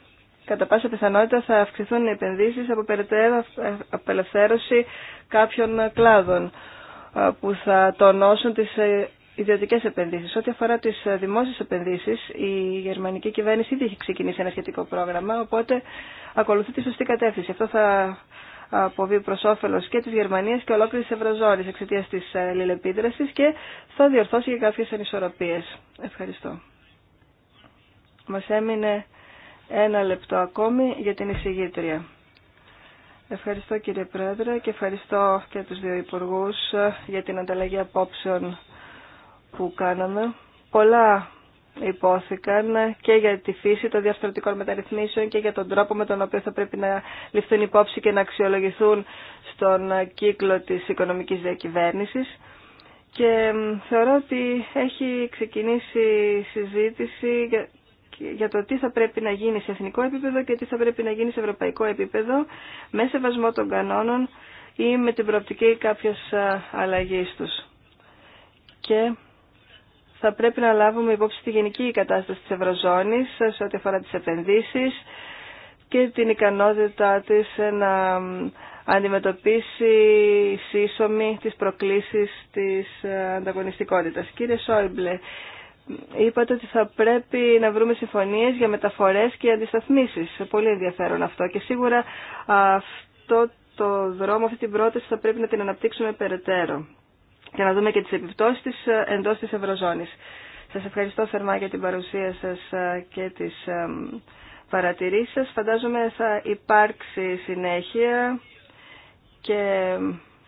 κατά πάσα πιθανότητα θα αυξηθούν οι επενδύσεις από περαιτέρω απελευθέρωση κάποιων κλάδων που θα τονώσουν τις ε, ιδιωτικέ επενδύσει. Ό,τι αφορά τι ε, δημόσιε επενδύσει, η γερμανική κυβέρνηση ήδη έχει ξεκινήσει ένα σχετικό πρόγραμμα, οπότε ακολουθεί τη σωστή κατεύθυνση. Αυτό θα αποβεί προ όφελο και τη Γερμανία και ολόκληρη τη Ευρωζώνη εξαιτία τη αλληλεπίδραση ε, και θα διορθώσει και κάποιε ανισορροπίε. Ευχαριστώ. Μα έμεινε ένα λεπτό ακόμη για την εισηγήτρια. Ευχαριστώ κύριε Πρόεδρε και ευχαριστώ και τους δύο υπουργούς ε, για την ανταλλαγή απόψεων που κάναμε. Πολλά υπόθηκαν και για τη φύση των διαστρωτικών μεταρρυθμίσεων και για τον τρόπο με τον οποίο θα πρέπει να ληφθούν υπόψη και να αξιολογηθούν στον κύκλο της οικονομικής διακυβέρνησης. Και θεωρώ ότι έχει ξεκινήσει συζήτηση για το τι θα πρέπει να γίνει σε εθνικό επίπεδο και τι θα πρέπει να γίνει σε ευρωπαϊκό επίπεδο με σεβασμό των κανόνων ή με την προοπτική κάποιας αλλαγής τους. Και θα πρέπει να λάβουμε υπόψη τη γενική κατάσταση της Ευρωζώνης σε ό,τι αφορά τις επενδύσεις και την ικανότητά της να αντιμετωπίσει σύσσωμη τις προκλήσεις της ανταγωνιστικότητας. Κύριε Σόιμπλε, είπατε ότι θα πρέπει να βρούμε συμφωνίες για μεταφορές και αντισταθμίσεις. Πολύ ενδιαφέρον αυτό και σίγουρα αυτό το δρόμο, αυτή την πρόταση θα πρέπει να την αναπτύξουμε περαιτέρω και να δούμε και τις επιπτώσεις της ε, εντός της Ευρωζώνης. Σας ευχαριστώ θερμά για την παρουσία σας ε, και τις ε, παρατηρήσεις σας. Φαντάζομαι θα υπάρξει συνέχεια και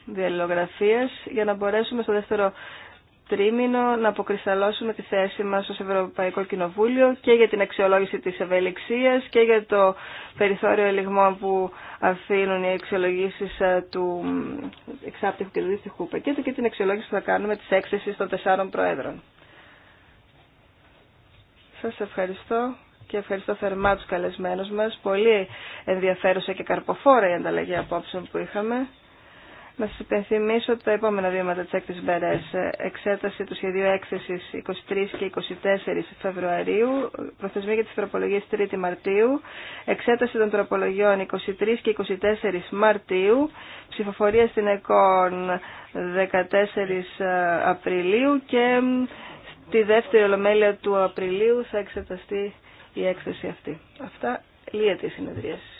διαλληλογραφίες για να μπορέσουμε στο δεύτερο τρίμηνο να αποκρισταλώσουμε τη θέση μας ως Ευρωπαϊκό Κοινοβούλιο και για την αξιολόγηση της ευελιξίας και για το περιθώριο ελιγμών που αφήνουν οι αξιολογήσεις ε, του εξάπτυχου και του δίστυχου πακέτου και την αξιολόγηση που θα κάνουμε της έκθεσης των τεσσάρων προέδρων. Σας ευχαριστώ και ευχαριστώ θερμά τους καλεσμένους μας. Πολύ ενδιαφέρουσα και καρποφόρα η ανταλλαγή απόψεων που είχαμε. Να σας υπενθυμίσω τα επόμενα βήματα της έκτης Μπερές. Εξέταση του σχεδίου έκθεσης 23 και 24 Φεβρουαρίου, προθεσμία για τις τροπολογίες 3 Μαρτίου, εξέταση των τροπολογιών 23 και 24 Μαρτίου, ψηφοφορία στην ΕΚΟΝ 14 ε, Απριλίου και στη δεύτερη ολομέλεια του Απριλίου θα εξεταστεί η έκθεση αυτή. Αυτά λίγε η συνεδρίαση.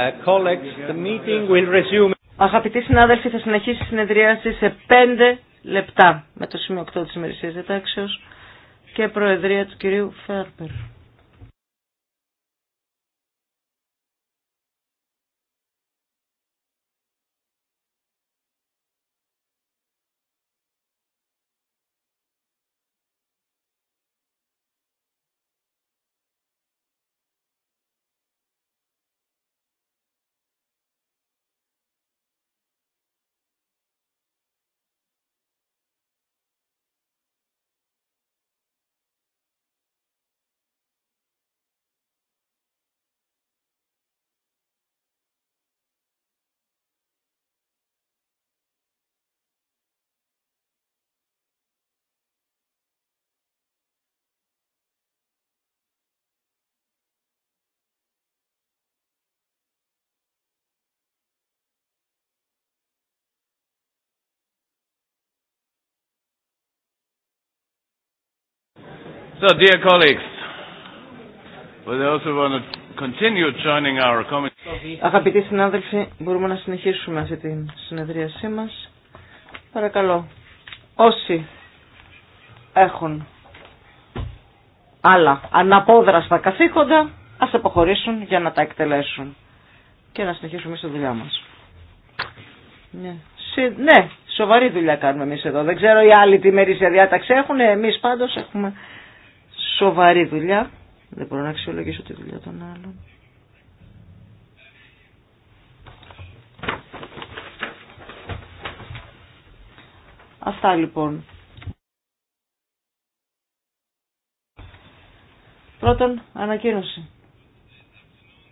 Uh, Αγαπητοί συνάδελφοι, θα συνεχίσει η συνεδρίαση σε 5 λεπτά με το σημείο 8 της ημερησίας διατάξεως και προεδρία του κυρίου Φέρπερ. So, dear colleagues, Αγαπητοί συνάδελφοι, μπορούμε να συνεχίσουμε αυτή τη συνεδρίασή μας. Παρακαλώ, όσοι έχουν άλλα αναπόδραστα καθήκοντα, ας αποχωρήσουν για να τα εκτελέσουν και να συνεχίσουμε στη δουλειά μας. Ναι. ναι, σοβαρή δουλειά κάνουμε εμείς εδώ. Δεν ξέρω οι άλλοι τι μερίσια διάταξη έχουν, εμείς πάντως έχουμε σοβαρή δουλειά. Δεν μπορώ να αξιολογήσω τη δουλειά των άλλων. Αυτά λοιπόν. Πρώτον, ανακοίνωση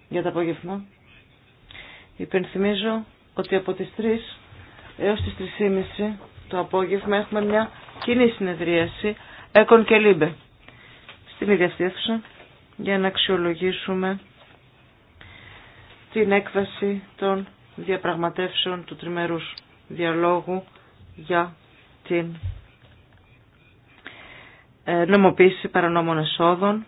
για το απόγευμα. Υπενθυμίζω ότι από τις 3 έως τις 3.30 το απόγευμα έχουμε μια κοινή συνεδρίαση έκον και λίμπε στην ίδια για να αξιολογήσουμε την έκβαση των διαπραγματεύσεων του τριμερούς διαλόγου για την ε, νομοποίηση παρανόμων εσόδων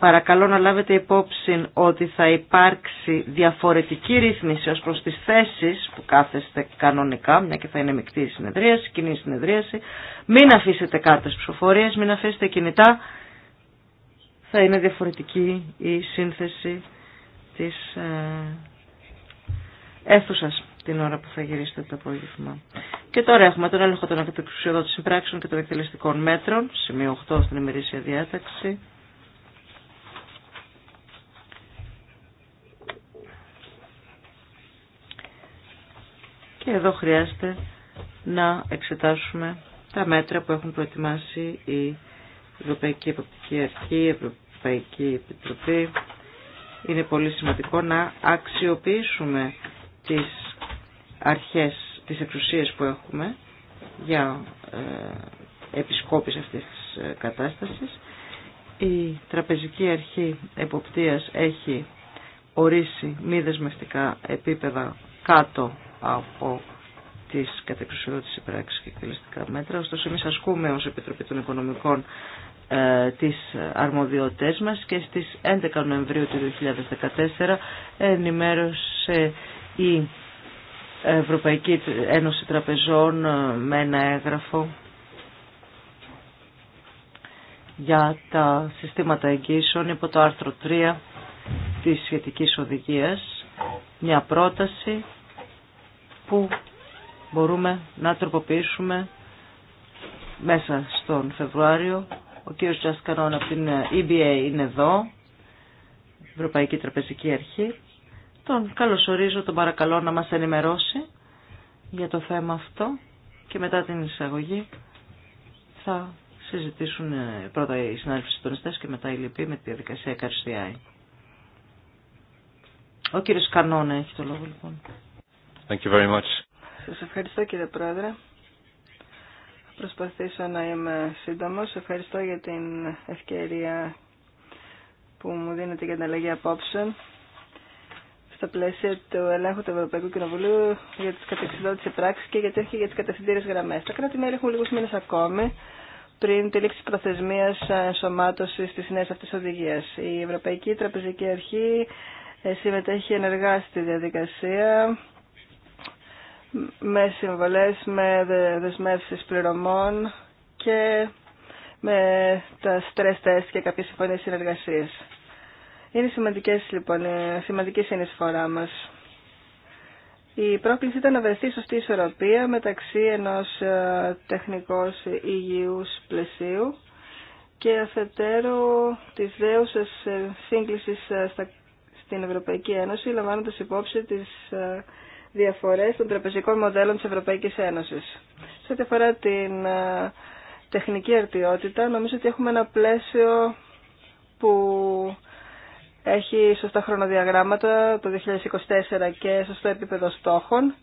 Παρακαλώ να λάβετε υπόψη ότι θα υπάρξει διαφορετική ρύθμιση ως προς τις θέσεις που κάθεστε κανονικά, μια και θα είναι μεικτή η συνεδρίαση, κοινή συνεδρίαση. Μην αφήσετε κάρτες ψηφοφορίας, μην αφήσετε κινητά. Θα είναι διαφορετική η σύνθεση της ε, αίθουσας την ώρα που θα γυρίσετε το απόγευμα. Και τώρα έχουμε τον έλεγχο των ακροπεξουσιοδότων συμπράξεων και των εκτελεστικών μέτρων, σημείο 8 στην ημερήσια διάταξη. και εδώ χρειάζεται να εξετάσουμε τα μέτρα που έχουν προετοιμάσει η Ευρωπαϊκή Εποπτική Αρχή, η Ευρωπαϊκή Επιτροπή. Είναι πολύ σημαντικό να αξιοποιήσουμε τις αρχές, τις εξουσίες που έχουμε για ε, επισκόπηση αυτής της ε, κατάστασης. Η Τραπεζική Αρχή Εποπτείας έχει ορίσει μη δεσμευτικά επίπεδα κάτω από τις κατεξουσιοδότηση πράξει και εκτελεστικά μέτρα. Ωστόσο, εμεί ασκούμε ω Επιτροπή των Οικονομικών ε, τι αρμοδιότητέ μα και στι 11 Νοεμβρίου του 2014 ενημέρωσε η Ευρωπαϊκή Ένωση Τραπεζών ε, με ένα έγγραφο για τα συστήματα εγγύσεων υπό το άρθρο 3 της σχετικής οδηγίας μια πρόταση που μπορούμε να τροποποιήσουμε μέσα στον Φεβρουάριο. Ο κύριος Τζασκαρόν από την EBA είναι εδώ, Ευρωπαϊκή Τραπεζική Αρχή. Τον καλωσορίζω, τον παρακαλώ να μας ενημερώσει για το θέμα αυτό και μετά την εισαγωγή θα συζητήσουν πρώτα οι συνάδελφοι συντονιστές και μετά η λοιποί με τη διαδικασία ΚΑΡΣΤΙΑΗ. Ο κύριος Κανόνα έχει το λόγο λοιπόν. Thank you very much. Σας ευχαριστώ κύριε Πρόεδρε. Θα προσπαθήσω να είμαι σύντομος. Ευχαριστώ για την ευκαιρία που μου δίνετε για την αλλαγή απόψεων στα πλαίσια του ελέγχου του Ευρωπαϊκού Κοινοβουλίου για τις κατεξιδότητες πράξεις και για, για τις κατευθυντήρες γραμμές. Τα κράτη-μέλη έχουν λίγους μήνες ακόμη πριν τη λήξη της προθεσμίας ενσωμάτωσης της νέας αυτής οδηγίας. Η Ευρωπαϊκή Τραπεζική Αρχή ε, συμμετέχει ενεργά στη διαδικασία με συμβολές, με δεσμεύσεις πληρωμών και με τα stress test και κάποιες συμφωνίες συνεργασίες. Είναι σημαντικές λοιπόν, ε, σημαντική συνεισφορά μας. Η πρόκληση ήταν να βρεθεί σωστή ισορροπία μεταξύ ενός ε, τεχνικός υγιούς πλαισίου και αφετέρου της δέουσας ε, σύγκλησης στην Ευρωπαϊκή Ένωση, λαμβάνοντας υπόψη τις διαφορές των τραπεζικών μοντέλων της Ευρωπαϊκής Ένωσης. Σε ό,τι αφορά την ε, τεχνική αρτιότητα, νομίζω ότι έχουμε ένα πλαίσιο που έχει σωστά χρονοδιαγράμματα το 2024 και σωστό επίπεδο στόχων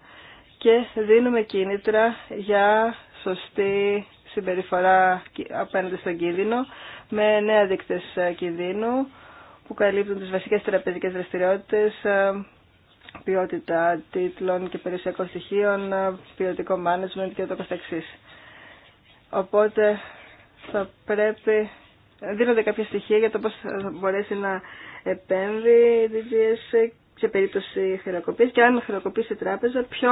και δίνουμε κίνητρα για σωστή συμπεριφορά απέναντι στον κίνδυνο με νέα δείκτες ε, κινδύνου που καλύπτουν τις βασικές θεραπευτικές δραστηριότητες, ε, ποιότητα τίτλων και περιουσιακών στοιχείων, ποιοτικό management και το καθεξής. Οπότε θα πρέπει, δίνονται κάποια στοιχεία για το πώς θα μπορέσει να επέμβει η DGS σε περίπτωση χρεοκοπής και αν χρεοκοπήσει η τράπεζα, ποιο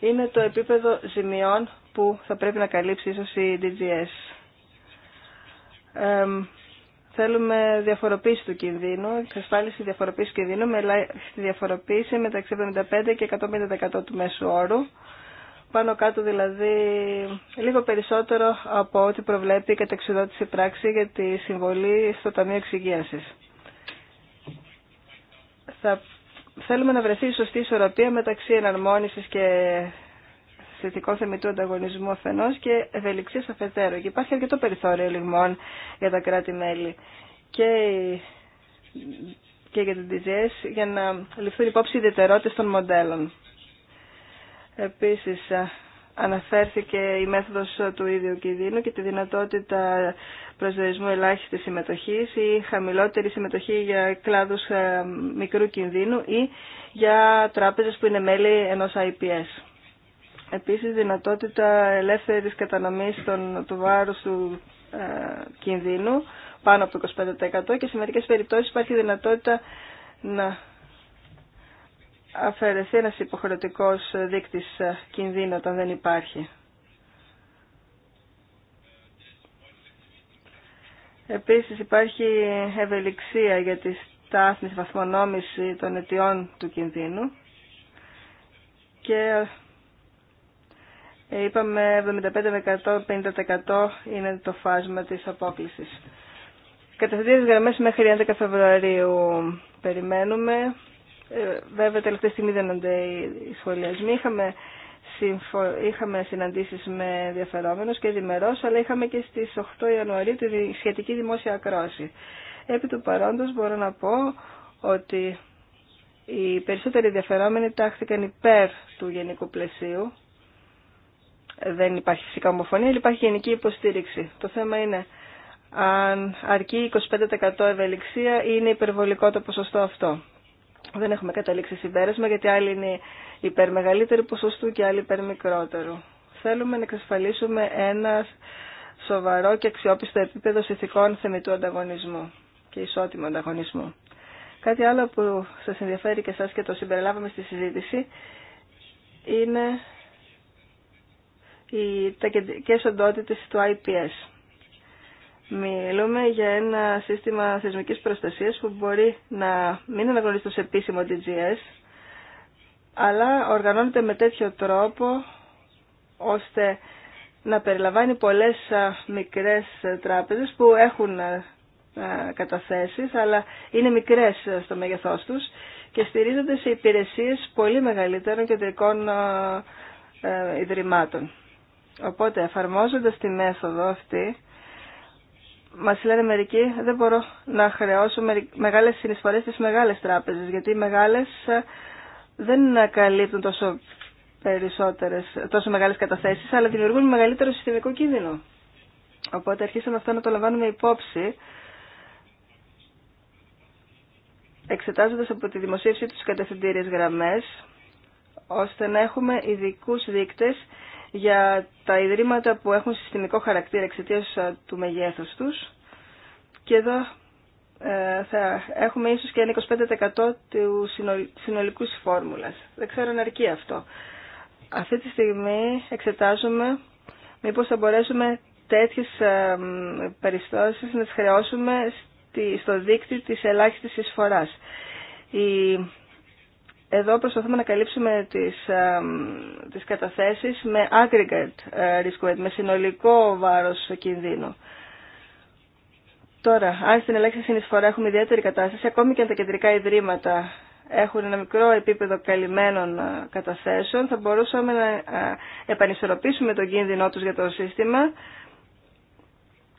είναι το επίπεδο ζημιών που θα πρέπει να καλύψει ίσως η DGS. Θέλουμε διαφοροποίηση του κινδύνου, εξασφάλιση διαφοροποίηση του κινδύνου με ελάχιστη διαφοροποίηση μεταξύ 75% και 150% του μέσου όρου. Πάνω κάτω δηλαδή λίγο περισσότερο από ό,τι προβλέπει η καταξιδότηση πράξη για τη συμβολή στο Ταμείο Εξυγίασης. Θα θέλουμε να βρεθεί η σωστή ισορροπία μεταξύ εναρμόνισης και ηθικών θεμητού ανταγωνισμού αφενό και ευελιξία αφετέρου. Και υπάρχει αρκετό περιθώριο λιγμών για τα κράτη-μέλη και, και για την DGS για να ληφθούν υπόψη οι ιδιαιτερότητε των μοντέλων. Επίση, αναφέρθηκε η μέθοδο του ίδιου κινδύνου και τη δυνατότητα προσδιορισμού ελάχιστη συμμετοχή ή χαμηλότερη συμμετοχή για κλάδου μικρού κινδύνου ή για τράπεζες που είναι μέλη ενός IPS. Επίσης, δυνατότητα ελεύθερης κατανομής των, του βάρους του ε, κινδύνου πάνω από 25% και σε μερικές περιπτώσεις υπάρχει δυνατότητα να αφαιρεθεί ένας υποχρεωτικός δείκτης ε, κινδύνου όταν δεν υπάρχει. Επίσης υπάρχει ευελιξία για τη στάθμη βαθμονόμηση των αιτιών του κινδύνου και ε, είπαμε 75 με 50% είναι το φάσμα της απόκλησης. Κατευθυντήρες γραμμές μέχρι 11 Φεβρουαρίου περιμένουμε. Ε, βέβαια τελευταία στιγμή δεν αντέει οι σχολιασμοί. Είχαμε, συναντήσεις με διαφερόμενους και διμερός, αλλά είχαμε και στις 8 Ιανουαρίου τη σχετική δημόσια ακρόση. Επί του παρόντος μπορώ να πω ότι οι περισσότεροι διαφερόμενοι τάχθηκαν υπέρ του γενικού πλαισίου δεν υπάρχει φυσικά ομοφωνία, αλλά υπάρχει γενική υποστήριξη. Το θέμα είναι αν αρκεί 25% ευελιξία ή είναι υπερβολικό το ποσοστό αυτό. Δεν έχουμε καταλήξει συμπέρασμα γιατί άλλοι είναι υπέρ ποσοστού και άλλοι υπέρ Θέλουμε να εξασφαλίσουμε ένα σοβαρό και αξιόπιστο επίπεδο συνθηκών θεμητού ανταγωνισμού και ισότιμου ανταγωνισμού. Κάτι άλλο που σας ενδιαφέρει και εσάς και το συμπεριλάβαμε στη συζήτηση είναι οι, τα κεντρικές οντότητες του IPS. Μιλούμε για ένα σύστημα θεσμικής προστασίας που μπορεί να μην αναγνωρίζεται σε επίσημο DGS, αλλά οργανώνεται με τέτοιο τρόπο ώστε να περιλαμβάνει πολλές μικρές τράπεζες που έχουν καταθέσεις, αλλά είναι μικρές στο μέγεθός τους και στηρίζονται σε υπηρεσίες πολύ μεγαλύτερων κεντρικών ιδρυμάτων. Οπότε εφαρμόζοντας τη μέθοδο αυτή, μας λένε μερικοί δεν μπορώ να χρεώσω μεγάλες συνεισφορές στις μεγάλες τράπεζες, γιατί οι μεγάλες ε, δεν καλύπτουν τόσο περισσότερες, τόσο μεγάλες καταθέσεις, αλλά δημιουργούν μεγαλύτερο συστημικό κίνδυνο. Οπότε αρχίσαμε αυτό να το λαμβάνουμε υπόψη, εξετάζοντας από τη δημοσίευση τους κατευθυντήριες γραμμές, ώστε να έχουμε ειδικού δείκτες για τα ιδρύματα που έχουν συστημικό χαρακτήρα εξαιτία ε, του μεγέθους τους και εδώ ε, θα έχουμε ίσως και ένα 25% του συνολικού φόρμουλας. Δεν ξέρω αν αρκεί αυτό. Αυτή τη στιγμή εξετάζουμε μήπως θα μπορέσουμε τέτοιες ε, περιστάσεις να τις χρεώσουμε στο δίκτυο της ελάχιστης εισφοράς. Η εδώ προσπαθούμε να καλύψουμε τις, τις καταθέσεις με aggregate ε, risk weight, με συνολικό βάρος κινδύνου. Τώρα, αν στην ελέγξη συνεισφορά έχουμε ιδιαίτερη κατάσταση, ακόμη και αν τα κεντρικά ιδρύματα έχουν ένα μικρό επίπεδο καλυμμένων ε, καταθέσεων, θα μπορούσαμε να ε, επανισορροπήσουμε τον κίνδυνό τους για το σύστημα,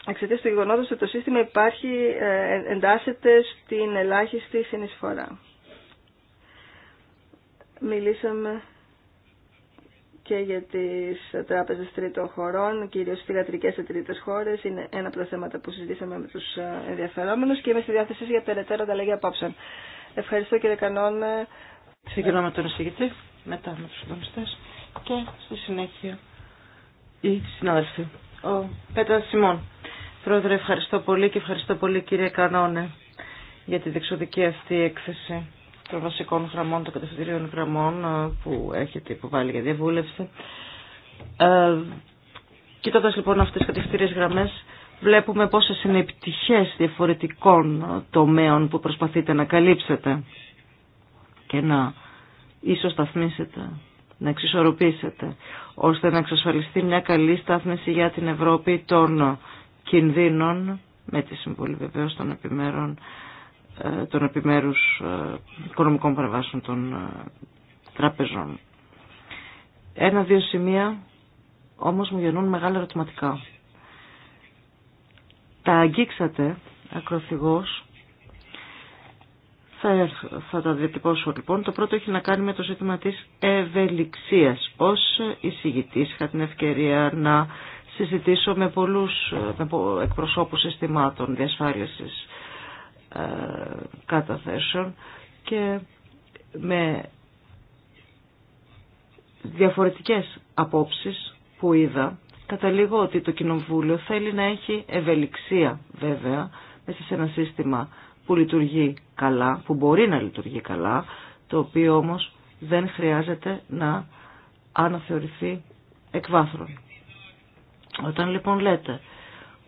εξαιτίας του γεγονότος ότι το σύστημα υπάρχει, εντάσσεται στην ελάχιστη συνεισφορά. Μιλήσαμε και για τις τράπεζες τρίτων χωρών, κυρίως θηγατρικές σε τρίτες χώρες. Είναι ένα από τα θέματα που συζητήσαμε με τους ενδιαφερόμενους και είμαι στη διάθεσή για περαιτέρω ανταλλαγή απόψε. Ευχαριστώ κύριε Κανόνε. Συγγνώμη με τον εισηγητή, μετά με τους συντονιστές και στη συνέχεια η συνάδελφη. Ο Πέτρας Σιμών. Πρόεδρε, ευχαριστώ πολύ και ευχαριστώ πολύ κύριε Κανόνε για τη δεξοδική αυτή έκθεση των βασικών γραμμών, των κατευθυντήριων γραμμών ε, που έχετε υποβάλει για διαβούλευση. Ε, κοιτώντας λοιπόν αυτές τις κατευθυντήριες γραμμές, βλέπουμε πόσες είναι οι διαφορετικών ε, τομέων που προσπαθείτε να καλύψετε και να ίσως σταθμίσετε, να εξισορροπήσετε, ώστε να εξασφαλιστεί μια καλή στάθμιση για την Ευρώπη των κινδύνων, με τη συμβολή βεβαίως των επιμέρων ε, των επιμέρους ε, οικονομικών παρεμβάσεων των ε, τραπεζών. Ένα-δύο σημεία όμως μου γεννούν μεγάλα ερωτηματικά. Τα αγγίξατε ακροθυγώς. Θα, θα τα διατυπώσω λοιπόν. Το πρώτο έχει να κάνει με το ζήτημα της ευελιξίας. Ως εισηγητής είχα την ευκαιρία να συζητήσω με πολλούς με εκπροσώπους συστημάτων διασφάλισης ε, καταθέσεων και με διαφορετικές απόψεις που είδα καταλήγω ότι το Κοινοβούλιο θέλει να έχει ευελιξία βέβαια μέσα σε ένα σύστημα που λειτουργεί καλά, που μπορεί να λειτουργεί καλά, το οποίο όμως δεν χρειάζεται να αναθεωρηθεί εκ Όταν λοιπόν λέτε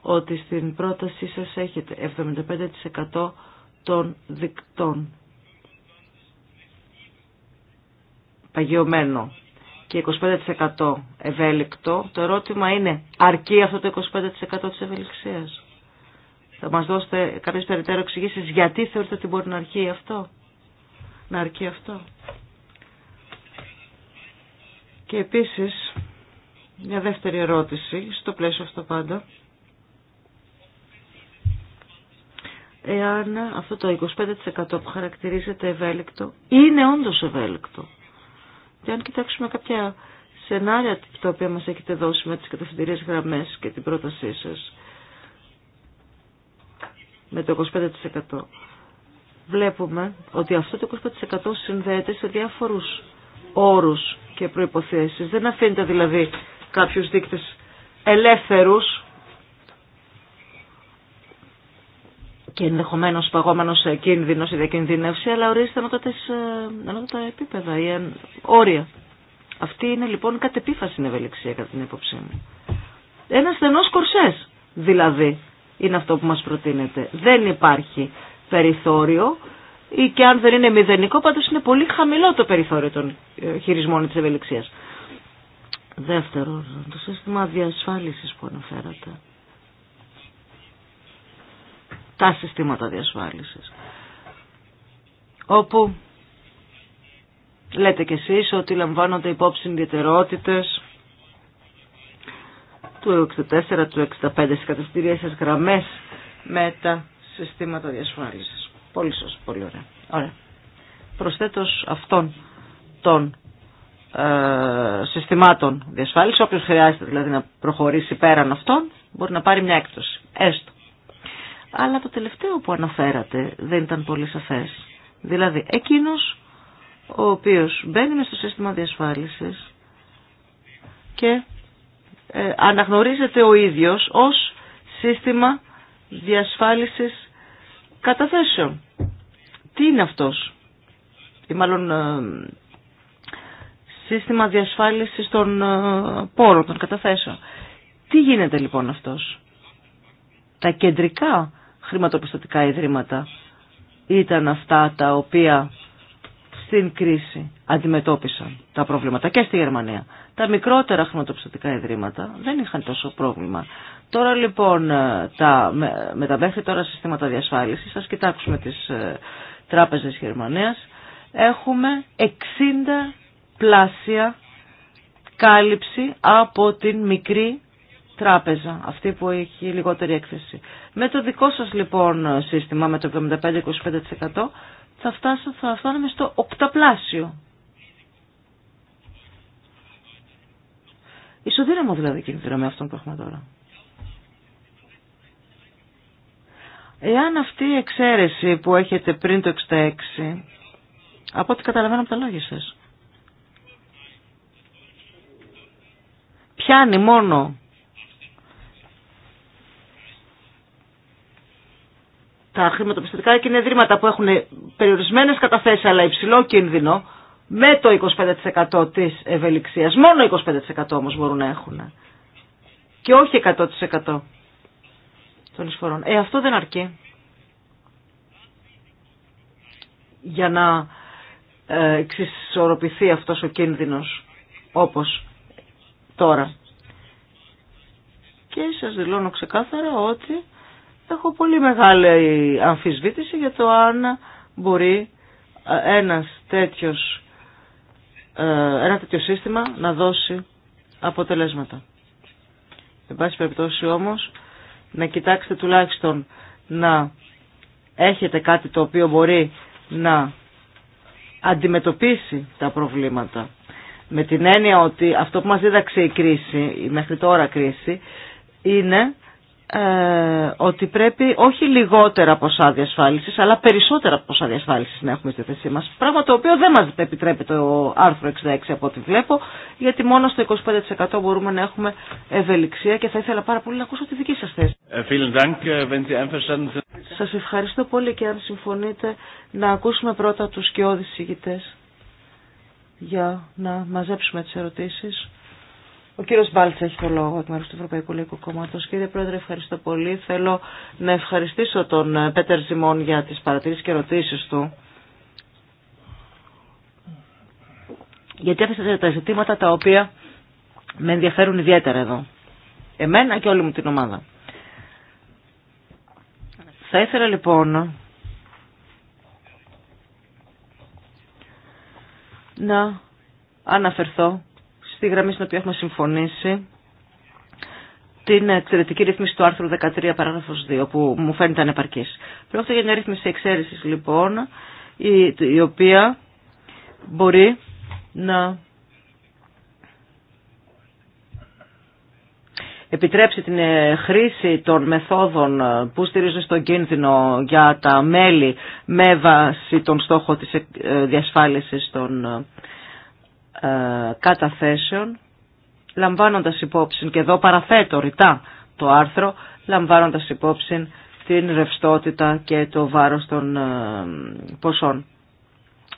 ότι στην πρότασή σας έχετε 75% των δικτών παγιωμένο και 25% ευέλικτο. Το ερώτημα είναι, αρκεί αυτό το 25% της ευελιξίας. Θα μας δώσετε κάποιες περιττέρω εξηγήσεις γιατί θεωρείτε ότι μπορεί να αρκεί αυτό. Να αρκεί αυτό. Και επίσης, μια δεύτερη ερώτηση, στο πλαίσιο αυτό πάντα, εάν αυτό το 25% που χαρακτηρίζεται ευέλικτο είναι όντως ευέλικτο. Και αν κοιτάξουμε κάποια σενάρια τα οποία μας έχετε δώσει με τις κατευθυντηρίες γραμμές και την πρότασή σας με το 25% βλέπουμε ότι αυτό το 25% συνδέεται σε διάφορους όρους και προϋποθέσεις. Δεν αφήνεται δηλαδή κάποιους δείκτες ελεύθερους και ενδεχομένως σε κίνδυνο ή διακινδύνευση, αλλά ορίζεται ε, τα επίπεδα ή ε, όρια. Αυτή είναι λοιπόν κατ' επίφαση η ευελιξία κατά την υπόψη μου. Ένα στενός κορσές δηλαδή είναι αυτό που μας προτείνεται. Δεν υπάρχει περιθώριο ή και αν δεν είναι μηδενικό πάντως είναι πολύ χαμηλό το περιθώριο των ε, χειρισμών τη ευελιξία. Δεύτερον, το σύστημα διασφάλιση που αναφέρατε τα συστήματα διασφάλισης. Όπου λέτε κι εσείς ότι λαμβάνονται υπόψη ιδιαιτερότητες του 64, του 65 στις σας γραμμές με τα συστήματα διασφάλισης. Πολύ σας, πολύ ωραία. ωραία. Προσθέτω αυτών των ε, συστημάτων διασφάλισης, όποιος χρειάζεται δηλαδή να προχωρήσει πέραν αυτών, μπορεί να πάρει μια έκπτωση. Έστω αλλά το τελευταίο που αναφέρατε δεν ήταν πολύ σαφές. Δηλαδή, εκείνος ο οποίος μπαίνει στο σύστημα διασφάλισης και ε, αναγνωρίζεται ο ίδιος ως σύστημα διασφάλισης καταθέσεων. Τι είναι αυτός, ή μάλλον ε, σύστημα διασφάλισης των ε, πόρων, των καταθέσεων. Τι γίνεται λοιπόν αυτός. Τα κεντρικά χρηματοπιστωτικά ιδρύματα ήταν αυτά τα οποία στην κρίση αντιμετώπισαν τα προβλήματα και στη Γερμανία. Τα μικρότερα χρηματοπιστωτικά ιδρύματα δεν είχαν τόσο πρόβλημα. Τώρα λοιπόν ε, τα, με, τα μέχρι τώρα συστήματα διασφάλισης, ας κοιτάξουμε τις ε, τράπεζες Γερμανίας, έχουμε 60 πλάσια κάλυψη από την μικρή τράπεζα, αυτή που έχει λιγότερη έκθεση. Με το δικό σας λοιπόν σύστημα, με το 75-25% θα, φτάσω, θα φτάνουμε στο οκταπλάσιο. Ισοδύναμο δηλαδή κίνδυνο με αυτόν που έχουμε τώρα. Εάν αυτή η εξαίρεση που έχετε πριν το 66, από ό,τι καταλαβαίνω από τα λόγια σας, πιάνει μόνο τα χρηματοπιστωτικά και είναι ιδρύματα που έχουν περιορισμένες καταθέσεις αλλά υψηλό κίνδυνο με το 25% της ευελιξίας. Μόνο 25% όμως μπορούν να έχουν. Και όχι 100% των εισφορών. Ε, αυτό δεν αρκεί. Για να ε, εξισορροπηθεί αυτός ο κίνδυνος όπως τώρα. Και σας δηλώνω ξεκάθαρα ότι έχω πολύ μεγάλη αμφισβήτηση για το αν μπορεί ε, ένας τέτοιος, ε, ένα τέτοιο σύστημα να δώσει αποτελέσματα. Εν πάση περιπτώσει όμως, να κοιτάξετε τουλάχιστον να έχετε κάτι το οποίο μπορεί να αντιμετωπίσει τα προβλήματα. Με την έννοια ότι αυτό που μας δίδαξε η κρίση, η μέχρι τώρα κρίση, είναι ε, ότι πρέπει όχι λιγότερα ποσά διασφάλισης, αλλά περισσότερα ποσά διασφάλισης να έχουμε στη θέση μας. Πράγμα το οποίο δεν μας επιτρέπει το άρθρο 66 από ό,τι βλέπω, γιατί μόνο στο 25% μπορούμε να έχουμε ευελιξία και θα ήθελα πάρα πολύ να ακούσω τη δική σας θέση. Ε, ε, σας ευχαριστώ πολύ και αν συμφωνείτε να ακούσουμε πρώτα τους και ηγητές για να μαζέψουμε τις ερωτήσεις. Ο κύριο Μπάλτσα έχει το λόγο εκ μέρου του Ευρωπαϊκού Λαϊκού Κόμματο. Κύριε Πρόεδρε, ευχαριστώ πολύ. Θέλω να ευχαριστήσω τον ε, Πέτερ Ζημών για τι παρατηρήσει και ερωτήσει του. Γιατί άφησε τα ζητήματα τα οποία με ενδιαφέρουν ιδιαίτερα εδώ. Εμένα και όλη μου την ομάδα. Θα ήθελα λοιπόν να αναφερθώ στη γραμμή στην οποία έχουμε συμφωνήσει την εξαιρετική ρύθμιση του άρθρου 13 παράγραφος 2 που μου φαίνεται ανεπαρκής. Πρόκειται για μια ρύθμιση εξαίρεσης λοιπόν η οποία μπορεί να επιτρέψει την ε, χρήση των μεθόδων ε, που στηρίζουν στον κίνδυνο για τα μέλη με βάση τον στόχο της ε, διασφάλισης των ε, καταθέσεων, λαμβάνοντας υπόψη, και εδώ παραθέτω ρητά το άρθρο, λαμβάνοντας υπόψη την ρευστότητα και το βάρος των ε, ποσών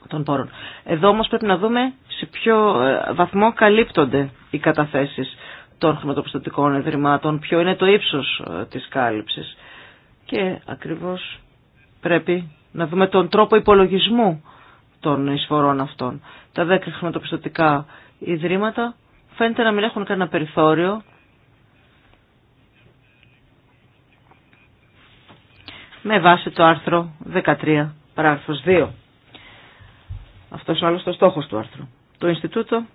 των πόρων. Εδώ όμως πρέπει να δούμε σε ποιο ε, βαθμό καλύπτονται οι καταθέσεις των χρηματοπιστωτικών ιδρυμάτων, ποιο είναι το ύψος της κάλυψης. Και ακριβώς πρέπει να δούμε τον τρόπο υπολογισμού των εισφορών αυτών τα 10 χρηματοπιστωτικά ιδρύματα φαίνεται να μην έχουν κανένα περιθώριο με βάση το άρθρο 13, παράγραφος 2. Αυτός είναι άλλος το στόχος του άρθρου. Το Ινστιτούτο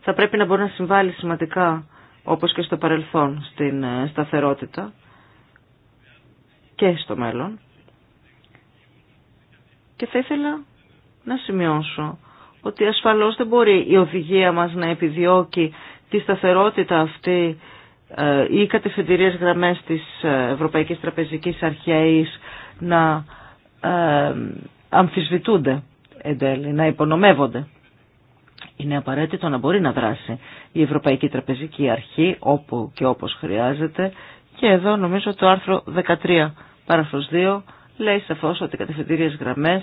θα πρέπει να μπορεί να συμβάλλει σημαντικά, όπως και στο παρελθόν, στην ε, σταθερότητα και στο μέλλον. Και θα ήθελα να σημειώσω ότι ασφαλώς δεν μπορεί η οδηγία μας να επιδιώκει τη σταθερότητα αυτή ε, ή οι κατευθυντηρίες γραμμές της ε, Ευρωπαϊκής Τραπεζικής Αρχαίας να ε, αμφισβητούνται εν τέλει, να υπονομεύονται. Είναι απαραίτητο να μπορεί να δράσει η Ευρωπαϊκή αρχαιης να αμφισβητουνται εν τελει να Αρχή όπου και όπως χρειάζεται και εδώ νομίζω το άρθρο 13 παράθρος 2 λέει σαφώς ότι οι κατευθυντήριες γραμμές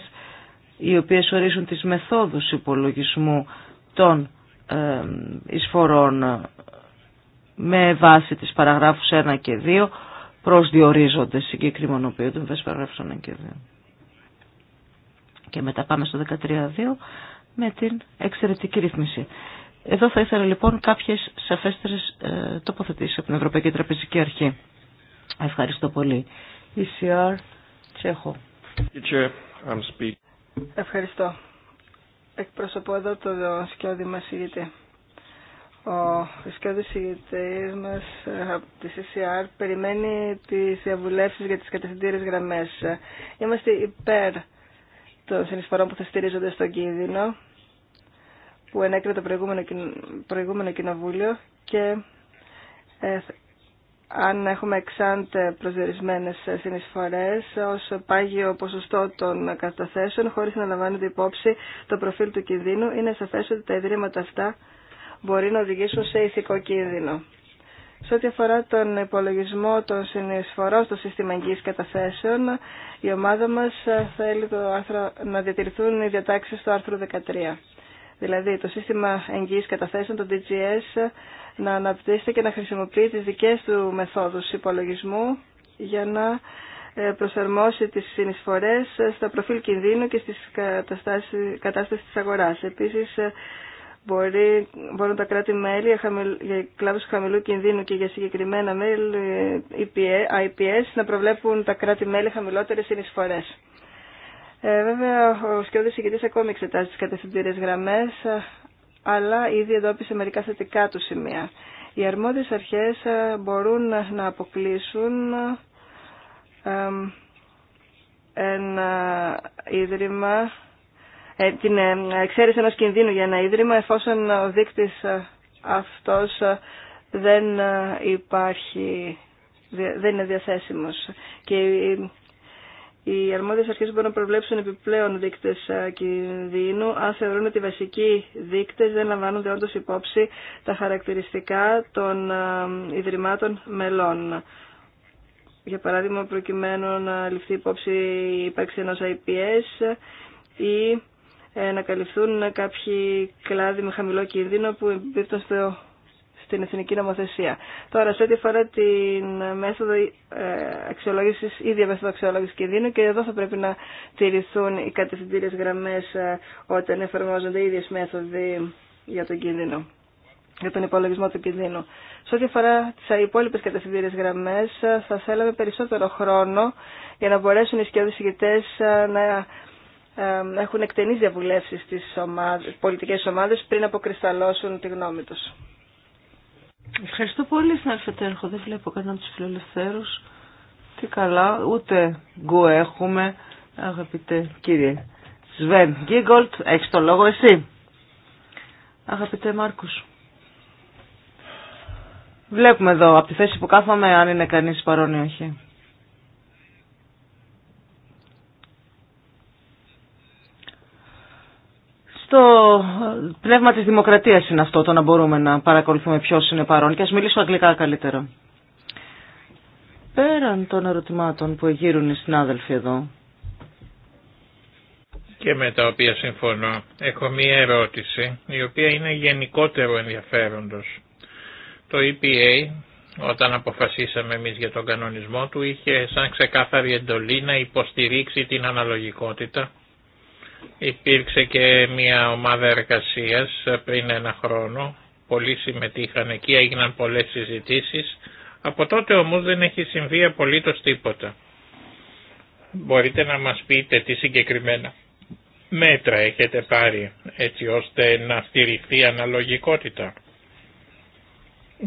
οι οποίες ορίζουν τις μεθόδους υπολογισμού των εισφορών ε, με βάση τις παραγράφους 1 και 2 προσδιορίζονται συγκεκριμονοποιούνται με βάση παραγράφους 1 και 2. Και μετά πάμε στο 13.2 με την εξαιρετική ρύθμιση. Εδώ θα ήθελα λοιπόν κάποιες σαφέστερες ε, τοποθετήσεις από την Ευρωπαϊκή Τραπεζική Αρχή. Ευχαριστώ πολύ. ECR, Τσέχο. Ευχαριστώ. Εκπροσωπώ εδώ το σκιώδη μας ηγητή. Ο σκιώδης ηγητής μας ε, από τη CCR περιμένει τις διαβουλεύσεις για τις κατευθυντήρες γραμμές. Είμαστε υπέρ των συνεισφορών που θα στηρίζονται στον κίνδυνο που ενέκρινε το προηγούμενο, προηγούμενο κοινοβούλιο και ε, αν έχουμε εξάντε προσδιορισμένες συνεισφορές ως πάγιο ποσοστό των καταθέσεων χωρίς να λαμβάνεται υπόψη το προφίλ του κινδύνου, είναι σαφές ότι τα ιδρύματα αυτά μπορεί να οδηγήσουν σε ηθικό κίνδυνο. Σε ό,τι αφορά τον υπολογισμό των συνεισφορών στο σύστημα εγγύης καταθέσεων, η ομάδα μας θέλει το άρθρο, να διατηρηθούν οι διατάξεις του άρθρου 13. Δηλαδή το σύστημα εγγύης καταθέσεων, το DGS, να αναπτύσσεται και να χρησιμοποιεί τις δικές του μεθόδους υπολογισμού για να ε, προσαρμόσει τις συνεισφορές ε, στα προφίλ κινδύνου και στις κατάστασεις της αγοράς. Επίσης, ε, μπορεί, μπορούν τα κράτη-μέλη για κλάδους χαμηλού κινδύνου και για συγκεκριμένα μέλη e IPS να προβλέπουν τα κράτη-μέλη χαμηλότερες συνεισφορές. Ε, βέβαια, ο σκιώδη Ηγητής ακόμη εξετάζει τι κατευθυντήριε γραμμές, ε, αλλά ήδη εντόπισε μερικά θετικά του σημεία. Οι αρμόδιες αρχές ε, μπορούν να αποκλείσουν ένα ε, ίδρυμα, την εξαίρεση ενός κινδύνου για ένα ίδρυμα, εφόσον ο δείκτη αυτό δεν υπάρχει, δεν είναι διαθέσιμος. Και οι αρμόδιες αρχές μπορούν να προβλέψουν επιπλέον δείκτες κινδύνου αν θεωρούν ότι οι βασικοί δείκτες δεν λαμβάνονται όντως υπόψη τα χαρακτηριστικά των ιδρυμάτων μελών. Για παράδειγμα, προκειμένου να ληφθεί υπόψη η ύπαρξη ενός IPS ή ε, να καλυφθούν κάποιοι κλάδοι με χαμηλό κίνδυνο που εμπίπτουν στο στην εθνική νομοθεσία. Τώρα, σε ό,τι αφορά την μέθοδο ε, αξιολόγηση, ίδια μέθοδο αξιολόγηση κινδύνου και εδώ θα πρέπει να τηρηθούν οι κατευθυντήριε γραμμέ ε, όταν εφαρμόζονται οι ίδιε μέθοδοι για τον κίνδυνο για τον υπολογισμό του κινδύνου. Σε ό,τι αφορά τι υπόλοιπε κατευθυντήριε γραμμέ, ε, θα θέλαμε περισσότερο χρόνο για να μπορέσουν οι σκιώδει ηγητέ να έχουν εκτενεί διαβουλεύσει στι πολιτικέ ομάδε πριν αποκρισταλώσουν τη γνώμη του. Ευχαριστώ πολύ, συνάδελφε Τέρχο. Δεν βλέπω κανέναν του φιλελευθέρου. Τι καλά, ούτε γκου έχουμε. Αγαπητέ κύριε Σβέν Γκίγκολτ, έχει το λόγο εσύ. Αγαπητέ Μάρκο. Βλέπουμε εδώ από τη θέση που κάθομαι αν είναι κανείς παρόν ή όχι. στο πνεύμα της δημοκρατίας είναι αυτό το να μπορούμε να παρακολουθούμε ποιος είναι παρόν και ας μιλήσω αγγλικά καλύτερα. Πέραν των ερωτημάτων που εγείρουν οι συνάδελφοι εδώ και με τα οποία συμφωνώ, έχω μία ερώτηση η οποία είναι γενικότερο ενδιαφέροντος. Το EPA όταν αποφασίσαμε εμείς για τον κανονισμό του είχε σαν ξεκάθαρη εντολή να υποστηρίξει την αναλογικότητα Υπήρξε και μια ομάδα εργασίας πριν ένα χρόνο. Πολλοί συμμετείχαν εκεί, έγιναν πολλές συζητήσεις. Από τότε όμως δεν έχει συμβεί απολύτως τίποτα. Μπορείτε να μας πείτε τι συγκεκριμένα μέτρα έχετε πάρει έτσι ώστε να στηριχθεί αναλογικότητα.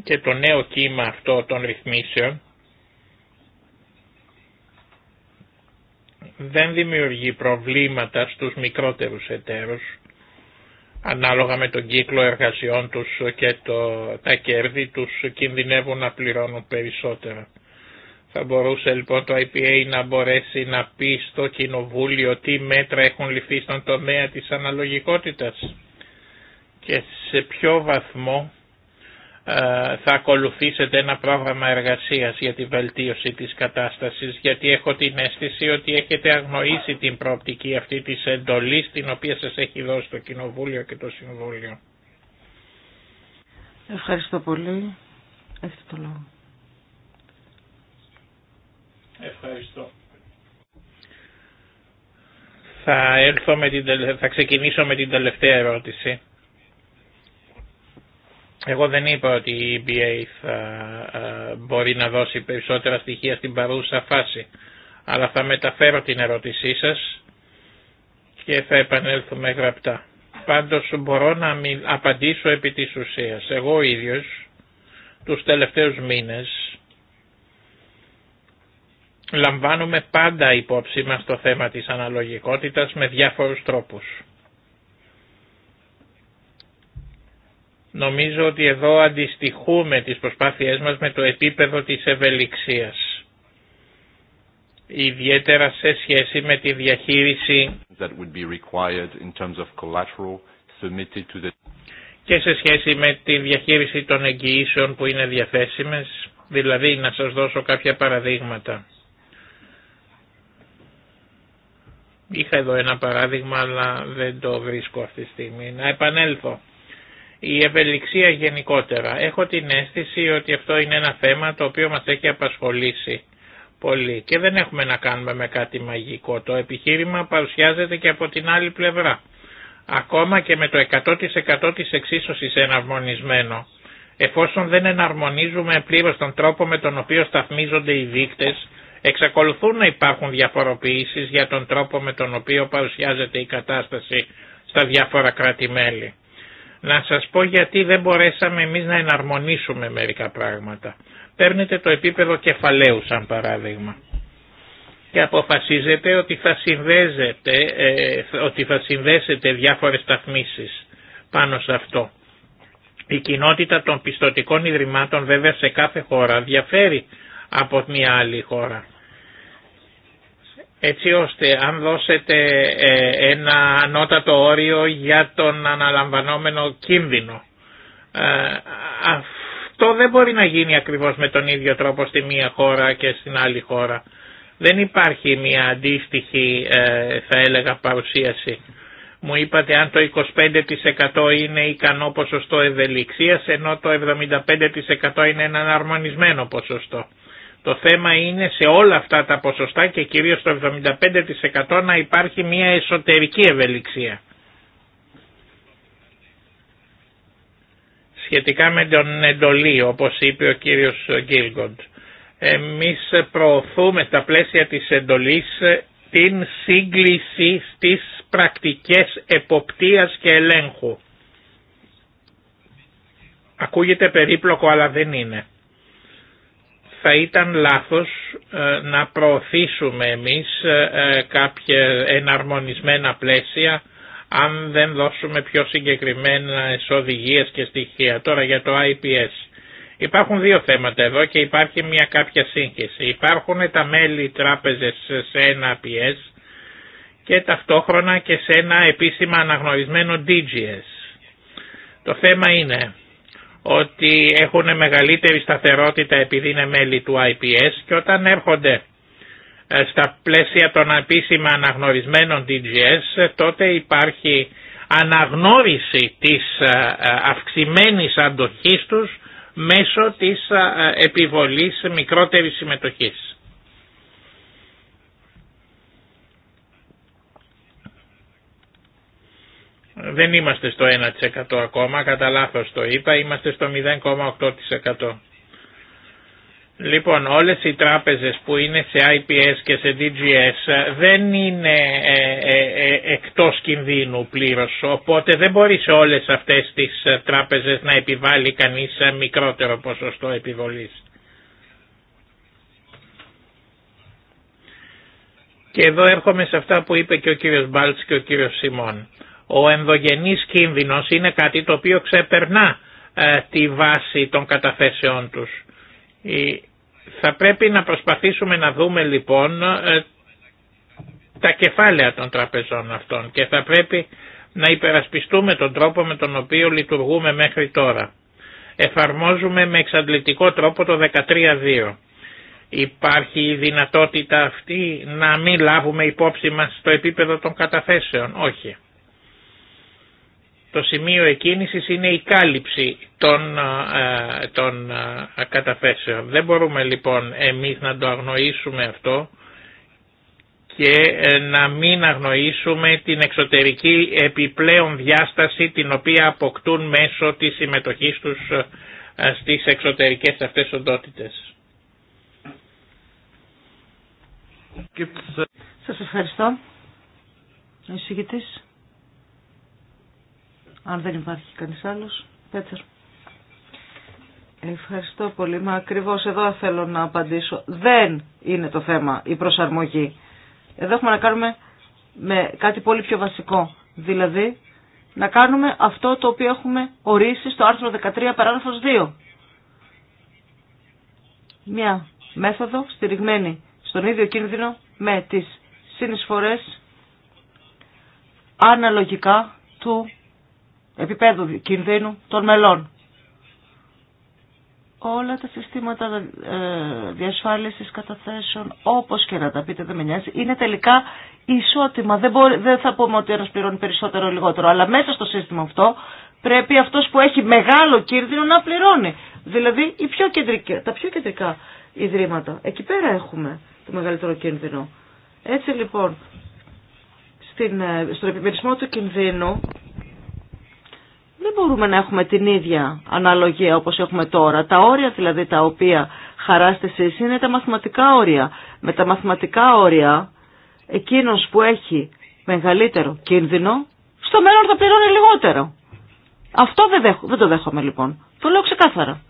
Και το νέο κύμα αυτό των ρυθμίσεων δεν δημιουργεί προβλήματα στους μικρότερους εταίρους ανάλογα με τον κύκλο εργασιών τους και το, τα κέρδη τους κινδυνεύουν να πληρώνουν περισσότερα. Θα μπορούσε λοιπόν το IPA να μπορέσει να πει στο Κοινοβούλιο τι μέτρα έχουν ληφθεί στον τομέα της αναλογικότητας και σε ποιο βαθμό ε, θα ακολουθήσετε ένα πρόγραμμα εργασίας για τη βελτίωση της κατάστασης, γιατί έχω την αίσθηση ότι έχετε αγνοήσει την προοπτική αυτή της εντολής την οποία σας έχει δώσει το Κοινοβούλιο και το Συμβούλιο. Ευχαριστώ πολύ. Έχετε το λόγο. Ευχαριστώ. Θα, έρθω με την, θα ξεκινήσω με την τελευταία ερώτηση. Εγώ δεν είπα ότι η EBA θα ε, ε, μπορεί να δώσει περισσότερα στοιχεία στην παρούσα φάση, αλλά θα μεταφέρω την ερώτησή σας και θα επανέλθουμε γραπτά. Πάντως μπορώ να απαντήσω επί της ουσίας. Εγώ ίδιος τους τελευταίους μήνες λαμβάνουμε πάντα υπόψη μας το θέμα της αναλογικότητας με διάφορους τρόπους. Νομίζω ότι εδώ αντιστοιχούμε τις προσπάθειές μας με το επίπεδο της ευελιξίας. Ιδιαίτερα σε σχέση με τη διαχείριση και σε σχέση με τη διαχείριση των εγγυήσεων που είναι διαθέσιμες, δηλαδή να σας δώσω κάποια παραδείγματα. Είχα εδώ ένα παράδειγμα αλλά δεν το βρίσκω αυτή τη στιγμή. Να επανέλθω η ευελιξία γενικότερα. Έχω την αίσθηση ότι αυτό είναι ένα θέμα το οποίο μας έχει απασχολήσει πολύ και δεν έχουμε να κάνουμε με κάτι μαγικό. Το επιχείρημα παρουσιάζεται και από την άλλη πλευρά. Ακόμα και με το 100% της εξίσωσης εναρμονισμένο. Εφόσον δεν εναρμονίζουμε πλήρως τον τρόπο με τον οποίο σταθμίζονται οι δείκτες, εξακολουθούν να υπάρχουν διαφοροποιήσεις για τον τρόπο με τον οποίο παρουσιάζεται η κατάσταση στα διάφορα κράτη-μέλη. Να σας πω γιατί δεν μπορέσαμε εμείς να εναρμονίσουμε μερικά πράγματα. Παίρνετε το επίπεδο κεφαλαίου σαν παράδειγμα και αποφασίζετε ότι θα, ε, ότι θα συνδέσετε διάφορες ταθμίσεις πάνω σε αυτό. Η κοινότητα των πιστοτικών ιδρυμάτων βέβαια σε κάθε χώρα διαφέρει από μια άλλη χώρα έτσι ώστε αν δώσετε ε, ένα ανώτατο όριο για τον αναλαμβανόμενο κίνδυνο. Ε, αυτό δεν μπορεί να γίνει ακριβώς με τον ίδιο τρόπο στη μία χώρα και στην άλλη χώρα. Δεν υπάρχει μια αντίστοιχη ε, θα έλεγα παρουσίαση. Μου είπατε αν το 25% είναι ικανό ποσοστό ευελιξίας ενώ το 75% είναι ένα αρμονισμένο ποσοστό. Το θέμα είναι σε όλα αυτά τα ποσοστά και κυρίως το 75% να υπάρχει μια εσωτερική ευελιξία. Σχετικά με τον εντολή όπως είπε ο κύριος Γκίλγκοντ. Εμείς προωθούμε στα πλαίσια της εντολής την σύγκληση στις πρακτικές εποπτείας και ελέγχου. Ακούγεται περίπλοκο αλλά δεν είναι θα ήταν λάθος ε, να προωθήσουμε εμείς ε, ε, κάποια εναρμονισμένα πλαίσια αν δεν δώσουμε πιο συγκεκριμένες οδηγίες και στοιχεία. Τώρα για το IPS. Υπάρχουν δύο θέματα εδώ και υπάρχει μια κάποια σύγχυση. Υπάρχουν τα μέλη τράπεζες σε ένα IPS και ταυτόχρονα και σε ένα επίσημα αναγνωρισμένο DGS. Το θέμα είναι ότι έχουν μεγαλύτερη σταθερότητα επειδή είναι μέλη του IPS και όταν έρχονται ε, στα πλαίσια των επίσημα αναγνωρισμένων DGS τότε υπάρχει αναγνώριση της ε, ε, αυξημένης αντοχής τους μέσω της επιβολής μικρότερης συμμετοχής. Δεν είμαστε στο 1% ακόμα, κατά λάθο το είπα, είμαστε στο 0,8%. Λοιπόν, όλες οι τράπεζες που είναι σε IPS και σε DGS ε, δεν είναι ε, ε, εκτός κινδύνου πλήρως, οπότε δεν μπορεί σε όλες αυτές τις τράπεζες να επιβάλλει κανείς μικρότερο ποσοστό επιβολής. Και εδώ έρχομαι σε αυτά που είπε και ο κύριος Μπάλτς και ο κύριος Σιμών. Ο ενδογενής κίνδυνος είναι κάτι το οποίο ξεπερνά ε, τη βάση των καταθέσεών τους. Θα πρέπει να προσπαθήσουμε να δούμε λοιπόν ε, τα κεφάλαια των τραπεζών αυτών και θα πρέπει να υπερασπιστούμε τον τρόπο με τον οποίο λειτουργούμε μέχρι τώρα. Εφαρμόζουμε με εξαντλητικό τρόπο το 13-2. Υπάρχει η δυνατότητα αυτή να μην λάβουμε υπόψη μας στο επίπεδο των καταθέσεων. Όχι το σημείο εκκίνησης είναι η κάλυψη των, ε, των ε, καταθέσεων. Δεν μπορούμε λοιπόν εμείς να το αγνοήσουμε αυτό και ε, να μην αγνοήσουμε την εξωτερική επιπλέον διάσταση την οποία αποκτούν μέσω της συμμετοχής τους στις εξωτερικές αυτές οντότητες. Σας ευχαριστώ. Εισηγητής. Αν δεν υπάρχει κανείς άλλος. Πέτσερ. Ευχαριστώ πολύ. Μα ακριβώς εδώ θέλω να απαντήσω. Δεν είναι το θέμα η προσαρμογή. Εδώ έχουμε να κάνουμε με κάτι πολύ πιο βασικό. Δηλαδή να κάνουμε αυτό το οποίο έχουμε ορίσει στο άρθρο 13 παράγραφος 2. Μια μέθοδο στηριγμένη στον ίδιο κίνδυνο με τις συνεισφορές αναλογικά του επίπεδου κινδύνου των μελών. Όλα τα συστήματα ε, διασφάλισης καταθέσεων, όπως και να τα πείτε δεν με νοιάζει, είναι τελικά ισότιμα. Δεν, δεν θα πούμε ότι ένας πληρώνει περισσότερο ή λιγότερο, αλλά μέσα στο σύστημα αυτό πρέπει αυτός που έχει μεγάλο κίνδυνο να πληρώνει. Δηλαδή οι πιο τα πιο κεντρικά ιδρύματα. Εκεί πέρα έχουμε το μεγαλύτερο κίνδυνο. Έτσι λοιπόν, στην, ε, στον επιμερισμό του κινδύνου μπορούμε να έχουμε την ίδια αναλογία όπως έχουμε τώρα. Τα όρια δηλαδή τα οποία χαράστε εσείς είναι τα μαθηματικά όρια. Με τα μαθηματικά όρια εκείνος που έχει μεγαλύτερο κίνδυνο στο μέλλον θα πληρώνει λιγότερο. Αυτό δεν, το δέχομαι λοιπόν. Το λέω ξεκάθαρα.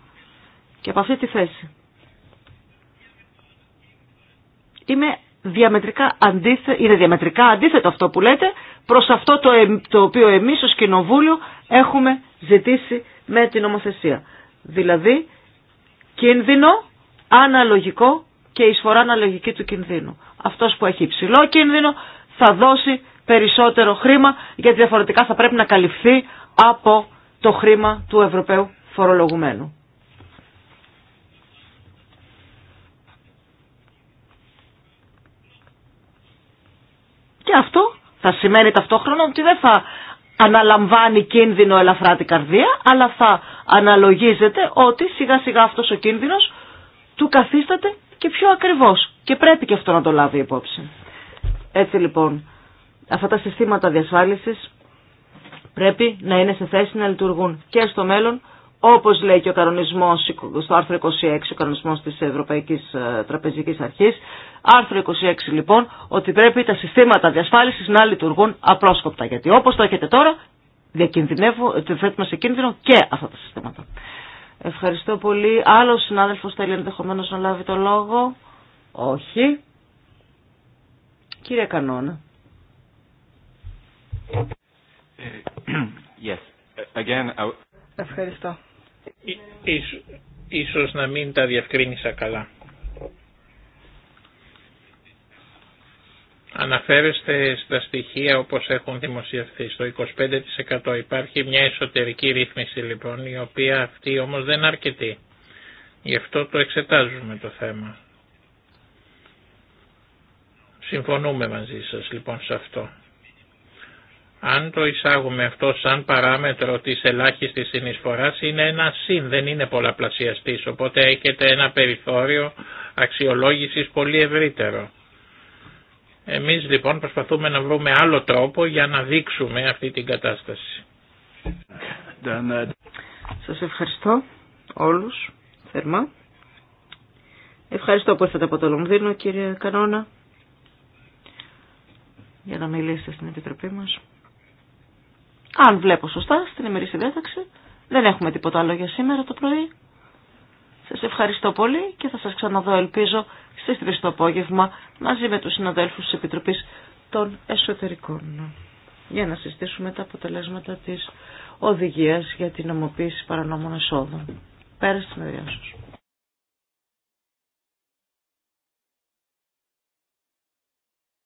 Και από αυτή τη θέση. Είμαι διαμετρικά αντίθε... είναι διαμετρικά αντίθετο αυτό που λέτε προς αυτό το, το οποίο εμείς ως Κοινοβούλιο έχουμε ζητήσει με την νομοθεσία. Δηλαδή, κίνδυνο αναλογικό και εισφορά αναλογική του κινδύνου. Αυτός που έχει υψηλό κίνδυνο θα δώσει περισσότερο χρήμα γιατί διαφορετικά θα πρέπει να καλυφθεί από το χρήμα του Ευρωπαίου φορολογουμένου. Και αυτό θα σημαίνει ταυτόχρονα ότι δεν θα αναλαμβάνει κίνδυνο ελαφρά την καρδία, αλλά θα αναλογίζεται ότι σιγά σιγά αυτός ο κίνδυνος του καθίσταται και πιο ακριβώς. Και πρέπει και αυτό να το λάβει υπόψη. Έτσι λοιπόν, αυτά τα συστήματα διασφάλισης πρέπει να είναι σε θέση να λειτουργούν και στο μέλλον όπως λέει και ο κανονισμό, στο άρθρο 26, ο κανονισμό της Ευρωπαϊκής ε, Τραπεζικής Αρχής, άρθρο 26 λοιπόν, ότι πρέπει τα συστήματα διασφάλισης να λειτουργούν απρόσκοπτα, γιατί όπως το έχετε τώρα, θέτουμε ε, σε κίνδυνο και αυτά τα συστήματα. Ευχαριστώ πολύ. Άλλος συνάδελφος θέλει ενδεχομένω να λάβει το λόγο. Όχι. Κύριε Κανόνα. Ε, yes. Again, I... Ευχαριστώ. Ίσως, ίσως να μην τα διευκρίνησα καλά. Αναφέρεστε στα στοιχεία όπως έχουν δημοσιευθεί. Στο 25% υπάρχει μια εσωτερική ρύθμιση λοιπόν, η οποία αυτή όμως δεν αρκετεί. Γι' αυτό το εξετάζουμε το θέμα. Συμφωνούμε μαζί σας λοιπόν σε αυτό. Αν το εισάγουμε αυτό σαν παράμετρο της ελάχιστης συνεισφοράς είναι ένα συν, δεν είναι πολλαπλασιαστής, οπότε έχετε ένα περιθώριο αξιολόγησης πολύ ευρύτερο. Εμείς λοιπόν προσπαθούμε να βρούμε άλλο τρόπο για να δείξουμε αυτή την κατάσταση. Σας ευχαριστώ όλους θερμά. Ευχαριστώ που ήρθατε από το Λονδίνο κύριε Κανόνα για να μιλήσετε στην Επιτροπή μας. Αν βλέπω σωστά στην ημερήσια διάταξη, δεν έχουμε τίποτα άλλο για σήμερα το πρωί. Σας ευχαριστώ πολύ και θα σας ξαναδώ ελπίζω στις 3 το απόγευμα μαζί με τους συναδέλφους της Επιτροπής των Εσωτερικών για να συζητήσουμε τα αποτελέσματα της οδηγίας για την νομοποίηση παρανόμων εσόδων. Πέρα στην μεριά σας.